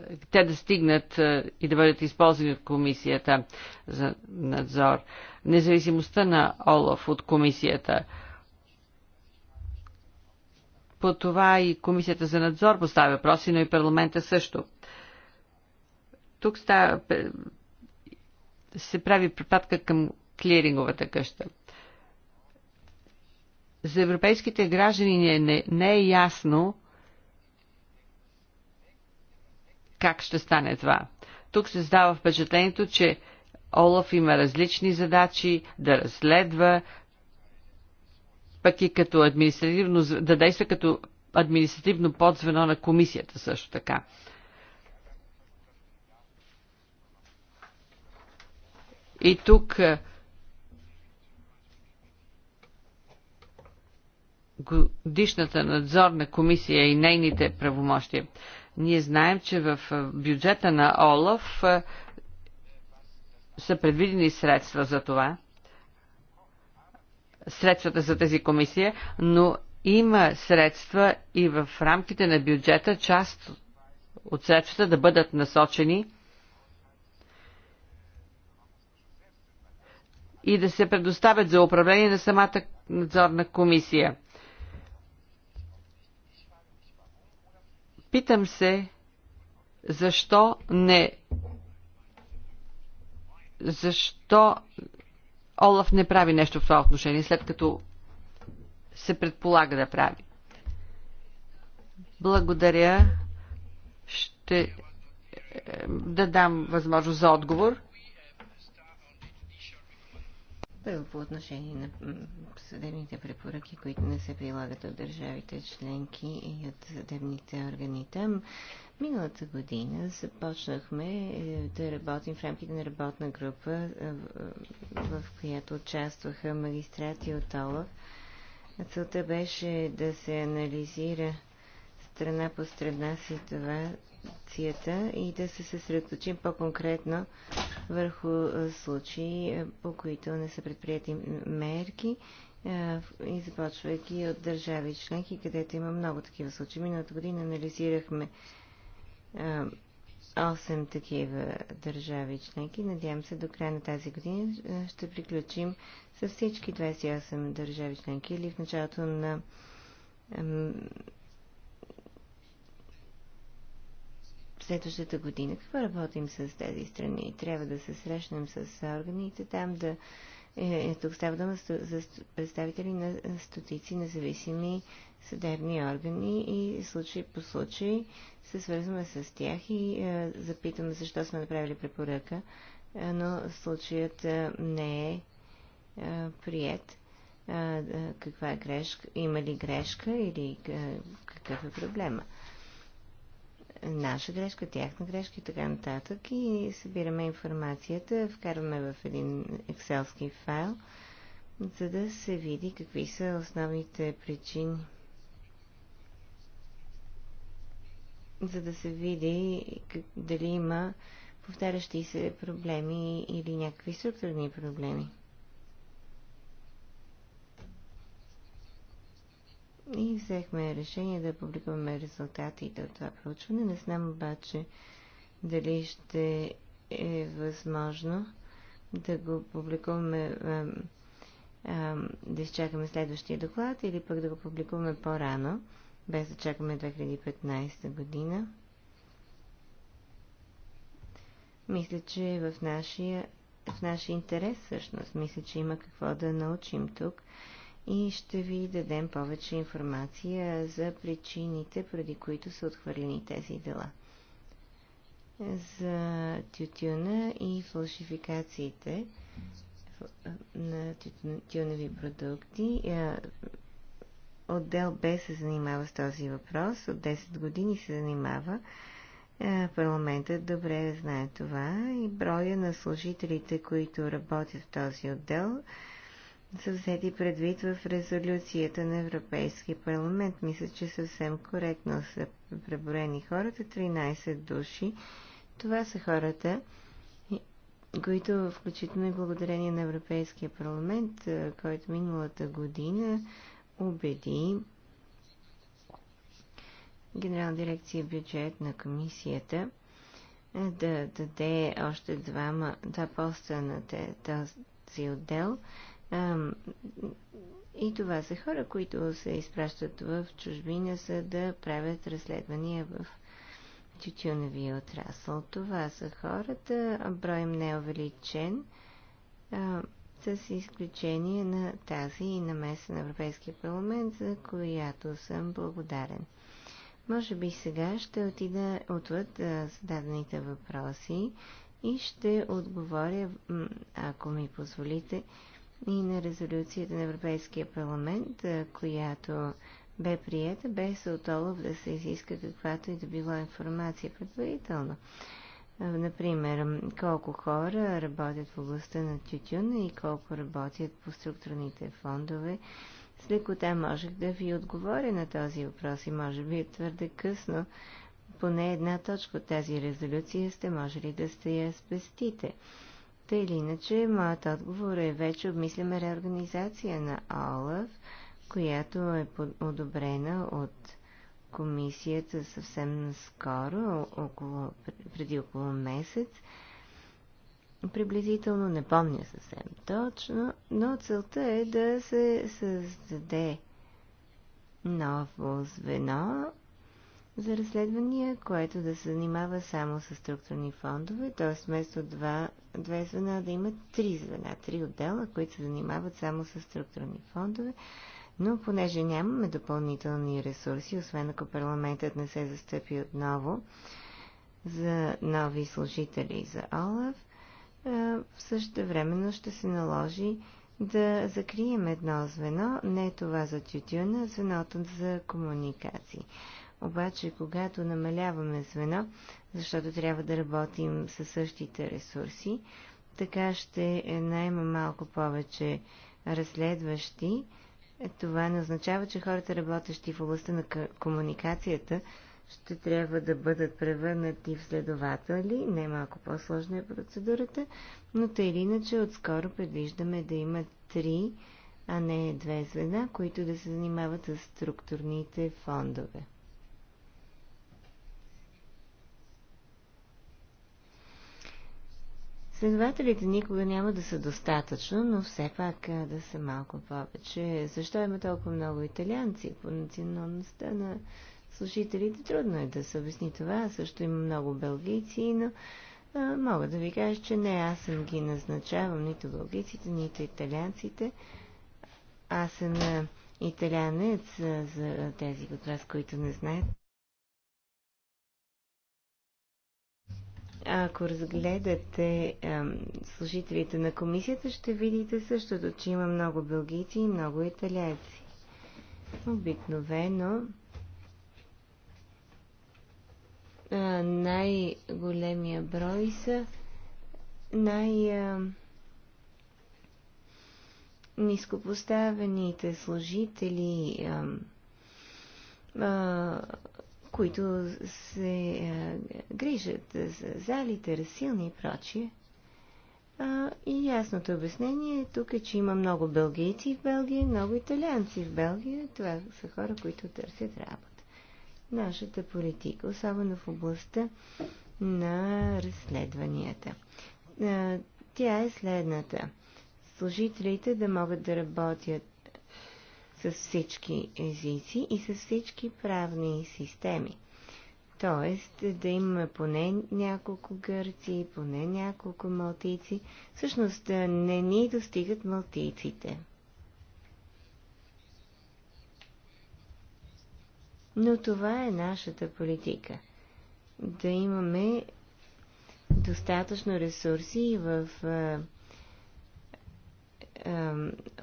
е, те да стигнат е, и да бъдат използвани от комисията за надзор. Независимостта на Олаф от комисията. По това и комисията за надзор поставя въпроси, но и парламента също. Тук става, се прави препадка към клиринговата къща. За европейските граждани не, не е ясно как ще стане това. Тук се създава впечатлението, че Олаф има различни задачи да разследва, пък и като административно, да действа като административно подзвено на комисията също така. И тук годишната надзорна комисия и нейните правомощия. Ние знаем, че в бюджета на ОЛАФ са предвидени средства за това, средствата за тази комисия, но има средства и в рамките на бюджета част от средствата да бъдат насочени и да се предоставят за управление на самата надзорна комисия. Питам се, защо не. Защо Олаф не прави нещо в това отношение, след като се предполага да прави? Благодаря. Ще е, да дам възможност за отговор. Първо по отношение на съдебните препоръки, които не се прилагат от държавите членки и от съдебните органи там. Миналата година започнахме е, да работим в рамките на работна група, е, в която участваха магистрати от ОЛАФ. Целта беше да се анализира страна по страна си това, информацията и да се съсредоточим по-конкретно върху случаи, по които не са предприяти мерки и започвайки от държави членки, където има много такива случаи. Миналата година анализирахме 8 такива държави членки. Надявам се до края на тази година ще приключим с всички 28 държави членки или в началото на следващата година. Какво работим с тези страни? Трябва да се срещнем с органите там, да... Е, е тук става дума за представители на стотици независими съдебни органи и случай по случай се свързваме с тях и е, запитваме защо сме направили препоръка, е, но случаят е, не е, е прият. Е, е, каква е грешка? Има ли грешка или е, какъв е проблема? наша грешка, тяхна грешка и така нататък. И събираме информацията, вкарваме в един екселски файл, за да се види какви са основните причини. За да се види дали има повтарящи се проблеми или някакви структурни проблеми. и взехме решение да публикуваме резултатите от това проучване. Не знам обаче дали ще е възможно да го публикуваме, да изчакаме следващия доклад или пък да го публикуваме по-рано, без да чакаме 2015 година. Мисля, че е в нашия, в нашия интерес всъщност. Мисля, че има какво да научим тук и ще ви дадем повече информация за причините, преди които са отхвърлени тези дела. За тютюна и фалшификациите на тютюневи продукти е, отдел Б се занимава с този въпрос. От 10 години се занимава. Е, парламентът добре знае това и броя на служителите, които работят в този отдел са взети предвид в резолюцията на Европейския парламент. Мисля, че съвсем коректно са преброени хората. 13 души. Това са хората, които включително и благодарение на Европейския парламент, който миналата година убеди Генерална дирекция бюджет на комисията да даде още двама, два поста на тези отдел, и това са хора, които се изпращат в чужбина, за да правят разследвания в тютюневия отрасъл. Това са хората, брой им не е увеличен, а, с изключение на тази и на меса на Европейския парламент, за която съм благодарен. Може би сега ще отида отвъд зададените въпроси и ще отговоря, ако ми позволите, и на резолюцията на Европейския парламент, която бе приета, без от Олов да се изиска каквато и да била информация предварително. Например, колко хора работят в областта на тютюна и колко работят по структурните фондове. С лекота можех да ви отговоря на този въпрос и може би е твърде късно. Поне една точка от тази резолюция сте можели да сте я спестите. Та или иначе, моят отговор е вече обмисляме реорганизация на ОЛАФ, която е одобрена от комисията съвсем наскоро, около, преди около месец. Приблизително не помня съвсем точно, но целта е да се създаде ново звено за разследвания, което да се занимава само с структурни фондове, т.е. вместо два, две звена да има три звена, три отдела, които се занимават само с структурни фондове. Но понеже нямаме допълнителни ресурси, освен ако парламентът не се застъпи отново за нови служители за Олав, в също времено ще се наложи да закрием едно звено, не това за тютюна, а звеното за комуникации обаче когато намаляваме звено, защото трябва да работим със същите ресурси, така ще найма малко повече разследващи. Това не означава, че хората, работещи в областта на комуникацията, ще трябва да бъдат превърнати в следователи. Не малко по-сложна е процедурата, но тъй или иначе отскоро предвиждаме да има три, а не две звена, които да се занимават с структурните фондове. Следователите никога няма да са достатъчно, но все пак да са малко повече. Защо има толкова много италианци по националността на слушателите? Трудно е да се обясни това. Също има много белгийци, но а, мога да ви кажа, че не аз съм ги назначавам, нито белгийците, нито италианците. Аз съм италянец за тези от вас, които не знаят. Ако разгледате а, служителите на комисията, ще видите същото, че има много белгийци и много италианци. Обикновено най-големия брой са най- низкопоставените нископоставените служители, а, а, които се е, грижат за залите, разсилни и прочие. А, и ясното обяснение тук е, че има много бългийци в Белгия, много италианци в Белгия. Това са хора, които търсят работа. Нашата политика, особено в областта на разследванията. А, тя е следната. Служителите да могат да работят с всички езици и с всички правни системи. Тоест да имаме поне няколко гърци, поне няколко малтийци. Всъщност не ни достигат малтийците. Но това е нашата политика. Да имаме достатъчно ресурси в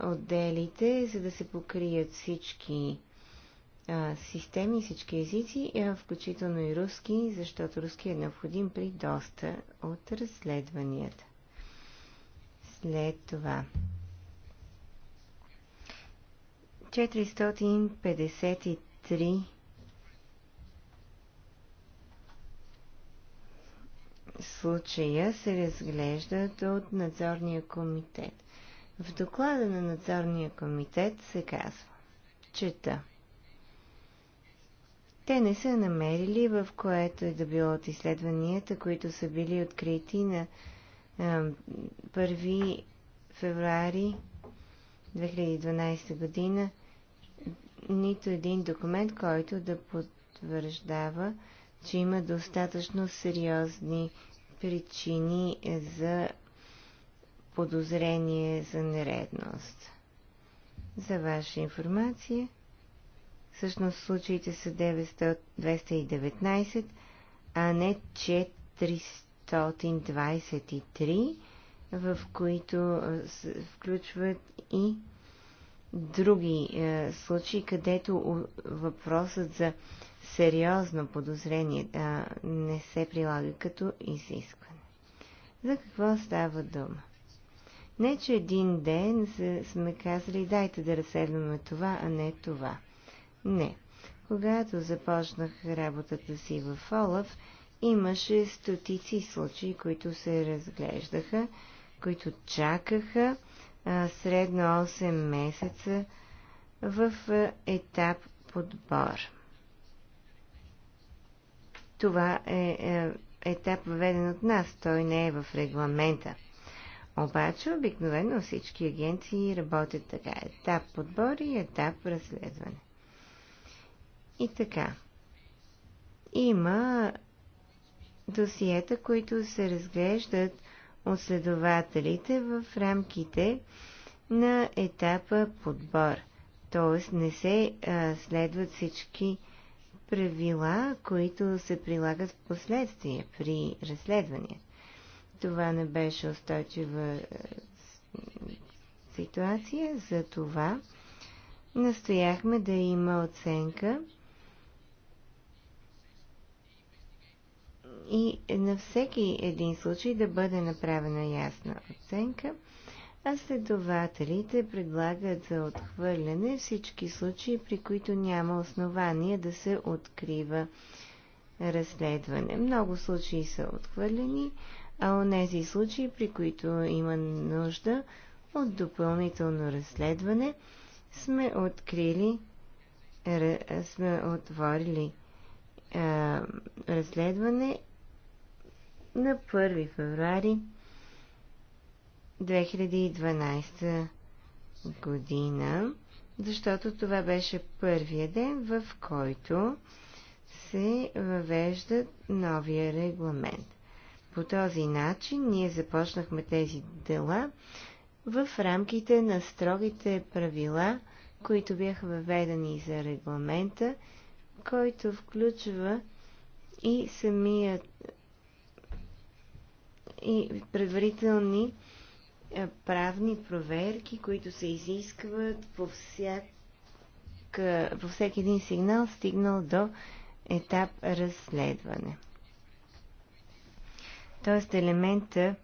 отделите, за да се покрият всички системи, всички езици, включително и руски, защото руски е необходим при доста от разследванията. След това. 453 случая се разглеждат от надзорния комитет. В доклада на надзорния комитет се казва, чета. Те не са намерили в което е да било от изследванията, които са били открити на 1 февруари 2012 година нито един документ, който да потвърждава, че има достатъчно сериозни причини за подозрение за нередност. За ваша информация, всъщност случаите са 900, 219, а не 423, в които включват и други е, случаи, където въпросът за сериозно подозрение е, не се прилага като изискване. За какво става дума? Не, че един ден сме казали, дайте да разследваме това, а не това. Не. Когато започнах работата си в Олаф, имаше стотици случаи, които се разглеждаха, които чакаха а, средно 8 месеца в а, етап подбор. Това е, е етап въведен от нас. Той не е в регламента. Обаче обикновено всички агенции работят така. Етап подбор и етап разследване. И така. Има досиета, които се разглеждат от следователите в рамките на етапа подбор. Т.е. не се а, следват всички правила, които се прилагат в последствие при разследванията. Това не беше устойчива е, ситуация, за това настояхме да има оценка и на всеки един случай да бъде направена ясна оценка, а следователите предлагат за отхвърляне всички случаи, при които няма основания да се открива разследване. Много случаи са отхвърлени, а онези случаи, при които има нужда от допълнително разследване, сме открили, сме отворили а, разследване на 1 феврари 2012 година, защото това беше първия ден, в който се въвеждат новия регламент. По този начин ние започнахме тези дела в рамките на строгите правила, които бяха въведени за регламента, който включва и самия и предварителни правни проверки, които се изискват по, всяка, по всеки един сигнал, стигнал до етап разследване. Т.е. елемента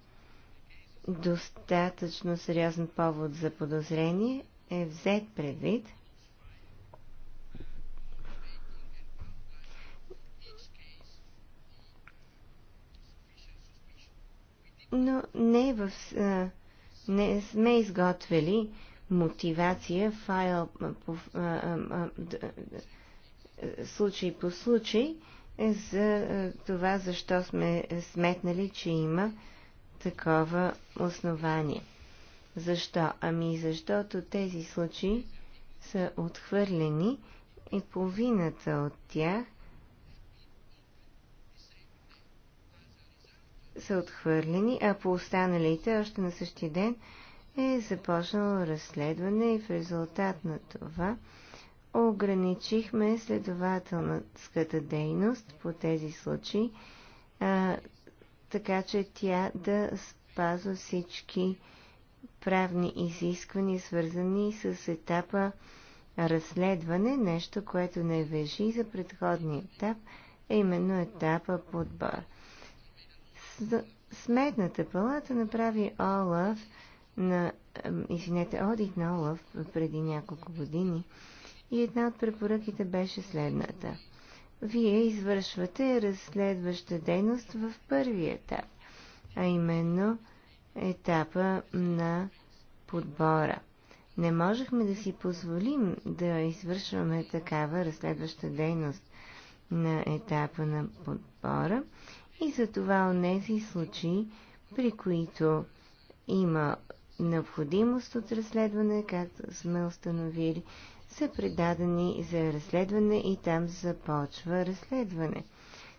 достатъчно сериозен повод за подозрение е взет предвид. Но не, в, не сме изготвили мотивация, файл по, а, а, случай по случай, за е, това, защо сме сметнали, че има такова основание. Защо? Ами защото тези случаи са отхвърлени и половината от тях са отхвърлени, а по останалите още на същия ден е започнало разследване и в резултат на това ограничихме следователската дейност по тези случаи, а, така че тя да спазва всички правни изисквания, свързани с етапа разследване, нещо, което не вежи за предходния етап, е именно етапа подбор. Сметната палата направи Олаф на, извинете, одит на Олаф преди няколко години, и една от препоръките беше следната. Вие извършвате разследваща дейност в първи етап, а именно етапа на подбора. Не можехме да си позволим да извършваме такава разследваща дейност на етапа на подбора и за това нези случаи, при които има необходимост от разследване, както сме установили, са предадени за разследване и там започва разследване.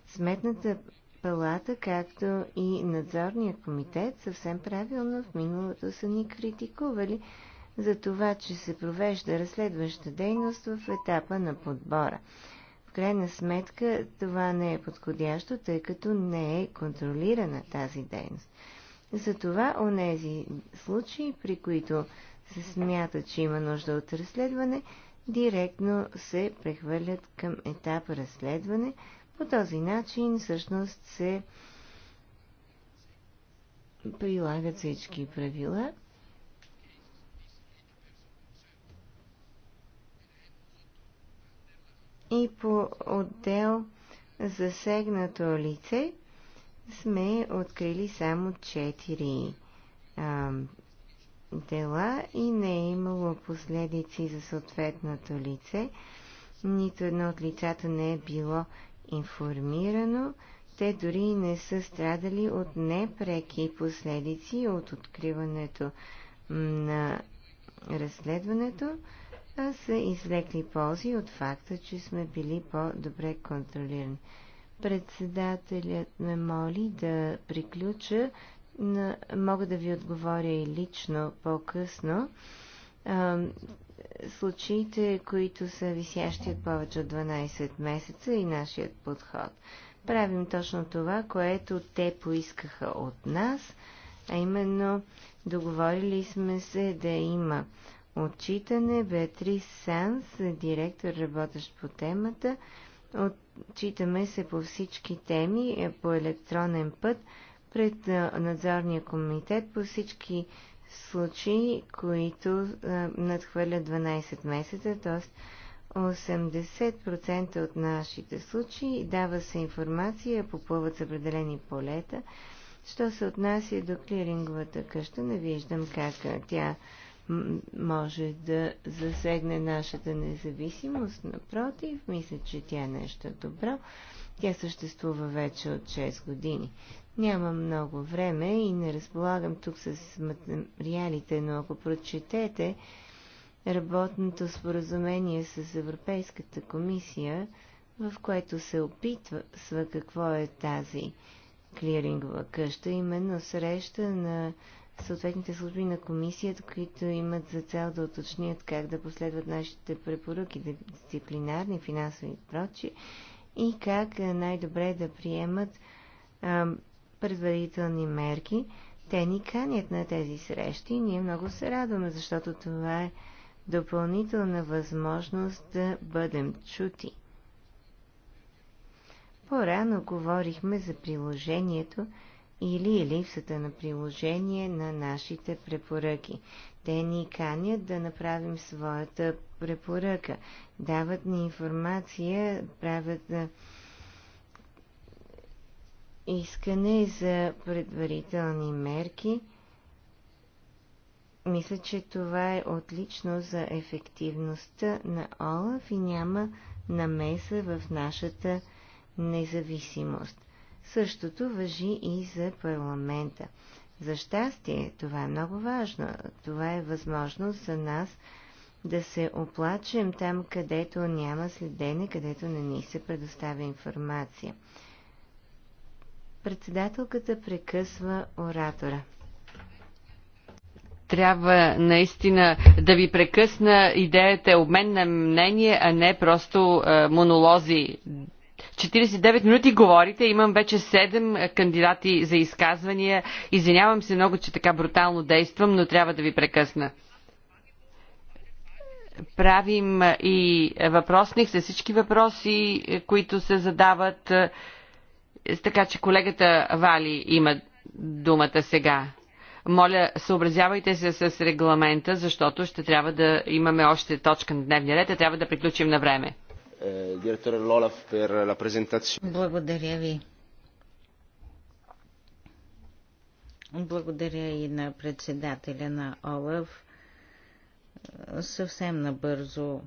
Сметната палата, както и надзорния комитет, съвсем правилно в миналото са ни критикували за това, че се провежда разследваща дейност в етапа на подбора. В крайна сметка това не е подходящо, тъй като не е контролирана тази дейност. Затова онези случаи, при които се смята, че има нужда от разследване, директно се прехвърлят към етап разследване. По този начин всъщност се прилагат всички правила. И по отдел засегнато лице сме открили само 4 а, дела и не е имало последици за съответното лице. Нито едно от лицата не е било информирано. Те дори не са страдали от непреки последици от откриването на разследването, а са извлекли ползи от факта, че сме били по-добре контролирани. Председателят ме моли да приключа мога да ви отговоря и лично по-късно. Случаите, които са висящи от повече от 12 месеца и нашият подход. Правим точно това, което те поискаха от нас, а именно договорили сме се да има отчитане. Беатрис Санс, директор работещ по темата, отчитаме се по всички теми по електронен път пред надзорния комитет по всички случаи, които надхвърлят 12 месеца, т.е. 80% от нашите случаи дава се информация, попълват с определени полета. Що се отнася до клиринговата къща, не виждам как тя може да засегне нашата независимост. Напротив, мисля, че тя е нещо добро. Тя съществува вече от 6 години. Няма много време и не разполагам тук с материалите, но ако прочетете работното споразумение с Европейската комисия, в което се опитва какво е тази клирингова къща, именно среща на съответните служби на комисията, които имат за цел да уточнят как да последват нашите препоръки, дисциплинарни, финансови и прочи, и как е, най-добре да приемат предварителни мерки. Те ни канят на тези срещи и ние много се радваме, защото това е допълнителна възможност да бъдем чути. По-рано говорихме за приложението или липсата на приложение на нашите препоръки. Те ни канят да направим своята препоръка. Дават ни информация, правят искане за предварителни мерки. Мисля, че това е отлично за ефективността на ОЛАФ и няма намеса в нашата независимост. Същото въжи и за парламента. За щастие, това е много важно. Това е възможност за нас да се оплачем там, където няма следене, където не ни се предоставя информация. Председателката прекъсва оратора трябва наистина да ви прекъсна. Идеята обмен на мнение, а не просто е, монолози. 49 минути говорите, имам вече 7 кандидати за изказвания. Извинявам се много, че така брутално действам, но трябва да ви прекъсна. Правим и въпросник с всички въпроси, е, които се задават. Така че колегата Вали има думата сега. Моля, съобразявайте се с регламента, защото ще трябва да имаме още точка на дневния ред и трябва да приключим на време. Е, Благодаря ви. Благодаря и на председателя на ОЛАВ. Съвсем набързо.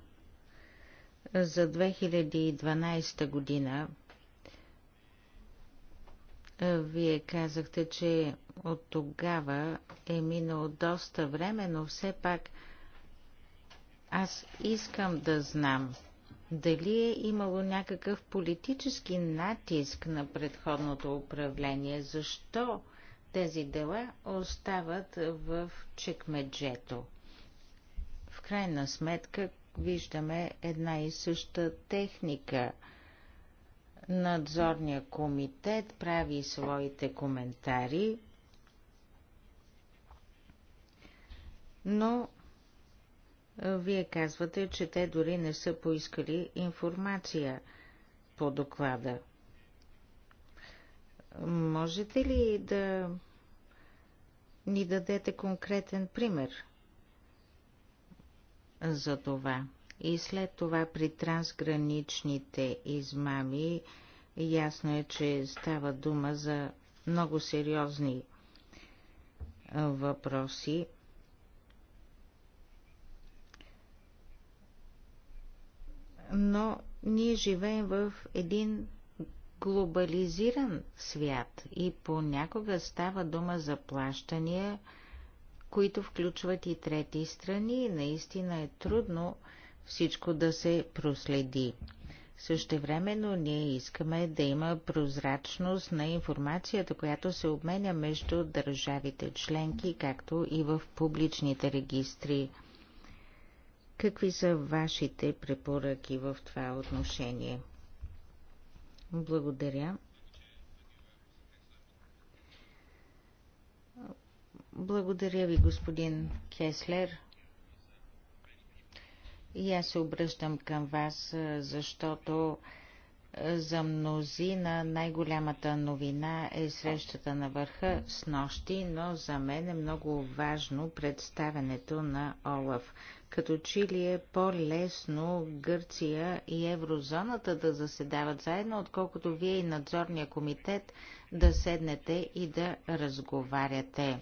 За 2012 година вие казахте, че от тогава е минало доста време, но все пак аз искам да знам дали е имало някакъв политически натиск на предходното управление, защо тези дела остават в чекмеджето. В крайна сметка виждаме една и съща техника – Надзорния комитет прави своите коментари, но вие казвате, че те дори не са поискали информация по доклада. Можете ли да ни дадете конкретен пример за това? И след това при трансграничните измами ясно е, че става дума за много сериозни е, въпроси. Но ние живеем в един глобализиран свят и понякога става дума за плащания, които включват и трети страни. Наистина е трудно всичко да се проследи. Същевременно ние искаме да има прозрачност на информацията, която се обменя между държавите членки, както и в публичните регистри. Какви са вашите препоръки в това отношение? Благодаря. Благодаря ви, господин Кеслер. И аз се обръщам към вас, защото за мнозина най-голямата новина е срещата на върха с нощи, но за мен е много важно представенето на Олаф. Като че ли е по-лесно Гърция и еврозоната да заседават заедно, отколкото вие и надзорния комитет да седнете и да разговаряте.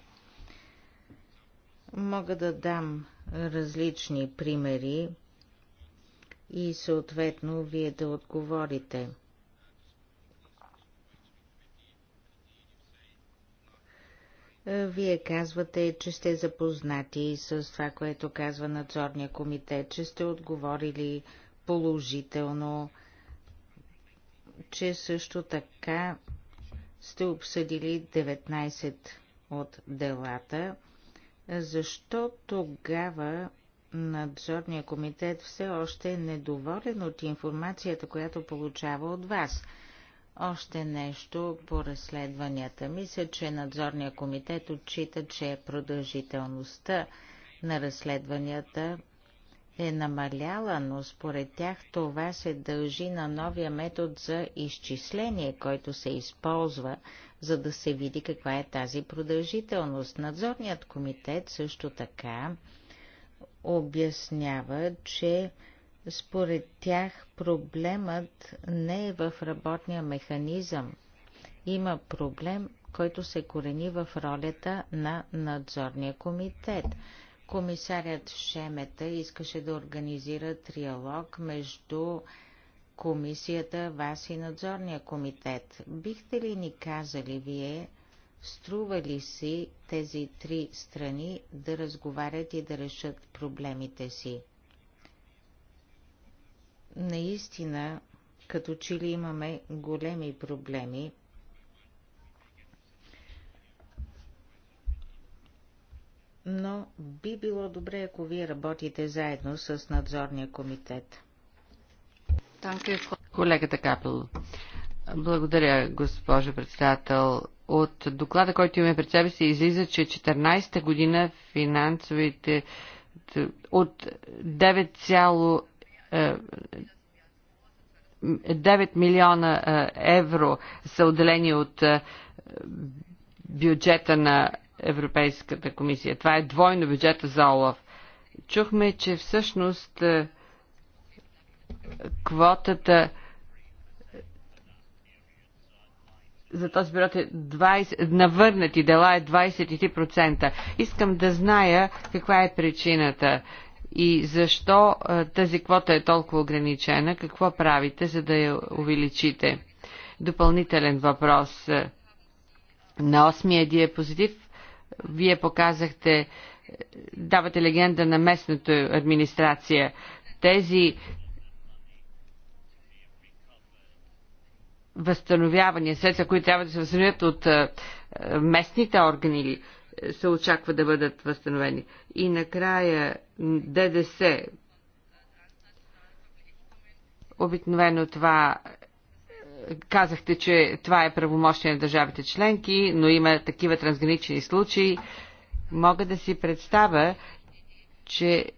Мога да дам различни примери и съответно вие да отговорите. Вие казвате, че сте запознати с това, което казва надзорния комитет, че сте отговорили положително, че също така сте обсъдили 19 от делата. Защо тогава надзорния комитет все още е недоволен от информацията, която получава от вас. Още нещо по разследванията. Мисля, че надзорния комитет отчита, че продължителността на разследванията е намаляла, но според тях това се дължи на новия метод за изчисление, който се използва, за да се види каква е тази продължителност. Надзорният комитет също така обяснява, че според тях проблемът не е в работния механизъм. Има проблем, който се корени в ролята на надзорния комитет. Комисарят Шемета искаше да организира триалог между комисията, вас и надзорния комитет. Бихте ли ни казали вие Струва ли си тези три страни да разговарят и да решат проблемите си? Наистина, като че ли имаме големи проблеми, но би било добре, ако вие работите заедно с надзорния комитет. Колегата Капел. Благодаря, госпожо председател. От доклада, който имаме пред себе си, излиза, че 14-та година финансовите от 9, 9 е, милиона е, евро са отделени от е, бюджета на Европейската комисия. Това е двойно бюджета за ОЛАФ. Чухме, че всъщност квотата за този период е 20, навърнати дела е 23%. Искам да зная каква е причината и защо тази квота е толкова ограничена, какво правите, за да я увеличите. Допълнителен въпрос. На осмия диапозитив вие показахте, давате легенда на местната администрация. Тези възстановявания, средства, които трябва да се възстановят от местните органи, е, се очаква да бъдат възстановени. И накрая ДДС. Обикновено това е, казахте, че това е правомощие на държавите членки, но има такива трансгранични случаи. Мога да си представя, че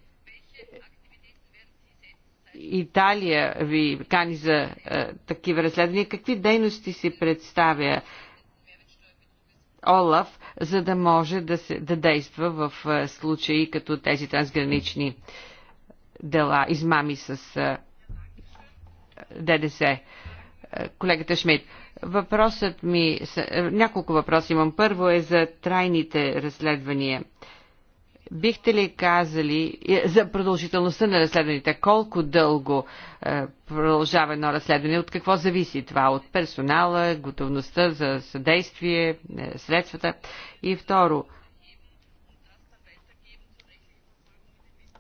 Италия ви кани за а, е, такива разследвания. Какви дейности си представя Олаф, за да може да, се, да действа в е, случаи като тези трансгранични дела, измами с а, е, ДДС? Колегата Шмидт. Въпросът ми, няколко въпроса имам. Първо е за трайните разследвания. Бихте ли казали е, за продължителността на разследваните? Колко дълго е, продължава едно разследване? От какво зависи това? От персонала, готовността за съдействие, е, средствата? И второ,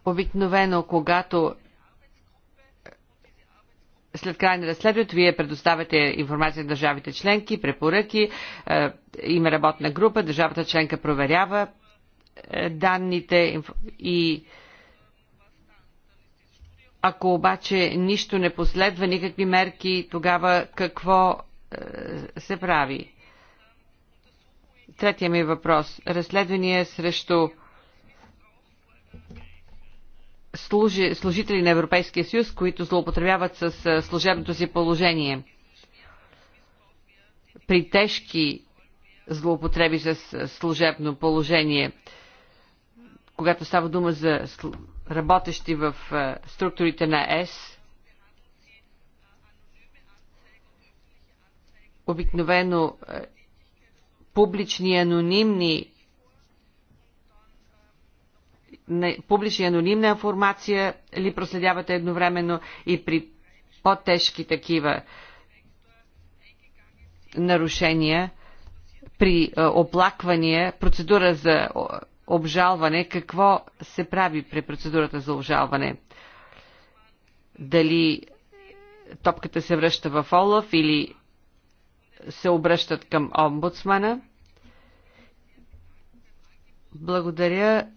обикновено, когато след край на разследването вие предоставяте информация на държавите членки, препоръки, има работна група, държавата членка проверява е, данните и ако обаче нищо не последва, никакви мерки, тогава какво е, се прави? Третия ми въпрос. Разследвания срещу служи, служители на Европейския съюз, които злоупотребяват с е, служебното си положение. При тежки злоупотреби с служебно положение – когато става дума за работещи в е, структурите на ЕС, обикновено е, публични анонимни публична анонимна информация ли проследявате едновременно и при по-тежки такива нарушения, при е, оплаквания, процедура за обжалване, какво се прави при процедурата за обжалване? Дали топката се връща в Олаф или се обръщат към омбудсмана? Благодаря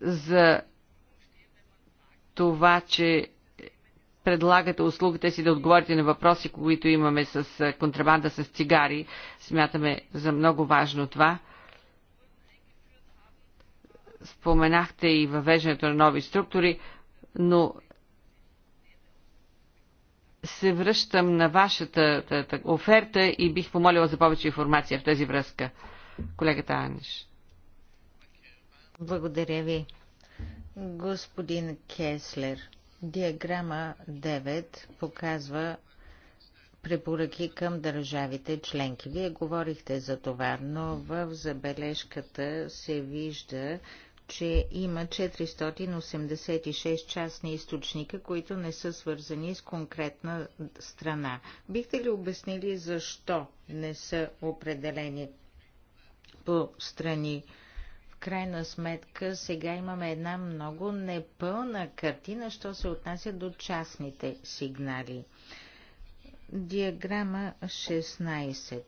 за това, че предлагате услугите си да отговорите на въпроси, които имаме с контрабанда с цигари. Смятаме за много важно това. Споменахте и въвеждането на нови структури, но се връщам на вашата оферта и бих помолила за повече информация в тази връзка. Колегата Аниш. Благодаря ви. Господин Кеслер, диаграма 9 показва препоръки към държавите членки. Вие говорихте за това, но в забележката се вижда че има 486 частни източника, които не са свързани с конкретна страна. Бихте ли обяснили защо не са определени по страни? В крайна сметка сега имаме една много непълна картина, що се отнася до частните сигнали. Диаграма 16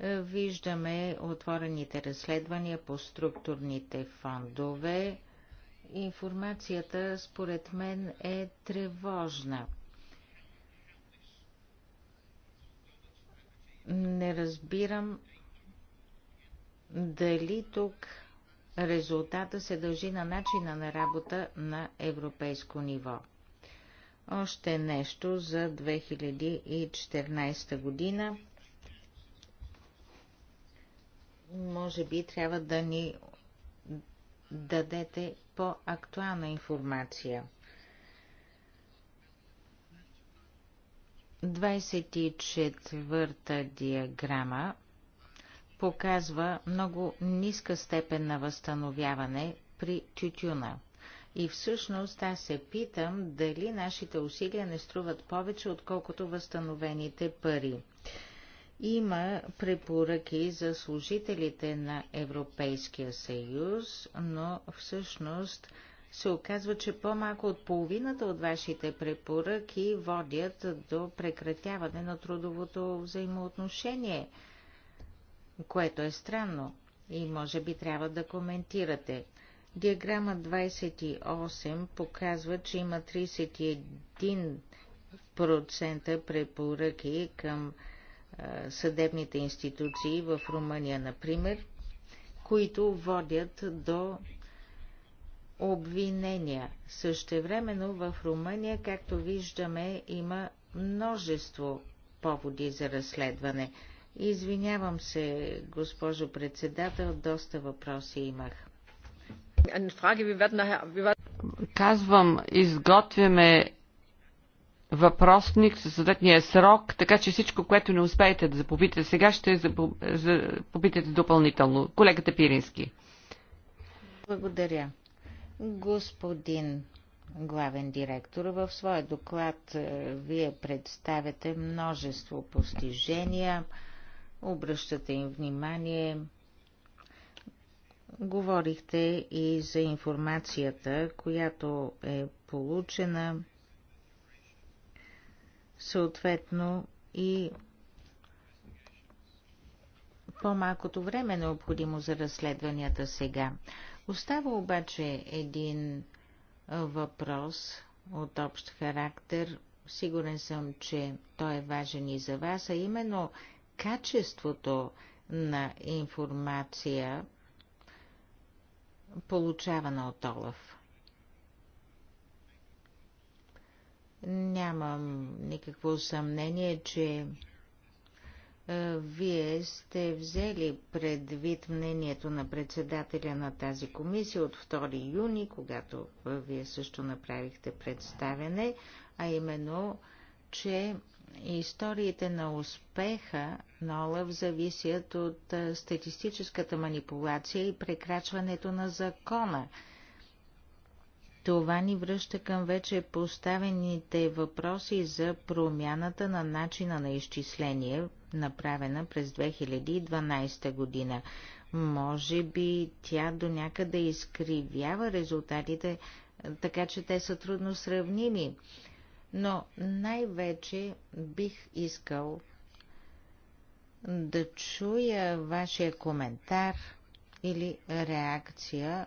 Виждаме отворените разследвания по структурните фондове. Информацията, според мен, е тревожна. Не разбирам дали тук резултата се дължи на начина на работа на европейско ниво. Още нещо за 2014 година – може би трябва да ни дадете по-актуална информация. 24-та диаграма показва много ниска степен на възстановяване при тютюна. И всъщност аз се питам дали нашите усилия не струват повече, отколкото възстановените пари. Има препоръки за служителите на Европейския съюз, но всъщност се оказва, че по-малко от половината от вашите препоръки водят до прекратяване на трудовото взаимоотношение, което е странно и може би трябва да коментирате. Диаграма 28 показва, че има 31% препоръки към съдебните институции в Румъния, например, които водят до обвинения. Същевременно в Румъния, както виждаме, има множество поводи за разследване. Извинявам се, госпожо председател, доста въпроси имах. Казвам, изготвяме въпросник със съответния срок, така че всичко, което не успеете да запопитате сега, ще запопитате допълнително. Колегата Пирински. Благодаря. Господин главен директор, в своя доклад е, вие представяте множество постижения, обръщате им внимание, говорихте и за информацията, която е получена съответно и по-малкото време е необходимо за разследванията сега. Остава обаче един въпрос от общ характер. Сигурен съм, че той е важен и за вас, а именно качеството на информация, получавана от Олаф. Нямам никакво съмнение, че вие сте взели предвид мнението на председателя на тази комисия от 2 юни, когато вие също направихте представене, а именно, че историите на успеха на ОЛАВ зависят от статистическата манипулация и прекрачването на закона – това ни връща към вече поставените въпроси за промяната на начина на изчисление, направена през 2012 година. Може би тя до някъде изкривява резултатите, така че те са трудно сравними. Но най-вече бих искал да чуя вашия коментар или реакция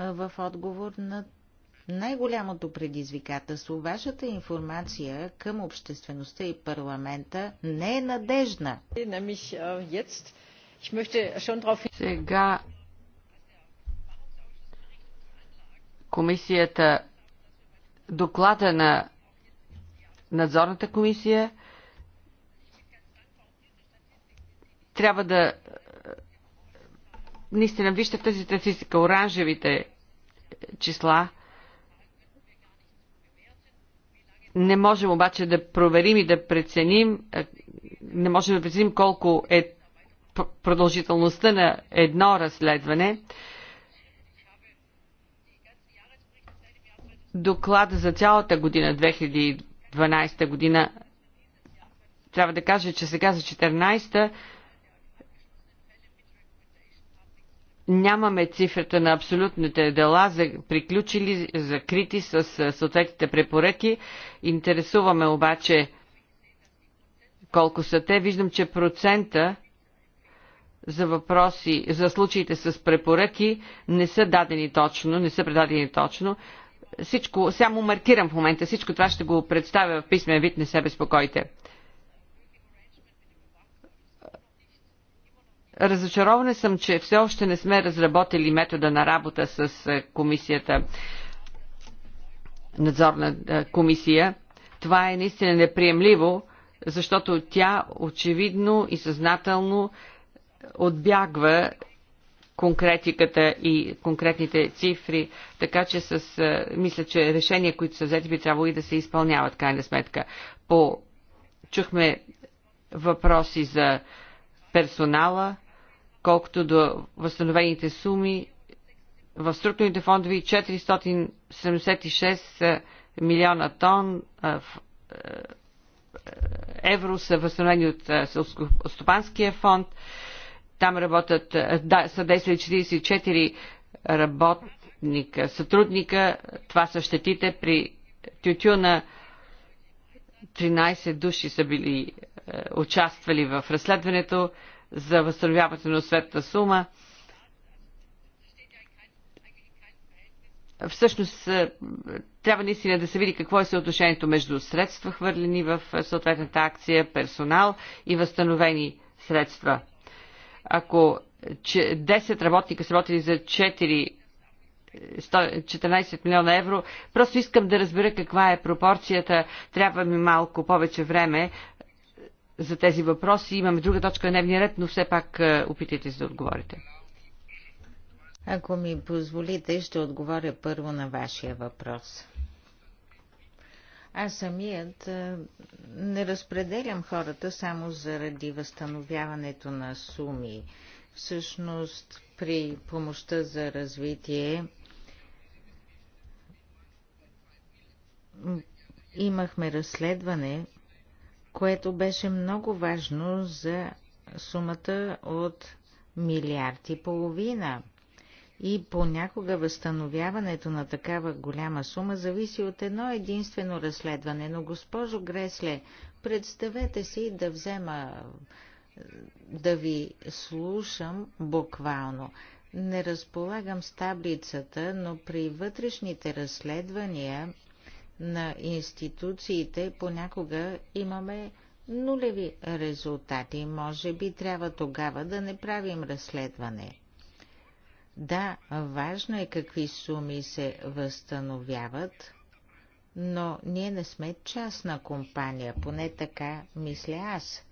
в отговор на най-голямото предизвикателство. Вашата информация към обществеността и парламента не е надежна. Сега комисията, доклада на надзорната комисия трябва да наистина вижте тази статистика оранжевите числа. Не можем обаче да проверим и да преценим, е, не можем да преценим колко е продължителността на едно разследване. Доклада за цялата година, 2012 година, трябва да кажа, че сега за 2014 нямаме цифрата на абсолютните дела, за, приключили, закрити с съответните препоръки. Интересуваме обаче колко са те. Виждам, че процента за въпроси, за случаите с препоръки не са дадени точно, не са предадени точно. Всичко, само маркирам в момента, всичко това ще го представя в писмен вид, не се безпокойте. Разочарована съм, че все още не сме разработили метода на работа с е, комисията, надзорна е, комисия. Това е наистина неприемливо, защото тя очевидно и съзнателно отбягва конкретиката и конкретните цифри, така че с, е, мисля, че решения, които са взети, би трябвало и да се изпълняват, крайна сметка. По, чухме въпроси за персонала, Колкото до възстановените суми, в структурните фондови 476 милиона тон е, евро са възстановени от Селско-Стопанския фонд. Там работят, да, са действали 44 работника, сътрудника. Това са щетите при тютюна. 13 души са били участвали в разследването за възстановяването на светната сума. Всъщност е, трябва наистина да се види какво е съотношението между средства, хвърлени в е, съответната акция, персонал и възстановени средства. Ако 10 работника са работили за 4 14 е, милиона евро. Просто искам да разбера каква е пропорцията. Трябва ми малко повече време, за тези въпроси. Имаме друга точка на дневния ред, но все пак е, опитайте се да отговорите. Ако ми позволите, ще отговоря първо на вашия въпрос. Аз самият е, не разпределям хората само заради възстановяването на суми. Всъщност при помощта за развитие имахме разследване което беше много важно за сумата от милиард и половина. И понякога възстановяването на такава голяма сума зависи от едно единствено разследване. Но, госпожо Гресле, представете си да взема, да ви слушам буквално. Не разполагам с таблицата, но при вътрешните разследвания на институциите понякога имаме нулеви резултати. Може би трябва тогава да не правим разследване. Да, важно е какви суми се възстановяват, но ние не сме частна компания, поне така мисля аз.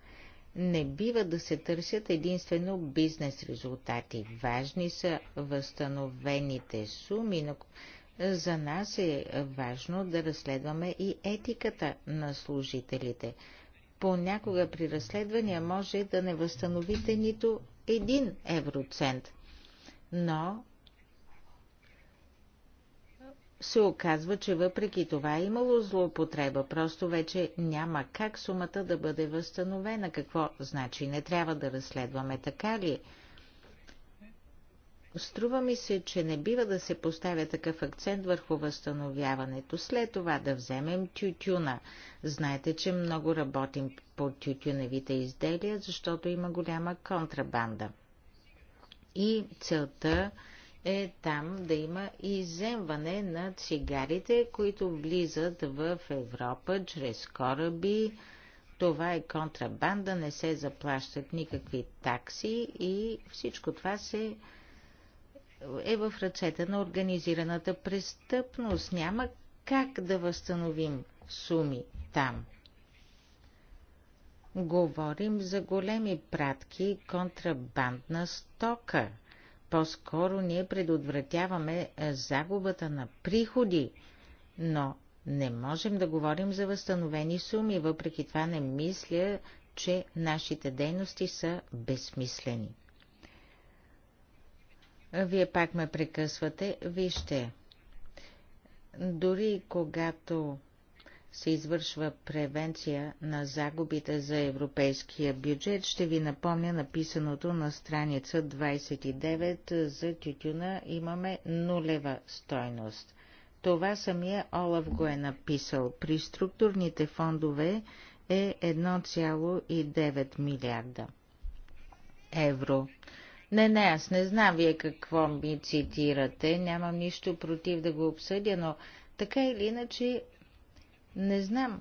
Не бива да се търсят единствено бизнес резултати. Важни са възстановените суми, но за нас е важно да разследваме и етиката на служителите. Понякога при разследвания може да не възстановите нито един евроцент, но се оказва, че въпреки това е имало злоупотреба, просто вече няма как сумата да бъде възстановена. Какво значи? Не трябва да разследваме така ли? Е? Струва ми се, че не бива да се поставя такъв акцент върху възстановяването. След това да вземем тютюна. Знаете, че много работим по тютюневите изделия, защото има голяма контрабанда. И целта е там да има иземване на цигарите, които влизат в Европа чрез кораби. Това е контрабанда, не се заплащат никакви такси и всичко това се е в ръцете на организираната престъпност. Няма как да възстановим суми там. Говорим за големи пратки контрабандна стока. По-скоро ние предотвратяваме загубата на приходи, но не можем да говорим за възстановени суми, въпреки това не мисля, че нашите дейности са безсмислени. Вие пак ме прекъсвате. Вижте, дори когато се извършва превенция на загубите за европейския бюджет, ще ви напомня написаното на страница 29 за тютюна имаме нулева стойност. Това самия Олаф го е написал. При структурните фондове е 1,9 милиарда евро. Не, не, аз не знам вие какво ми цитирате. Нямам нищо против да го обсъдя, но така или иначе не знам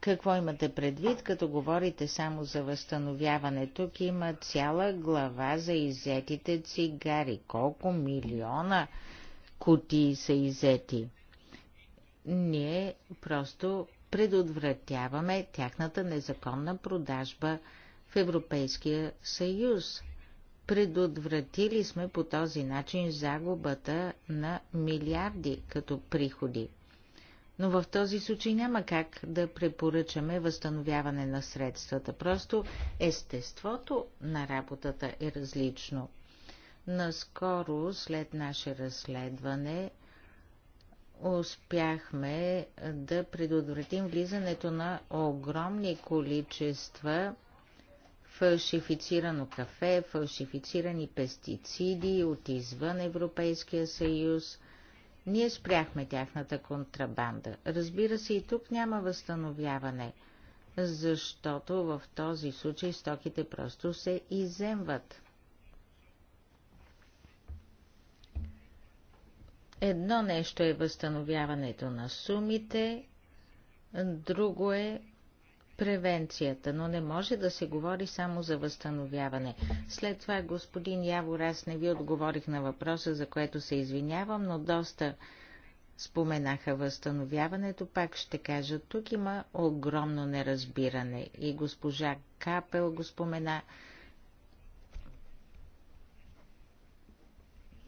какво имате предвид, като говорите само за възстановяване. Тук има цяла глава за изетите цигари. Колко милиона кутии са изети? Ние просто предотвратяваме тяхната незаконна продажба в Европейския съюз. Предотвратили сме по този начин загубата на милиарди като приходи. Но в този случай няма как да препоръчаме възстановяване на средствата. Просто естеството на работата е различно. Наскоро, след наше разследване, успяхме да предотвратим влизането на огромни количества фалшифицирано кафе, фалшифицирани пестициди от извън Европейския съюз. Ние спряхме тяхната контрабанда. Разбира се, и тук няма възстановяване, защото в този случай стоките просто се иземват. Едно нещо е възстановяването на сумите, друго е превенцията, но не може да се говори само за възстановяване. След това, господин Явор, аз не ви отговорих на въпроса, за което се извинявам, но доста споменаха възстановяването, пак ще кажа, тук има огромно неразбиране. И госпожа Капел го спомена,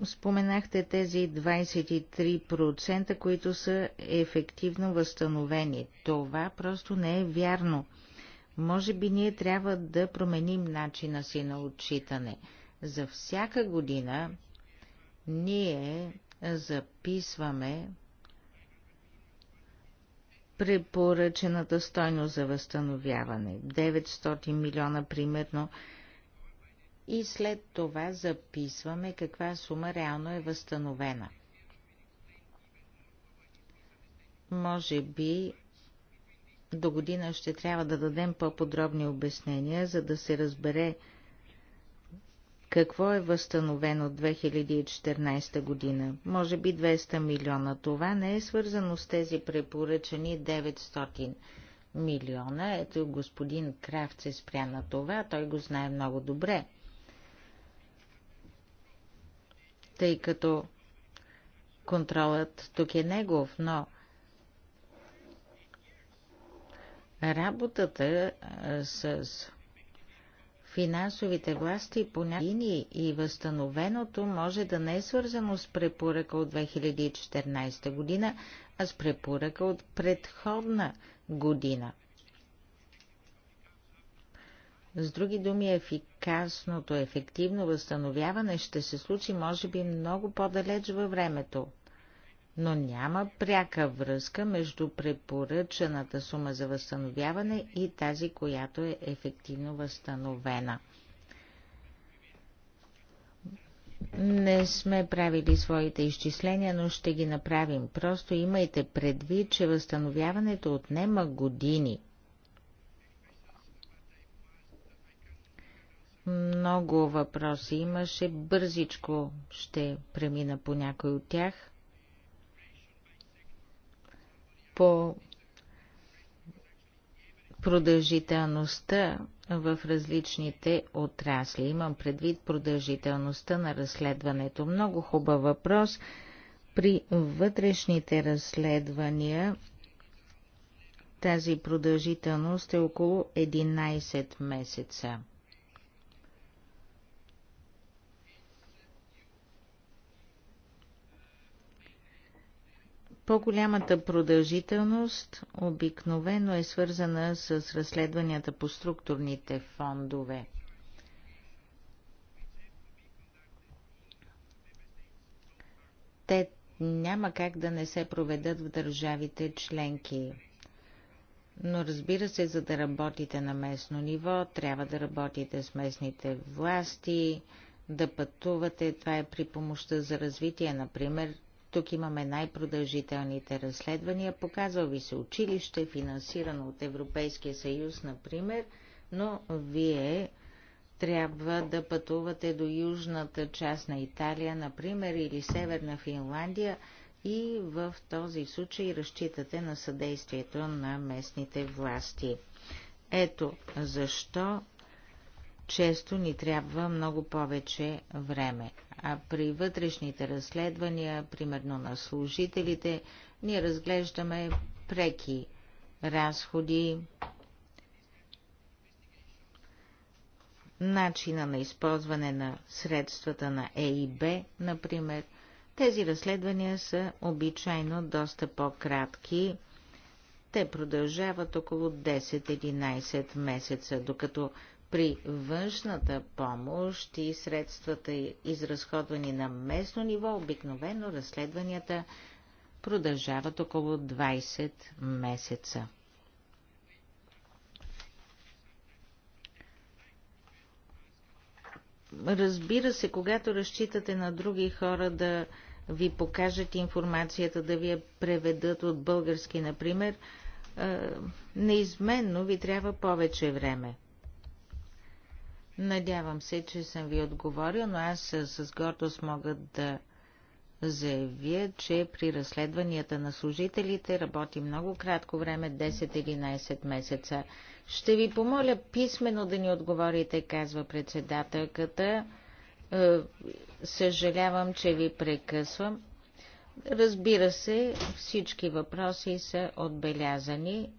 Споменахте тези 23%, които са ефективно възстановени. Това просто не е вярно. Може би ние трябва да променим начина си на отчитане. За всяка година ние записваме препоръчената стойност за възстановяване. 900 милиона примерно – и след това записваме каква сума реално е възстановена. Може би до година ще трябва да дадем по-подробни обяснения, за да се разбере какво е възстановено от 2014 година? Може би 200 милиона. Това не е свързано с тези препоръчани 900 милиона. Ето господин Кравце спря на това, той го знае много добре. тъй като контролът тук е негов, но работата с финансовите власти по линии и възстановеното може да не е свързано с препоръка от 2014 година, а с препоръка от предходна година. С други думи, ефикасното, ефективно възстановяване ще се случи, може би, много по-далеч във времето. Но няма пряка връзка между препоръчаната сума за възстановяване и тази, която е ефективно възстановена. Не сме правили своите изчисления, но ще ги направим. Просто имайте предвид, че възстановяването отнема години – Много въпроси имаше. Бързичко ще премина по някой от тях. По продължителността в различните отрасли. Имам предвид продължителността на разследването. Много хубав въпрос. При вътрешните разследвания тази продължителност е около 11 месеца. По-голямата продължителност обикновено е свързана с разследванията по структурните фондове. Те няма как да не се проведат в държавите членки. Но разбира се, за да работите на местно ниво, трябва да работите с местните власти, да пътувате. Това е при помощта за развитие, например, тук имаме най-продължителните разследвания. Показва ви се училище, финансирано от Европейския съюз, например, но вие трябва да пътувате до южната част на Италия, например, или северна Финландия и в този случай разчитате на съдействието на местните власти. Ето защо често ни трябва много повече време. А при вътрешните разследвания, примерно на служителите, ние разглеждаме преки разходи, начина на използване на средствата на Е и Б, например. Тези разследвания са обичайно доста по-кратки. Те продължават около 10-11 месеца, докато при външната помощ и средствата изразходвани на местно ниво, обикновено разследванията продължават около 20 месеца. Разбира се, когато разчитате на други хора да ви покажат информацията, да ви я преведат от български, например, неизменно ви трябва повече време. Надявам се, че съм ви отговорил, но аз с гордост мога да заявя, че при разследванията на служителите работи много кратко време, 10-11 месеца. Ще ви помоля писменно да ни отговорите, казва председателката. Е, съжалявам, че ви прекъсвам. Разбира се, всички въпроси са отбелязани.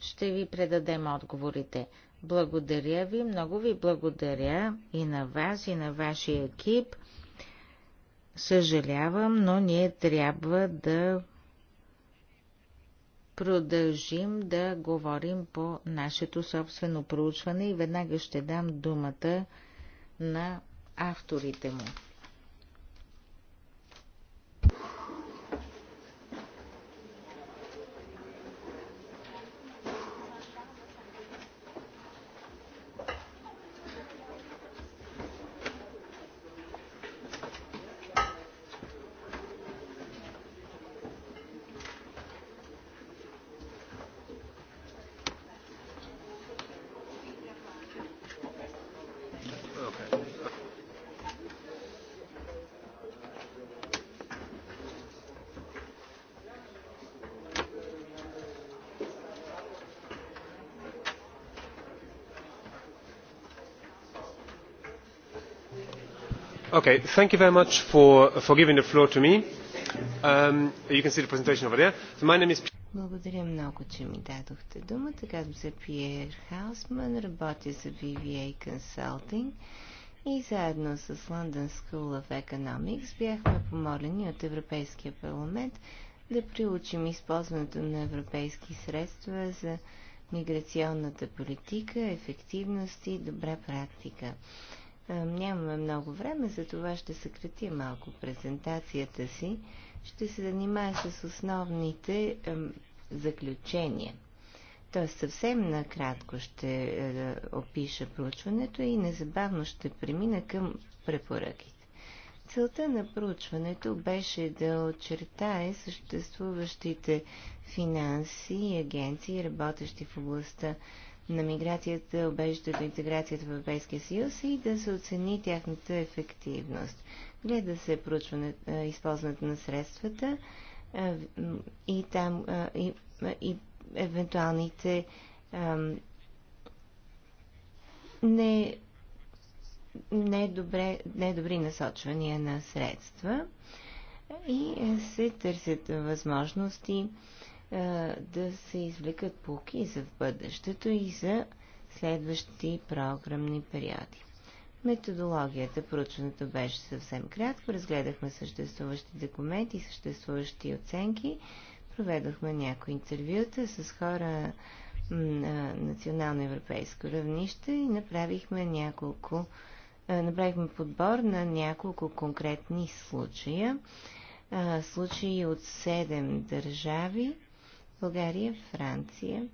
Ще ви предадем отговорите. Благодаря ви, много ви благодаря и на вас, и на вашия екип. Съжалявам, но ние трябва да продължим да говорим по нашето собствено проучване и веднага ще дам думата на авторите му. thank you very much for, for giving the floor to me. Um, you can see the presentation over there. So my name is... Благодаря много, че ми дадохте думата. Казвам се Пиер Хаусман, работя за VVA Consulting и заедно с London School of Economics бяхме помолени от Европейския парламент да приучим използването на европейски средства за миграционната политика, ефективност и добра практика. Нямаме много време, за това ще съкрати малко презентацията си. Ще се занимая с основните заключения. Т.е. съвсем накратко ще е, опиша проучването и незабавно ще премина към препоръките. Целта на проучването беше да очертае съществуващите финанси и агенции, работещи в областта на миграцията, обежището и интеграцията в Европейския съюз и да се оцени тяхната ефективност. Гледа се проучване, използването на средствата и там и, и евентуалните не, не, добре, не добри насочвания на средства и се търсят възможности да се извлекат полки за в бъдещето и за следващи програмни периоди. Методологията, проучването беше съвсем кратко. Разгледахме съществуващи документи, съществуващи оценки. Проведохме някои интервюта с хора на национално европейско равнище и направихме няколко направихме подбор на няколко конкретни случая. Случаи от 7 държави България, Франция,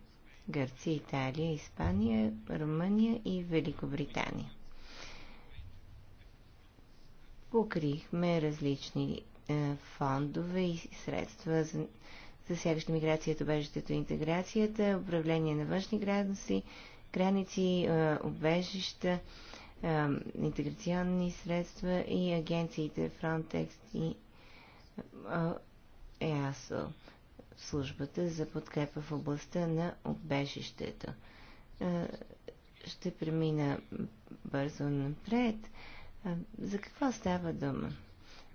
Гърция, Италия, Испания, Румъния и Великобритания. Покрихме различни е, фондове и средства за засягащи миграцията, обежището и интеграцията, управление на външни граници, граници, е, обежища, е, интеграционни средства и агенциите Frontex и е, е, ЕАСО службата за подкрепа в областта на обежището. Е, ще премина бързо напред. Е, за какво става дума?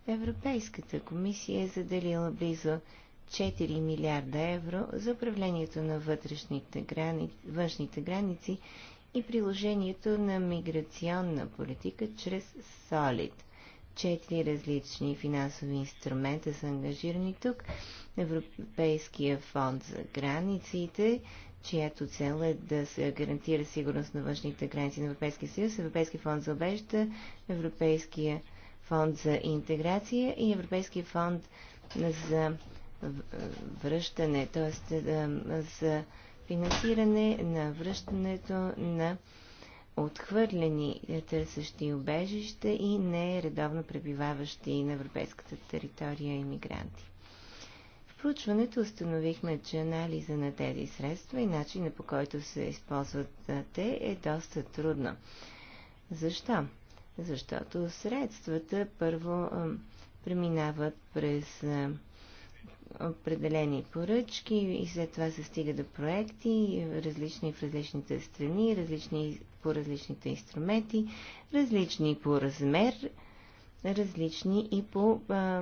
Европейската комисия е заделила близо 4 милиарда евро за управлението на вътрешните грани... външните граници и приложението на миграционна политика чрез СОЛИД – четири различни финансови инструмента са ангажирани тук. Европейския фонд за границите, чиято цел е да се гарантира сигурност на външните граници на Европейския съюз, Европейския фонд за обежда, Европейския фонд за интеграция и Европейския фонд за връщане, т.е. за финансиране на връщането на отхвърлени търсещи убежища и нередовно пребиваващи на европейската територия иммигранти. В проучването установихме, че анализа на тези средства и начина по който се използват те е доста трудно. Защо? Защото средствата първо преминават през определени поръчки и след това се стига до проекти, различни в различните страни, различни по различните инструменти, различни по размер, различни и по а,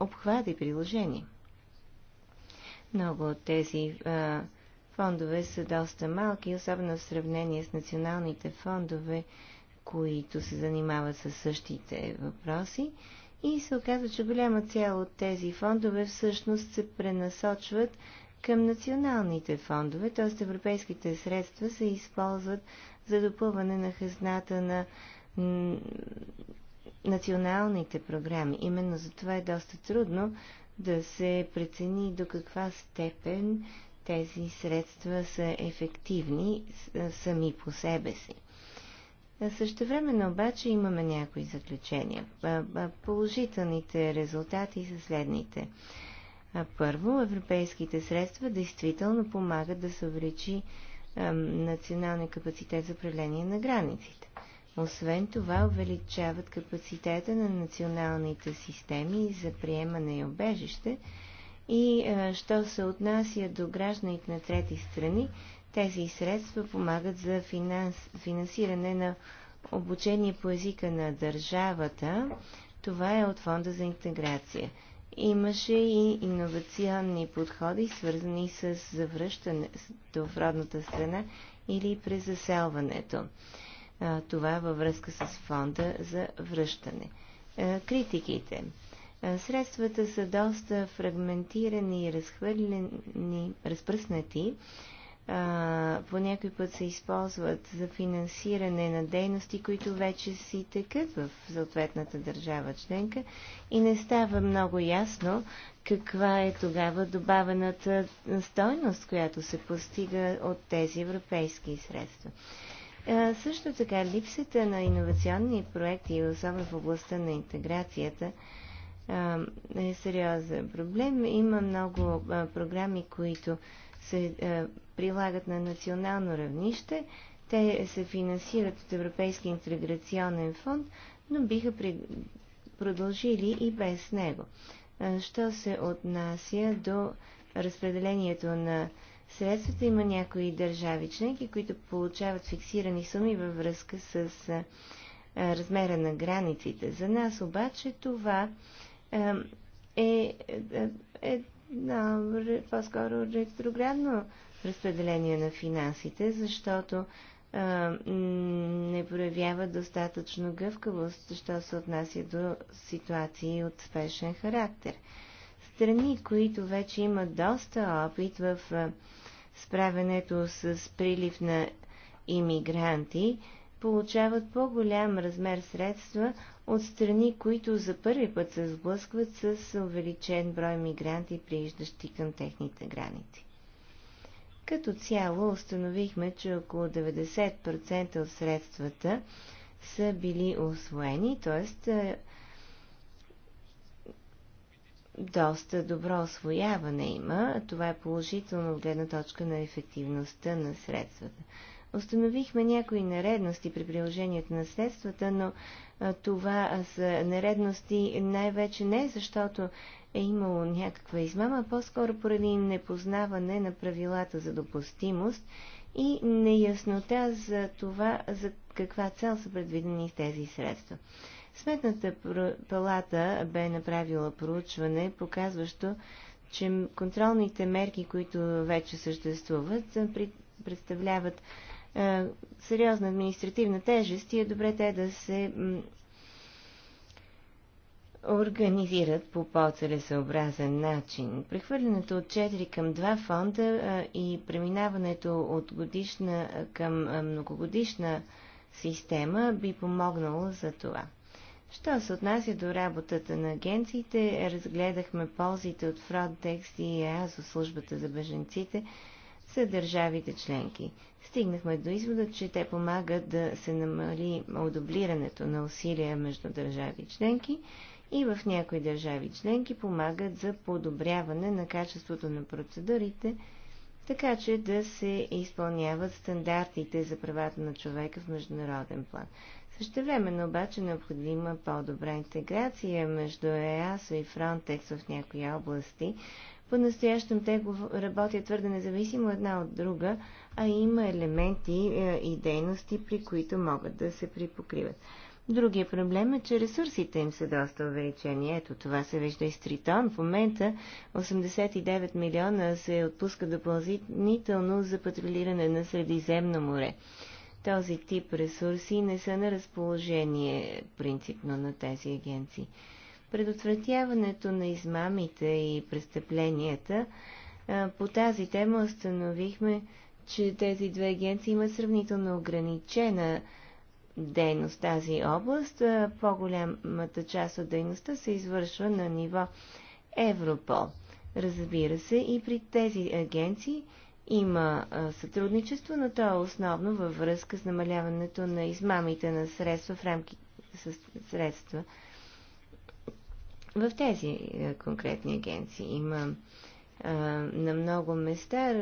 обхват и приложение. Много от тези а, фондове са доста малки, особено в сравнение с националните фондове, които се занимават със същите въпроси. А, и се оказва, че голяма цяло от тези фондове всъщност се пренасочват към националните фондове, т.е. европейските средства се използват за допълване на хазната на националните програми. Именно за това е доста трудно да се прецени до каква степен тези средства са ефективни сами по себе си. Също времено обаче имаме някои заключения. Положителните резултати са следните. Първо, европейските средства действително помагат да се увеличи националния капацитет за управление на границите. Освен това, увеличават капацитета на националните системи за приемане и обежище и, що се отнася до гражданите на трети страни, тези средства помагат за финанс, финансиране на обучение по езика на държавата. Това е от Фонда за интеграция. Имаше и иновационни подходи, свързани с завръщането в родната страна или през заселването. Това във връзка с фонда за връщане. Критиките. Средствата са доста фрагментирани и разхвърлени, разпръснати по някой път се използват за финансиране на дейности, които вече си текат в съответната държава членка и не става много ясно каква е тогава добавената стойност, която се постига от тези европейски средства. Също така, липсата на иновационни проекти, особено в областта на интеграцията, е сериозен проблем. Има много програми, които се прилагат на национално равнище. Те се финансират от Европейския интеграционен фонд, но биха при... продължили и без него. Що се отнася до разпределението на средствата, има някои държави членки, които получават фиксирани суми във връзка с размера на границите. За нас обаче това е, е, е, е по-скоро ретроградно разпределение на финансите, защото а, не проявява достатъчно гъвкавост, що се отнася до ситуации от спешен характер. Страни, които вече имат доста опит в справянето с прилив на иммигранти, получават по-голям размер средства от страни, които за първи път се сблъскват с увеличен брой мигранти, прииждащи към техните граници. Като цяло установихме, че около 90% от средствата са били освоени, т.е. Е, доста добро освояване има. Това е положително от гледна точка на ефективността на средствата. Установихме някои наредности при приложението на средствата, но това са наредности най-вече не защото е имало някаква измама, по-скоро поради непознаване на правилата за допустимост и неяснота за това, за каква цел са предвидени тези средства. Сметната палата бе направила проучване, показващо, че контролните мерки, които вече съществуват, представляват сериозна административна тежест и е добре те да се организират по по целесообразен начин. Прехвърлянето от 4 към 2 фонда и преминаването от годишна към многогодишна система би помогнало за това. Що се отнася до работата на агенциите, разгледахме ползите от Frontex и ЕАЗО, службата за беженците, за държавите членки. Стигнахме до извода, че те помагат да се намали одоблирането на усилия между държави членки и в някои държави членки помагат за подобряване на качеството на процедурите, така че да се изпълняват стандартите за правата на човека в международен план. Същевременно обаче необходима по-добра интеграция между ЕАСО и Фронтекс в някои области. По-настоящем те работят твърде независимо една от друга, а има елементи е, и дейности, при които могат да се припокриват. Другия проблем е, че ресурсите им са доста увеличени. Ето това се вижда и с Тритон. В момента 89 милиона се отпуска допълнително за патрулиране на Средиземно море. Този тип ресурси не са на разположение принципно на тези агенции. Предотвратяването на измамите и престъпленията по тази тема установихме, че тези две агенции имат сравнително ограничена дейност в тази област. Е, по-голямата част от дейността се извършва на ниво Европол. Разбира се, и при тези агенции има е, сътрудничество, но то е основно във връзка с намаляването на измамите на средства в рамки с средства. В тези е, конкретни агенции има на много места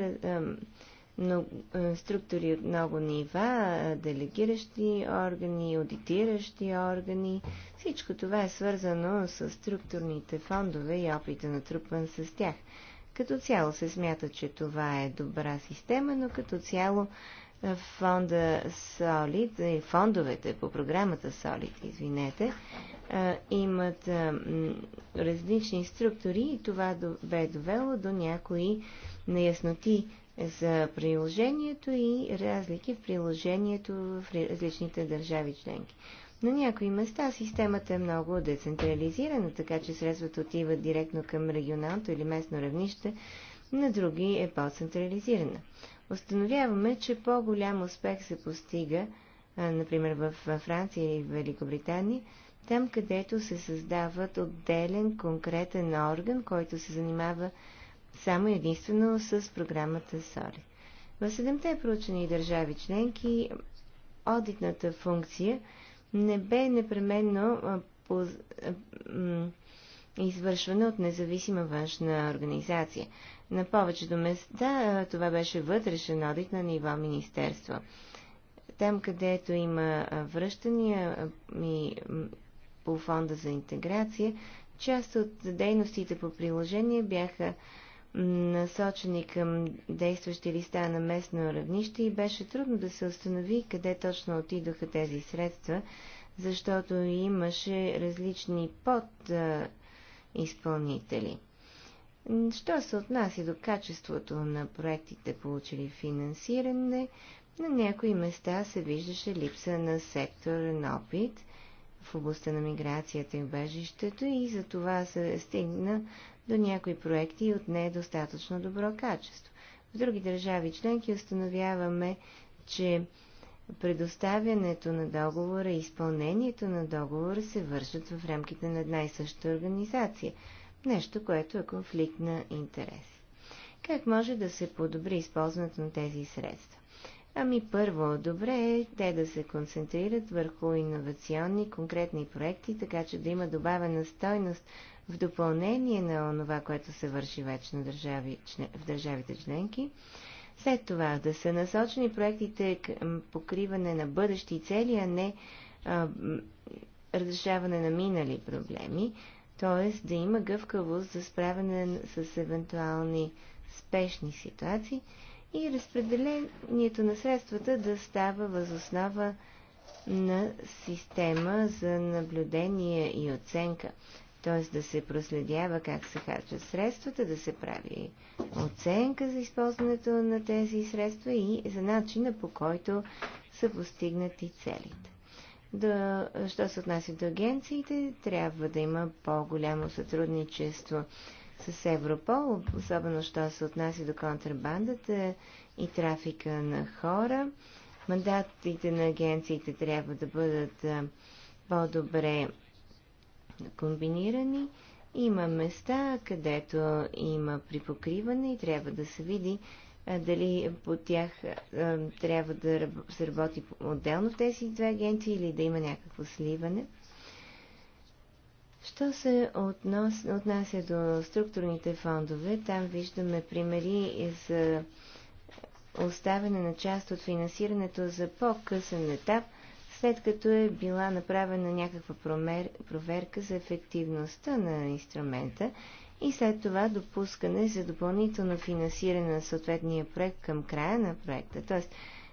но е, структури от много нива, е, делегиращи органи, аудитиращи органи. Всичко това е свързано с структурните фондове и опита на трупан с тях. Като цяло се смята, че това е добра система, но като цяло е, фонда Солид и фондовете по програмата Солид, извинете, имат различни структури и това бе довело до някои неясноти за приложението и разлики в приложението в различните държави членки. На някои места системата е много децентрализирана, така че средствата отиват директно към регионалното или местно равнище, на други е по-централизирана. Установяваме, че по-голям успех се постига, например в Франция или в Великобритания, там където се създават отделен конкретен орган, който се занимава само единствено с програмата СОРИ. В седемте проучени държави членки одитната функция не бе непременно извършвана от независима външна организация. На повечето места това беше вътрешен одит на ниво министерство. Там, където има връщания ми по фонда за интеграция, част от дейностите по приложение бяха насочени към действащи листа на местно равнище и беше трудно да се установи къде точно отидоха тези средства, защото имаше различни подизпълнители. Що се отнася до качеството на проектите, получили финансиране, на някои места се виждаше липса на секторен опит – в областта на миграцията и убежището и за това се стигна до някои проекти от недостатъчно добро качество. В други държави членки установяваме, че предоставянето на договора и изпълнението на договора се вършат в рамките на една и съща организация. Нещо, което е конфликт на интерес. Как може да се подобри използването на тези средства? Ами първо, добре е те да се концентрират върху иновационни, конкретни проекти, така че да има добавена стойност в допълнение на онова, което се върши вече на държави, в държавите членки. След това да са насочени проектите към покриване на бъдещи цели, а не а, разрешаване на минали проблеми, т.е. да има гъвкавост за справяне с евентуални спешни ситуации – и разпределението на средствата да става възоснова на система за наблюдение и оценка. Т.е. да се проследява как се харчат средствата, да се прави оценка за използването на тези средства и за начина по който са постигнати целите. Да, що се отнася до агенциите, трябва да има по-голямо сътрудничество с Европол, особено що се отнася до контрабандата и трафика на хора. Мандатите на агенциите трябва да бъдат по-добре комбинирани. Има места, където има припокриване и трябва да се види дали по тях трябва да се работи отделно в тези две агенции или да има някакво сливане. Що се относ, отнася до структурните фондове, там виждаме примери за е, оставяне на част от финансирането за по-късен етап, след като е била направена някаква промер, проверка за ефективността на инструмента и след това допускане за допълнително финансиране на съответния проект към края на проекта. Тоест,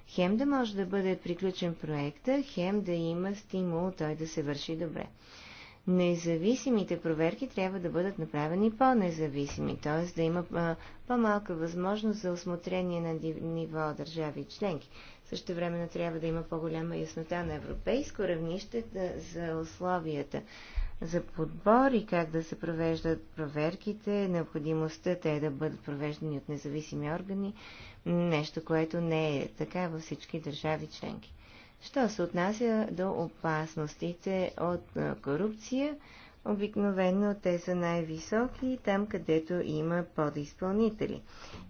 хем да може да бъде приключен проекта, хем да има стимул той да се върши добре независимите проверки трябва да бъдат направени по-независими, т.е. да има по-малка възможност за осмотрение на ниво държави и членки. Също времено трябва да има по-голяма яснота на европейско равнище за условията за подбор и как да се провеждат проверките, необходимостта те да бъдат провеждани от независими органи, нещо, което не е така във всички държави членки. Що се отнася до опасностите от корупция, обикновено те са най-високи там, където има подизпълнители.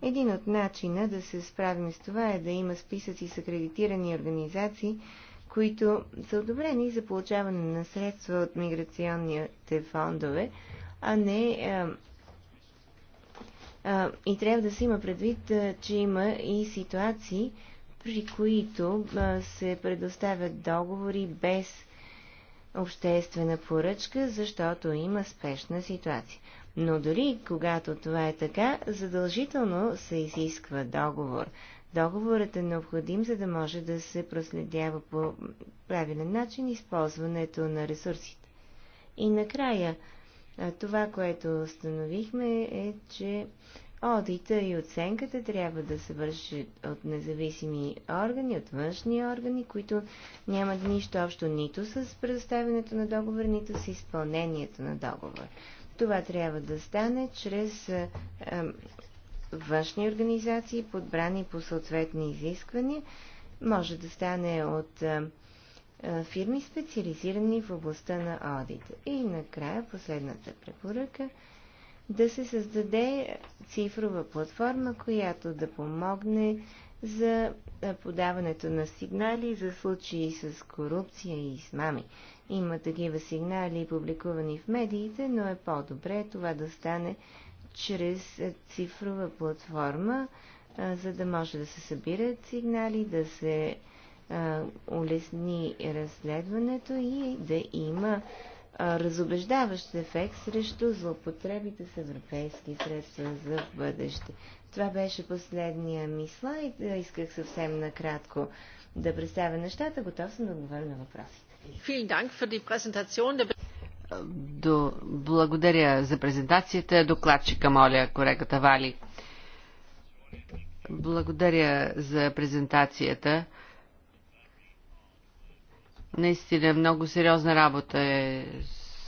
Един от начина да се справим с това е да има списъци с акредитирани организации, които са одобрени за получаване на средства от миграционните фондове, а не. А, а, и трябва да се има предвид, а, че има и ситуации, при които се предоставят договори без обществена поръчка, защото има спешна ситуация. Но дори когато това е така, задължително се изисква договор. Договорът е необходим, за да може да се проследява по правилен начин използването на ресурсите. И накрая, това, което установихме е, че Одита и оценката трябва да се върши от независими органи, от външни органи, които нямат нищо общо нито с предоставянето на договор, нито с изпълнението на договор. Това трябва да стане чрез е, външни организации, подбрани по съответни изисквания. Може да стане от е, фирми, специализирани в областта на одита. И накрая последната препоръка – да се създаде цифрова платформа, която да помогне за подаването на сигнали за случаи с корупция и измами. Има такива сигнали, публикувани в медиите, но е по-добре това да стане чрез цифрова платформа, за да може да се събират сигнали, да се улесни разследването и да има разобеждаващ ефект срещу злоупотребите с европейски средства за бъдеще. Това беше последния ми слайд. Исках съвсем накратко да представя нещата. Готов съм да отговоря на въпросите. До... Благодаря за презентацията. Докладчика, моля, колегата Вали. Благодаря за презентацията. Наистина много сериозна работа е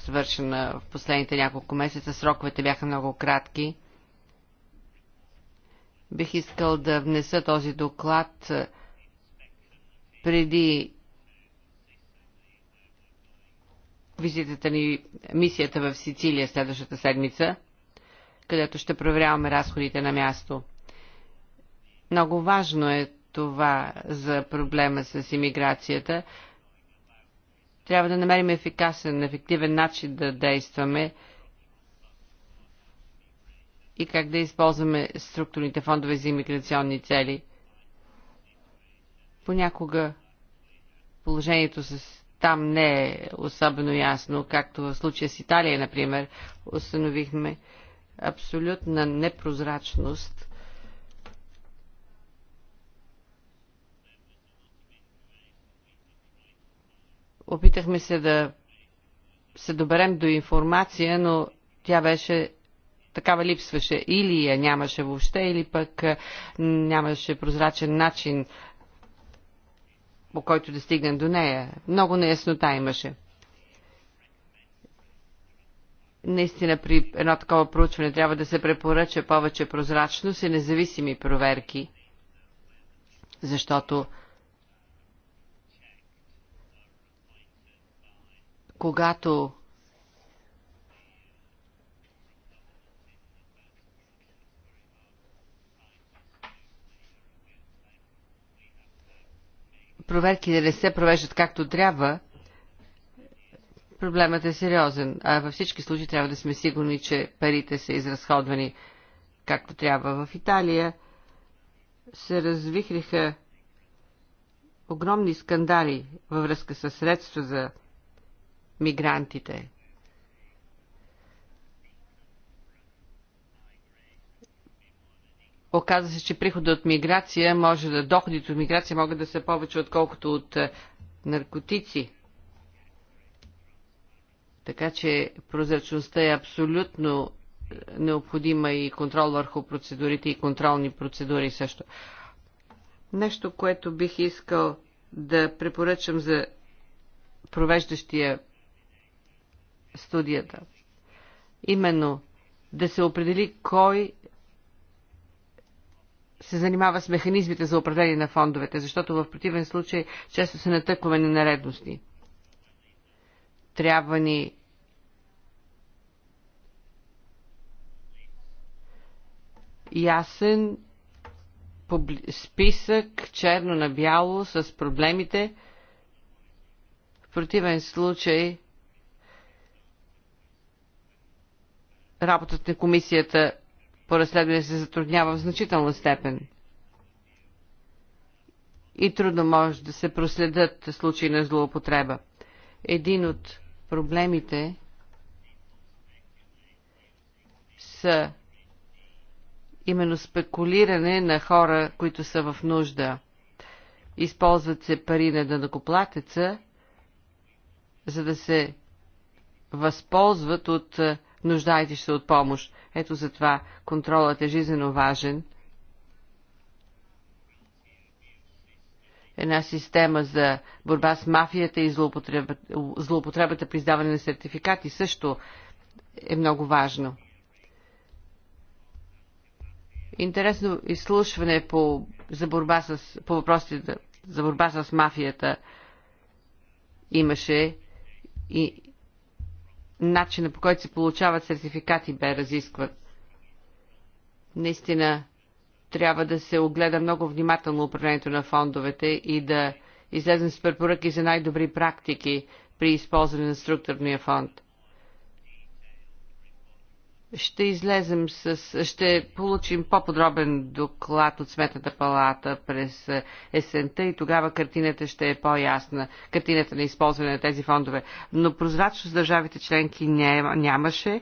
свършена в последните няколко месеца. Сроковете бяха много кратки. Бих искал да внеса този доклад преди визитата ни, мисията в Сицилия следващата седмица, където ще проверяваме разходите на място. Много важно е това за проблема с иммиграцията. Трябва да намерим ефикасен, ефективен начин да действаме и как да използваме структурните фондове за иммиграционни цели. Понякога положението с там не е особено ясно, както в случая с Италия, например, установихме абсолютна непрозрачност Опитахме се да се доберем до информация, но тя беше такава липсваше. Или я нямаше въобще, или пък нямаше прозрачен начин, по който да стигнем до нея. Много неяснота имаше. Наистина при едно такова проучване трябва да се препоръча повече прозрачност и независими проверки, защото когато проверките не се провеждат както трябва, проблемът е сериозен. А във всички случаи трябва да сме сигурни, че парите са изразходвани както трябва. В Италия се развихриха огромни скандали във връзка с средства за мигрантите. Оказва се, че прихода от миграция може да, доходите от миграция могат да са повече, отколкото от е, наркотици. Така че прозрачността е абсолютно е, необходима и контрол върху процедурите и контролни процедури също. Нещо, което бих искал да препоръчам за провеждащия студията. Именно да се определи кой се занимава с механизмите за управление на фондовете, защото в противен случай често се натъкваме на нередности. Трябва ни ясен списък, черно на бяло, с проблемите. В противен случай работата на комисията по разследване се затруднява в значителна степен. И трудно може да се проследят случаи на злоупотреба. Един от проблемите са именно спекулиране на хора, които са в нужда. Използват се пари на дънакоплатеца, за да се възползват от нуждаете се от помощ. Ето затова контролът е жизненно важен. Една система за борба с мафията и злоупотребата, злоупотребата при издаване на сертификати също е много важно. Интересно изслушване по, за борба с, по въпросите за борба с мафията имаше и начина по който се получават сертификати бе разискван. Наистина трябва да се огледа много внимателно управлението на фондовете и да излезем с препоръки за най-добри практики при използване на структурния фонд – ще излезем с... Ще получим по-подробен доклад от Сметната палата през есента и тогава картината ще е по-ясна. Картината на използване на тези фондове. Но прозрачност държавите членки нямаше.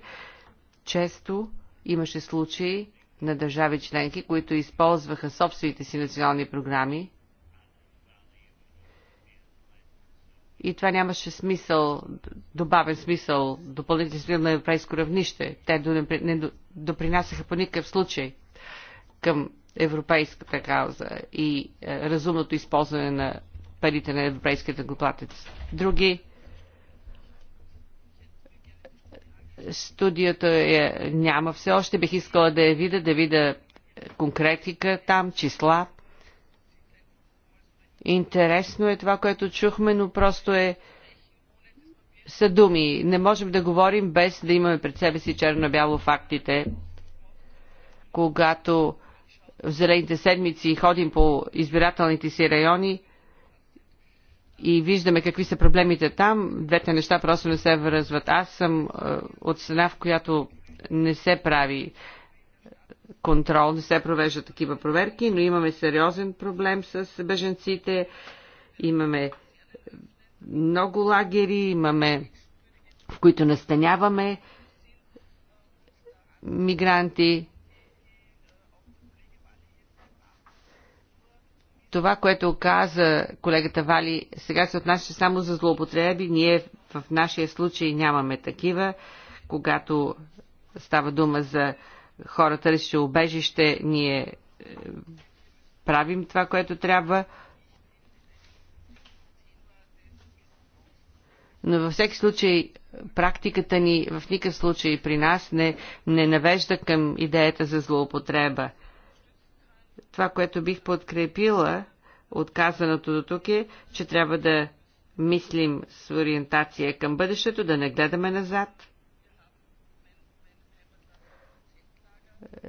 Често имаше случаи на държави членки, които използваха собствените си национални програми и това нямаше смисъл, добавен смисъл, допълнителен смисъл на европейско равнище. Те не допринасяха по никакъв случай към европейската кауза и е, разумното използване на парите на европейските глоплатец. Други студията е, няма все още. Бих искала да я видя, да видя конкретика там, числа. Интересно е това, което чухме, но просто е са думи. Не можем да говорим без да имаме пред себе си черно-бяло фактите. Когато в зелените седмици ходим по избирателните си райони и виждаме какви са проблемите там, двете неща просто не се връзват. Аз съм е, от страна, в която не се прави контрол, не се провеждат такива проверки, но имаме сериозен проблем с беженците, имаме много лагери, имаме, в които настаняваме мигранти. Това, което каза колегата Вали, сега се отнася само за злоупотреби. Ние в нашия случай нямаме такива, когато става дума за хората, търсещи убежище, ние е, правим това, което трябва. Но във всеки случай практиката ни в никакъв случай при нас не, не навежда към идеята за злоупотреба. Това, което бих подкрепила от казаното до тук е, че трябва да мислим с ориентация към бъдещето, да не гледаме назад.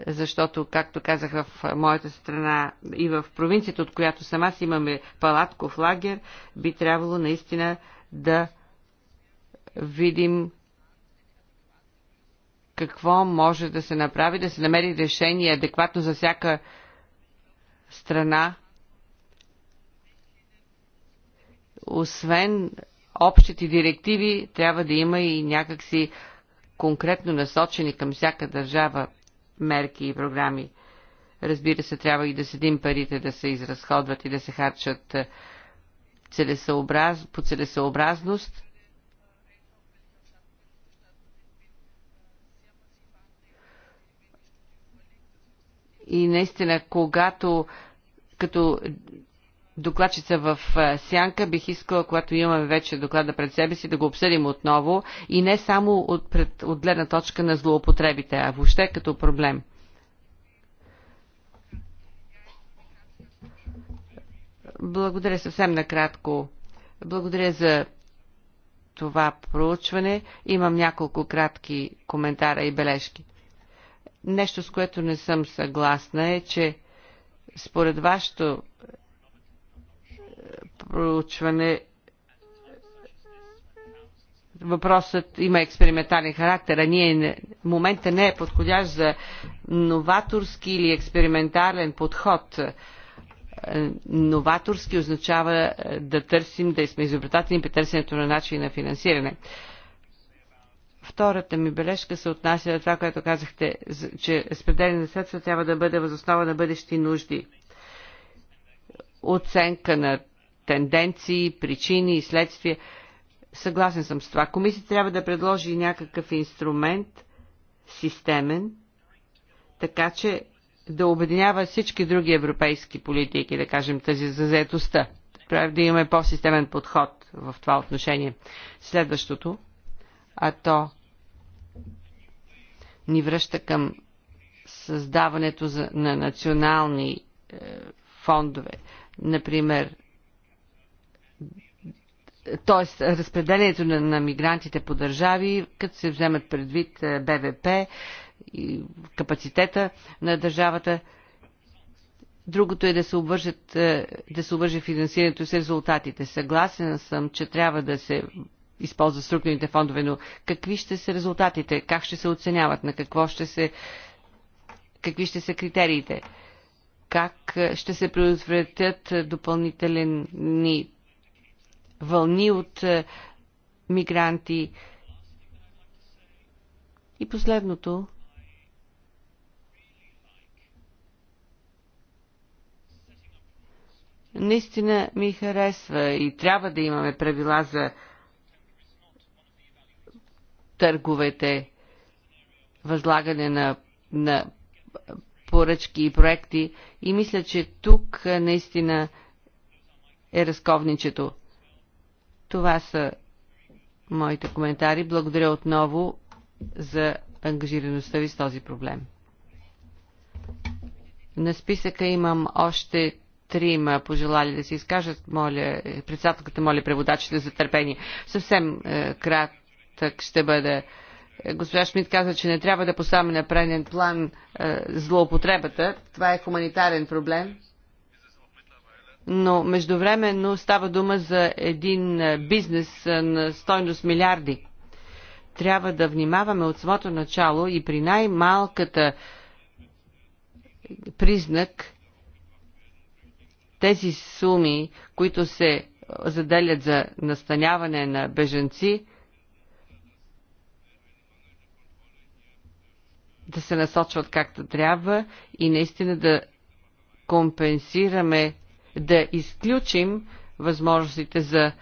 защото, както казах, в моята страна и в провинцията, от която сама си имаме палатков лагер, би трябвало наистина да видим какво може да се направи, да се намери решение адекватно за всяка страна, освен общите директиви, трябва да има и някакси конкретно насочени към всяка държава мерки и програми. Разбира се, трябва и да седим парите да се изразходват и да се харчат е, целесъобраз... по целесъобразност. И наистина, когато като докладчица в е, сянка, бих искала, когато имаме вече доклада пред себе си, да го обсъдим отново и не само от, пред, от гледна точка на злоупотребите, а въобще като проблем. Благодаря съвсем накратко. Благодаря за това проучване. Имам няколко кратки коментара и бележки. Нещо, с което не съм съгласна е, че според вашето проучване въпросът има експериментален характер, а ние не, момента не е подходящ за новаторски или експериментален подход. Е, новаторски означава е, да търсим, да сме изобретателни при търсенето на начин на финансиране. Втората ми бележка се отнася до това, което казахте, че спределение на средства трябва да бъде възоснова на бъдещи нужди оценка на тенденции, причини и следствия. Съгласен съм с това. Комисията трябва да предложи някакъв инструмент, системен, така че да обединява всички други европейски политики, да кажем тази за заетостта. Трябва да имаме по-системен подход в това отношение. Следващото, а то ни връща към създаването на национални е, фондове. Например, т.е. разпределението на, на мигрантите по държави, като се вземат предвид е, БВП и капацитета на държавата. Другото е да се, обвържат, е, да се обвърже финансирането с резултатите. Съгласен съм, че трябва да се използват структурните фондове, но какви ще са резултатите? Как ще се оценяват? На какво ще се... Какви ще са критериите? Как е, ще се предотвратят допълнителни вълни от е, мигранти. И последното. Наистина ми харесва и трябва да имаме правила за търговете, възлагане на, на поръчки и проекти. И мисля, че тук е, наистина е разковничето. Това са моите коментари. Благодаря отново за ангажираността ви с този проблем. На списъка имам още трима пожелали да се изкажат. Моля, председателката моля преводачите за търпение. Съвсем е, кратък ще бъде. Госпожа Шмидт каза, че не трябва да поставяме на преден план е, злоупотребата. Това е хуманитарен проблем но междувременно става дума за един е, бизнес е, на стойност милиарди. Трябва да внимаваме от самото начало и при най-малката признак тези суми, които се заделят за настаняване на беженци, да се насочват както трябва и наистина да компенсираме да изключим възможностите за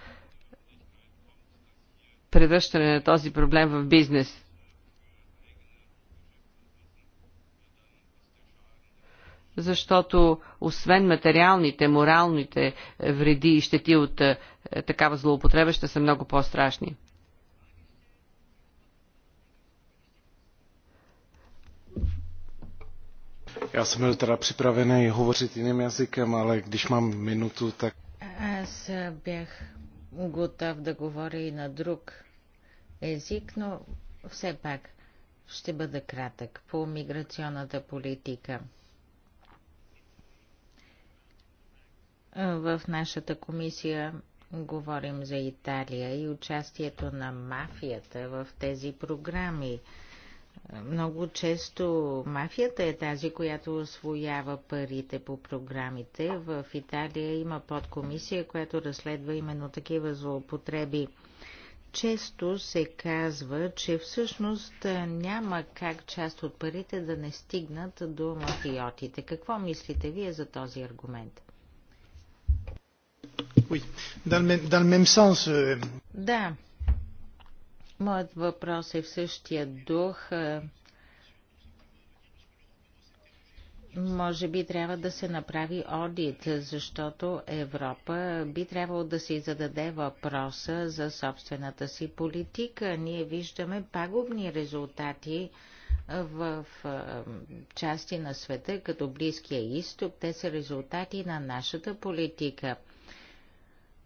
превръщане на този проблем в бизнес. Защото освен материалните, моралните вреди и щети от е, такава злоупотреба ще са много по-страшни. Já jsem byl teda připravený hovořit jiným jazykem, ale když mám minutu, tak... Аз бях готов да говори и на друг език, но все пак ще бъда кратък по миграционната политика. В нашата комисия говорим за Италия и участието на мафията в тези програми – много често мафията е тази, която освоява парите по програмите. В Италия има подкомисия, която разследва именно такива злоупотреби. Често се казва, че всъщност няма как част от парите да не стигнат до мафиотите. Какво мислите вие за този аргумент? Oui. Dans le, dans le même sens, euh... Да, Моят въпрос е в същия дух. Е, може би трябва да се направи одит, защото Европа би трябвало да си зададе въпроса за собствената си политика. Ние виждаме пагубни резултати в е, части на света, като Близкия изток. Те са резултати на нашата политика –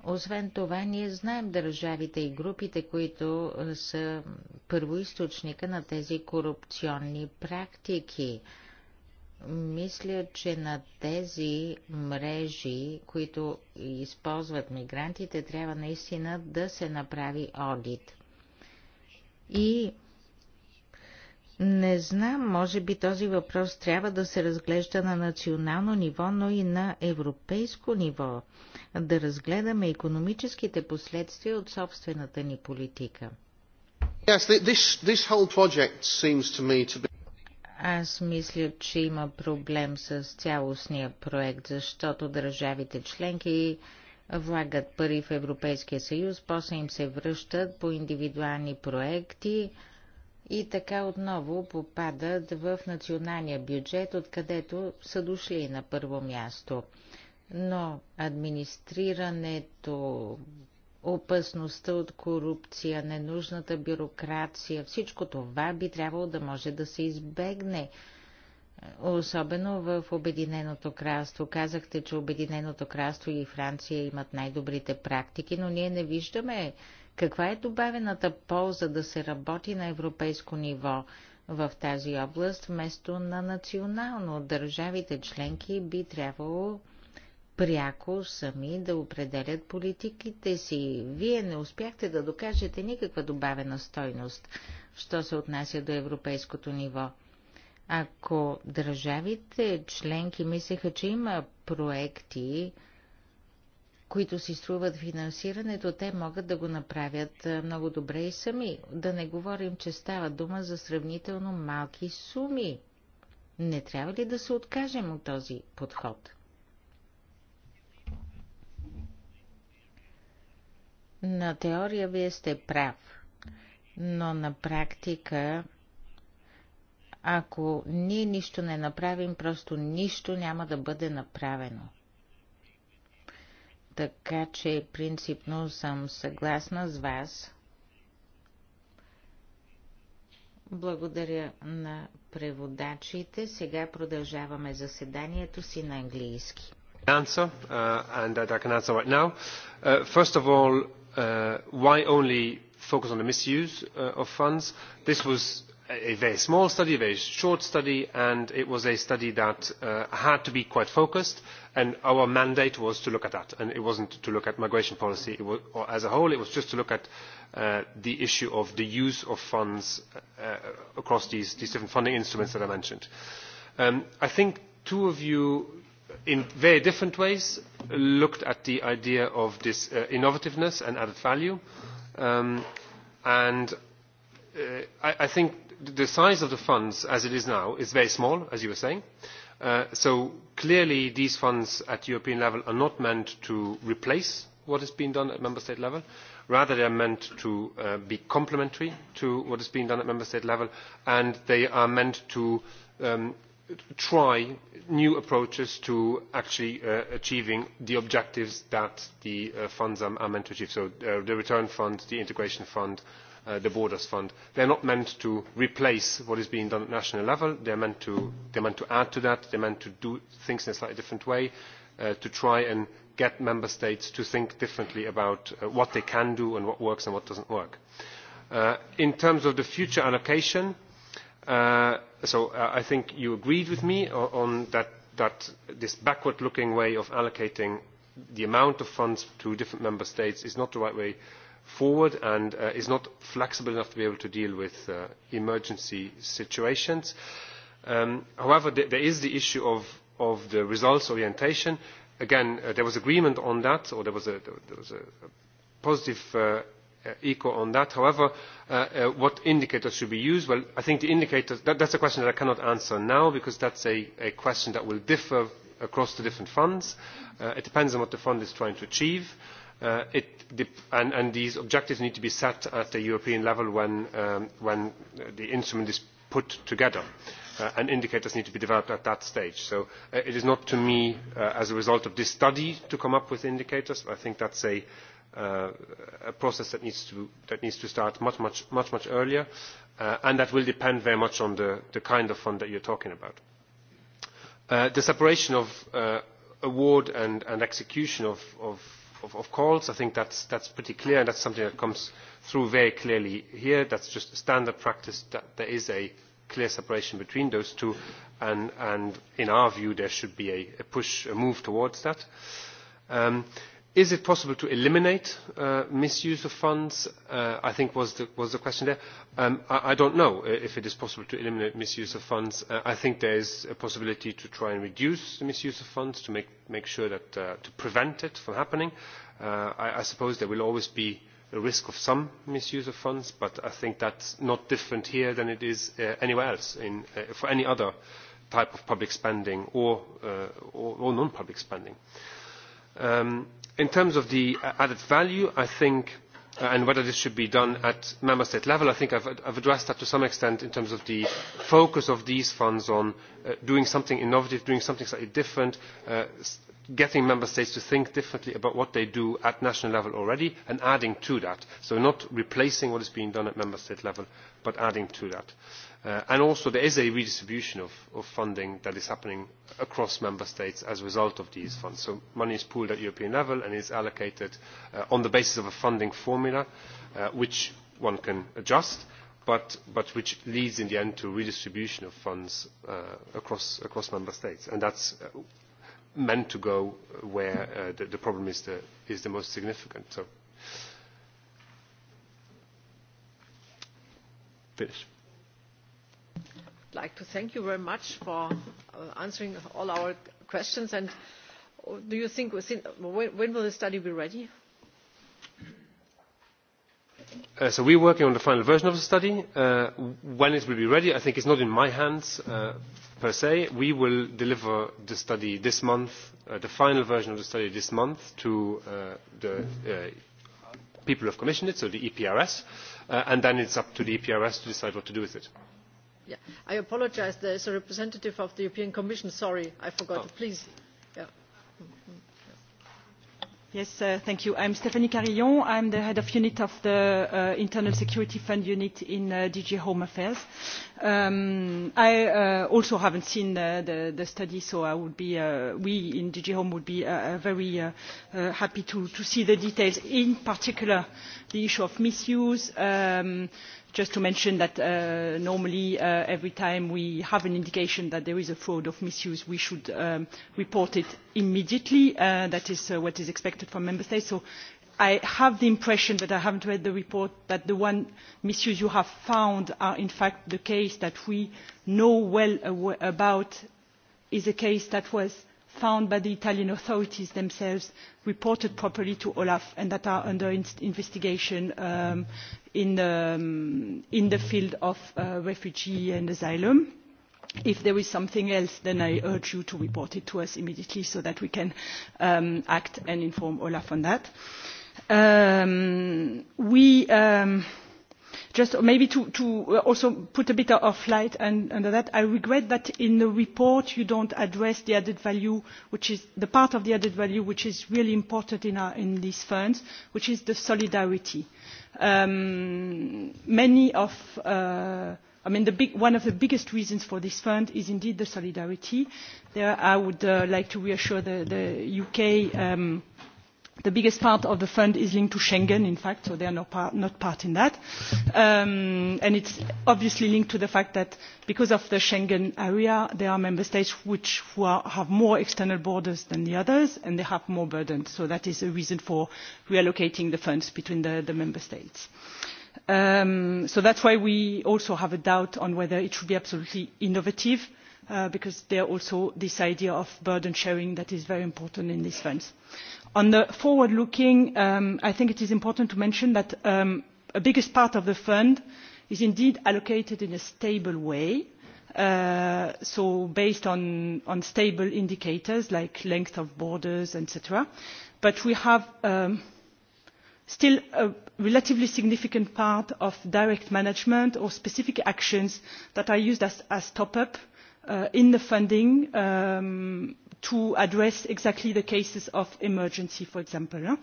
освен това, ние знаем държавите и групите, които са първоисточника на тези корупционни практики. Мисля, че на тези мрежи, които използват мигрантите, трябва наистина да се направи одит. И не знам, може би този въпрос трябва да се разглежда на национално ниво, но и на европейско ниво. Да разгледаме економическите последствия от собствената ни политика. Yes, this, this whole seems to me to be... Аз мисля, че има проблем с цялостния проект, защото държавите членки влагат пари в Европейския съюз, после им се връщат по индивидуални проекти, и така отново попадат в националния бюджет, откъдето са дошли на първо място. Но администрирането, опасността от корупция, ненужната бюрокрация, всичко това би трябвало да може да се избегне. Особено в Обединеното кралство. Казахте, че Обединеното кралство и Франция имат най-добрите практики, но ние не виждаме каква е добавената полза да се работи на европейско ниво в тази област, вместо на национално? Държавите членки би трябвало пряко сами да определят политиките си. Вие не успяхте да докажете никаква добавена стойност, що се отнася до европейското ниво. Ако държавите членки мислеха, че има проекти, които си струват финансирането, те могат да го направят много добре и сами. Да не говорим, че става дума за сравнително малки суми. Не трябва ли да се откажем от този подход? На теория вие сте прав, но на практика, ако ние нищо не направим, просто нищо няма да бъде направено – така че принципно съм съгласна с вас. Благодаря на преводачите. Сега продължаваме заседанието си на английски. Answer, uh, and I can answer right now. Uh, first of all, uh, why only focus on the misuse uh, of funds? This was a very small study, a very short study, and it was a study that had to be quite focused, and our mandate was to look at that, and it wasn't to look at migration policy as a whole, it was just to look at the issue of the use of funds across these, these different funding instruments that I mentioned. I think two of you, in very different ways, looked at the idea of this innovativeness and added value, and I, I think the size of the funds as it is now is very small, as you were saying. So clearly, these funds at European level are not meant to replace what is being done at member state level. Rather, they are meant to be complementary to what is being done at member state level, and they are meant to try new approaches to actually achieving the objectives that the funds are meant to achieve. So the return fund, the integration fund, the Borders Fund. They are not meant to replace what is being done at national level. They are meant to, add to that. They are meant to do things in a slightly different way to try and get member states to think differently about what they can do and what works and what does not work. in terms of the future allocation, so I think you agreed with me on that, that this backward-looking way of allocating the amount of funds to different member states is not the right way forward and uh, is not flexible enough to be able to deal with uh, emergency situations. Um, however, th there is the issue of, of the results orientation. Again, uh, there was agreement on that, or there was a, there was a positive uh, echo on that. However, uh, uh, what indicators should be used? Well, I think the indicators, that, that's a question that I cannot answer now because that's a, a question that will differ across the different funds. Uh, it depends on what the fund is trying to achieve. Uh, and, these objectives need to be set at the European level when, the instrument is put together. and indicators need to be developed at that stage. So it is not to me, as a result of this study, to come up with indicators. I think that's a, a process that needs to, that needs to start much, much, much, much earlier. and that will depend very much on the, the kind of fund that you're talking about. the separation of award and, and execution of, of of, of calls. I think that's, that's pretty clear, and that's something that comes through very clearly here. That's just standard practice that there is a clear separation between those two, and, and in our view, there should be a, a push, a move towards that. Um, Is it possible to eliminate uh, misuse of funds? Uh, I think was the, was the question there. Um, I, I don't know if it is possible to eliminate misuse of funds. Uh, I think there is a possibility to try and reduce the misuse of funds to make, make sure that uh, to prevent it from happening. Uh, I, I suppose there will always be a risk of some misuse of funds, but I think that's not different here than it is uh, anywhere else in, uh, for any other type of public spending or, uh, or, or non-public spending. Um, in terms of the added value, I think, and whether this should be done at member state level, I think I've, I've addressed that to some extent in terms of the focus of these funds on doing something innovative, doing something slightly different, getting member states to think differently about what they do at national level already and adding to that. So not replacing what is being done at member state level, but adding to that and also there is a redistribution of, of funding that is happening across member states as a result of these funds. So money is pooled at European level and is allocated on the basis of a funding formula which one can adjust but, but which leads in the end to redistribution of funds across, across member states. And that's meant to go where the, the problem is the, is the most significant. So. Finish like to thank you very much for answering all our questions. And do you think when, when will the study be ready? Uh, so we're working on the final version of the study. Uh, when it will be ready, I think it's not in my hands uh, per se. We will deliver the study this month, uh, the final version of the study this month to uh, the uh, people who have commissioned it, so the EPRS, uh, and then it's up to the EPRS to decide what to do with it. I apologize. There is a representative of the European Commission. Sorry, I forgot. Please. Yeah. Yes, uh, thank you. am Stephanie Carillon. I'm the head of unit of the Internal Security Fund unit in uh, DG Home Affairs. I uh, also haven't seen the, the study, so I would be, uh, we in DG Home would be uh, very happy to, to see the details, in particular the issue of misuse, just to mention that normally every time we have an indication that there is a fraud or misuse we should report it immediately that is what is expected from member states so i have the impression but i have not read the report that the one misuse you have found are in fact the case that we know well about is a case that was found by the italian authorities themselves reported properly to olaf and that are under investigation in the field of refugee and asylum. if there is something else then i urge you to report it to us immediately so that we can act and inform olaf on that. we just maybe to, to also put a bit of light on that, I regret that in the report you do not address the added value, which is the part of the added value which is really important in, our, in these funds, which is the solidarity. many of uh, I mean, the big, one of the biggest reasons for this fund is indeed the solidarity. There, I would like to reassure the, the UK the biggest part of the fund is linked to Schengen, in fact, so they are not part, not part in that. Um, and it's obviously linked to the fact that because of the Schengen area, there are member states which who are, have more external borders than the others, and they have more burdens. So that is a reason for reallocating the funds between the, the member states. Um, so that's why we also have a doubt on whether it should be absolutely innovative, uh, because there also this idea of burden sharing that is very important in these funds on the forward looking i think it is important to mention that a biggest part of the fund is indeed allocated in a stable way so based on stable indicators like length of borders etc. but we have still a relatively significant part of direct management or specific actions that are used as top up in the funding to address exactly the cases of emergency, for example.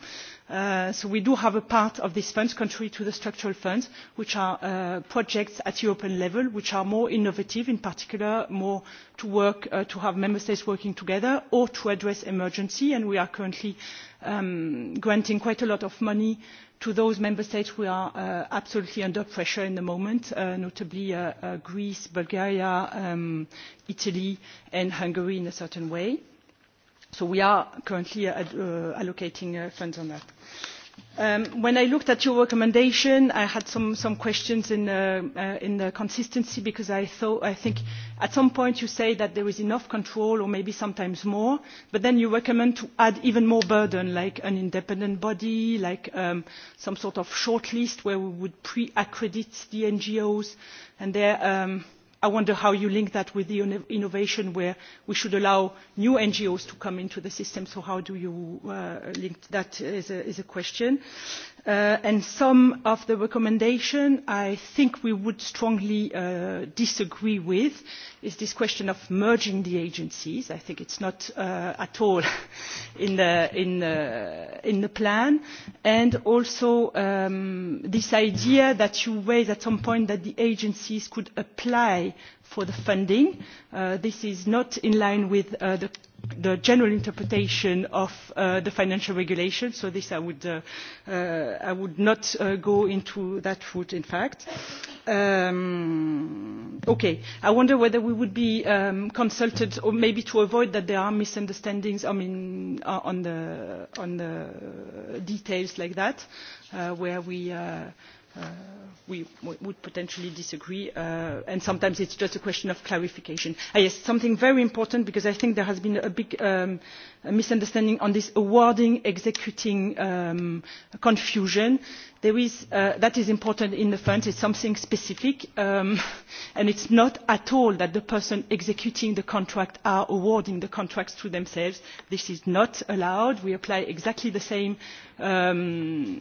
so we do have a part of these funds, contrary to the structural funds, which are projects at European level, which are more innovative, in particular, more to work, to have member states working together or to address emergency. And we are currently granting quite a lot of money to those member states who are absolutely under pressure at the moment, notably Greece, Bulgaria, Italy, and Hungary in a certain way. So we are currently allocating funds on that when I looked at your recommendation, I had some, some questions in, uh, uh, in the consistency because I, thought, I think at some point you say that there is enough control or maybe sometimes more, but then you recommend to add even more burden like an independent body, like um, some sort of short list where we would pre-accredit the NGOs and there um, – i wonder how you link that with the innovation where we should allow new ngos to come into the system so how do you link that is a question. some of the recommendations i think we would strongly disagree with is this question of merging the agencies. I think it's not uh, at all in the, in, the, in the plan. And also um, this idea that you raise at some point that the agencies could apply for the funding. Uh, this is not in line with uh, the the general interpretation of the financial regulation so this i would not go into that route in fact. i wonder whether we would be consulted or maybe to avoid that there are misunderstandings on the details like that where we we would potentially disagree and sometimes it is just a question of clarification. yes something very important because i think there has been a big misunderstanding on this awarding executing confusion that is important in the funds it is something specific and it is not at all that the person executing the contract is awarding the contracts to themselves this is not allowed we apply exactly the same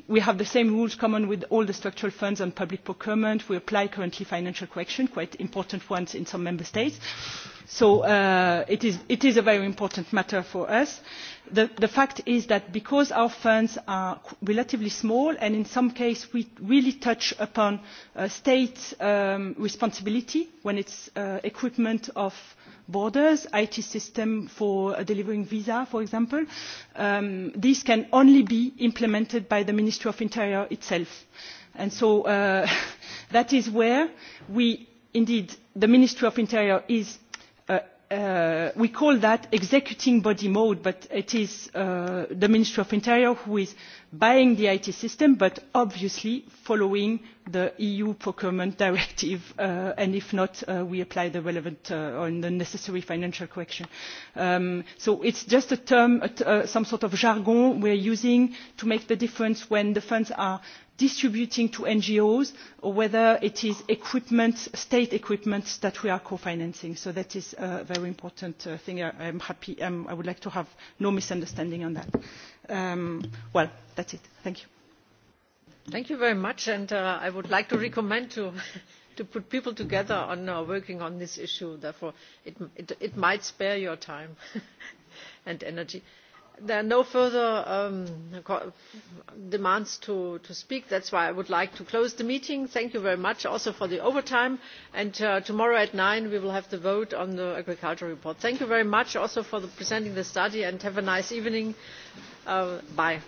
we have the same rules common with all the structural funds and public procurement we apply currently financial correction quite important ones in some member states so it is a very important matter for us. the fact is that because our funds are relatively small and in some cases we really touch upon state responsibility when it is equipment of borders it systems for delivering visas for example these can only be implemented by the ministry of the interior itself and so that is where we indeed the ministry of the interior is we call that executing body mode but it is the ministry of the interior who is buying the it system but obviously following the eu procurement directive and if not we apply the relevant and the necessary financial correction. so it is just a term some sort of jargon we are using to make the difference when the funds are distributing to ngos or whether it is equipment state equipment that we are co financing. so that is a very important thing. i am happy i would like to have no misunderstanding on that. well that is it. thank you. thank you very much and i would like to recommend to to put people together on uh, working on this issue. Therefore, it, it, it might spare your time and energy there are no further demands to speak that is why i would like to close the meeting. thank you very much also for the overtime and tomorrow at nine we will have the vote on the agricultural report. thank you very much also for presenting the study and have a nice evening. bye.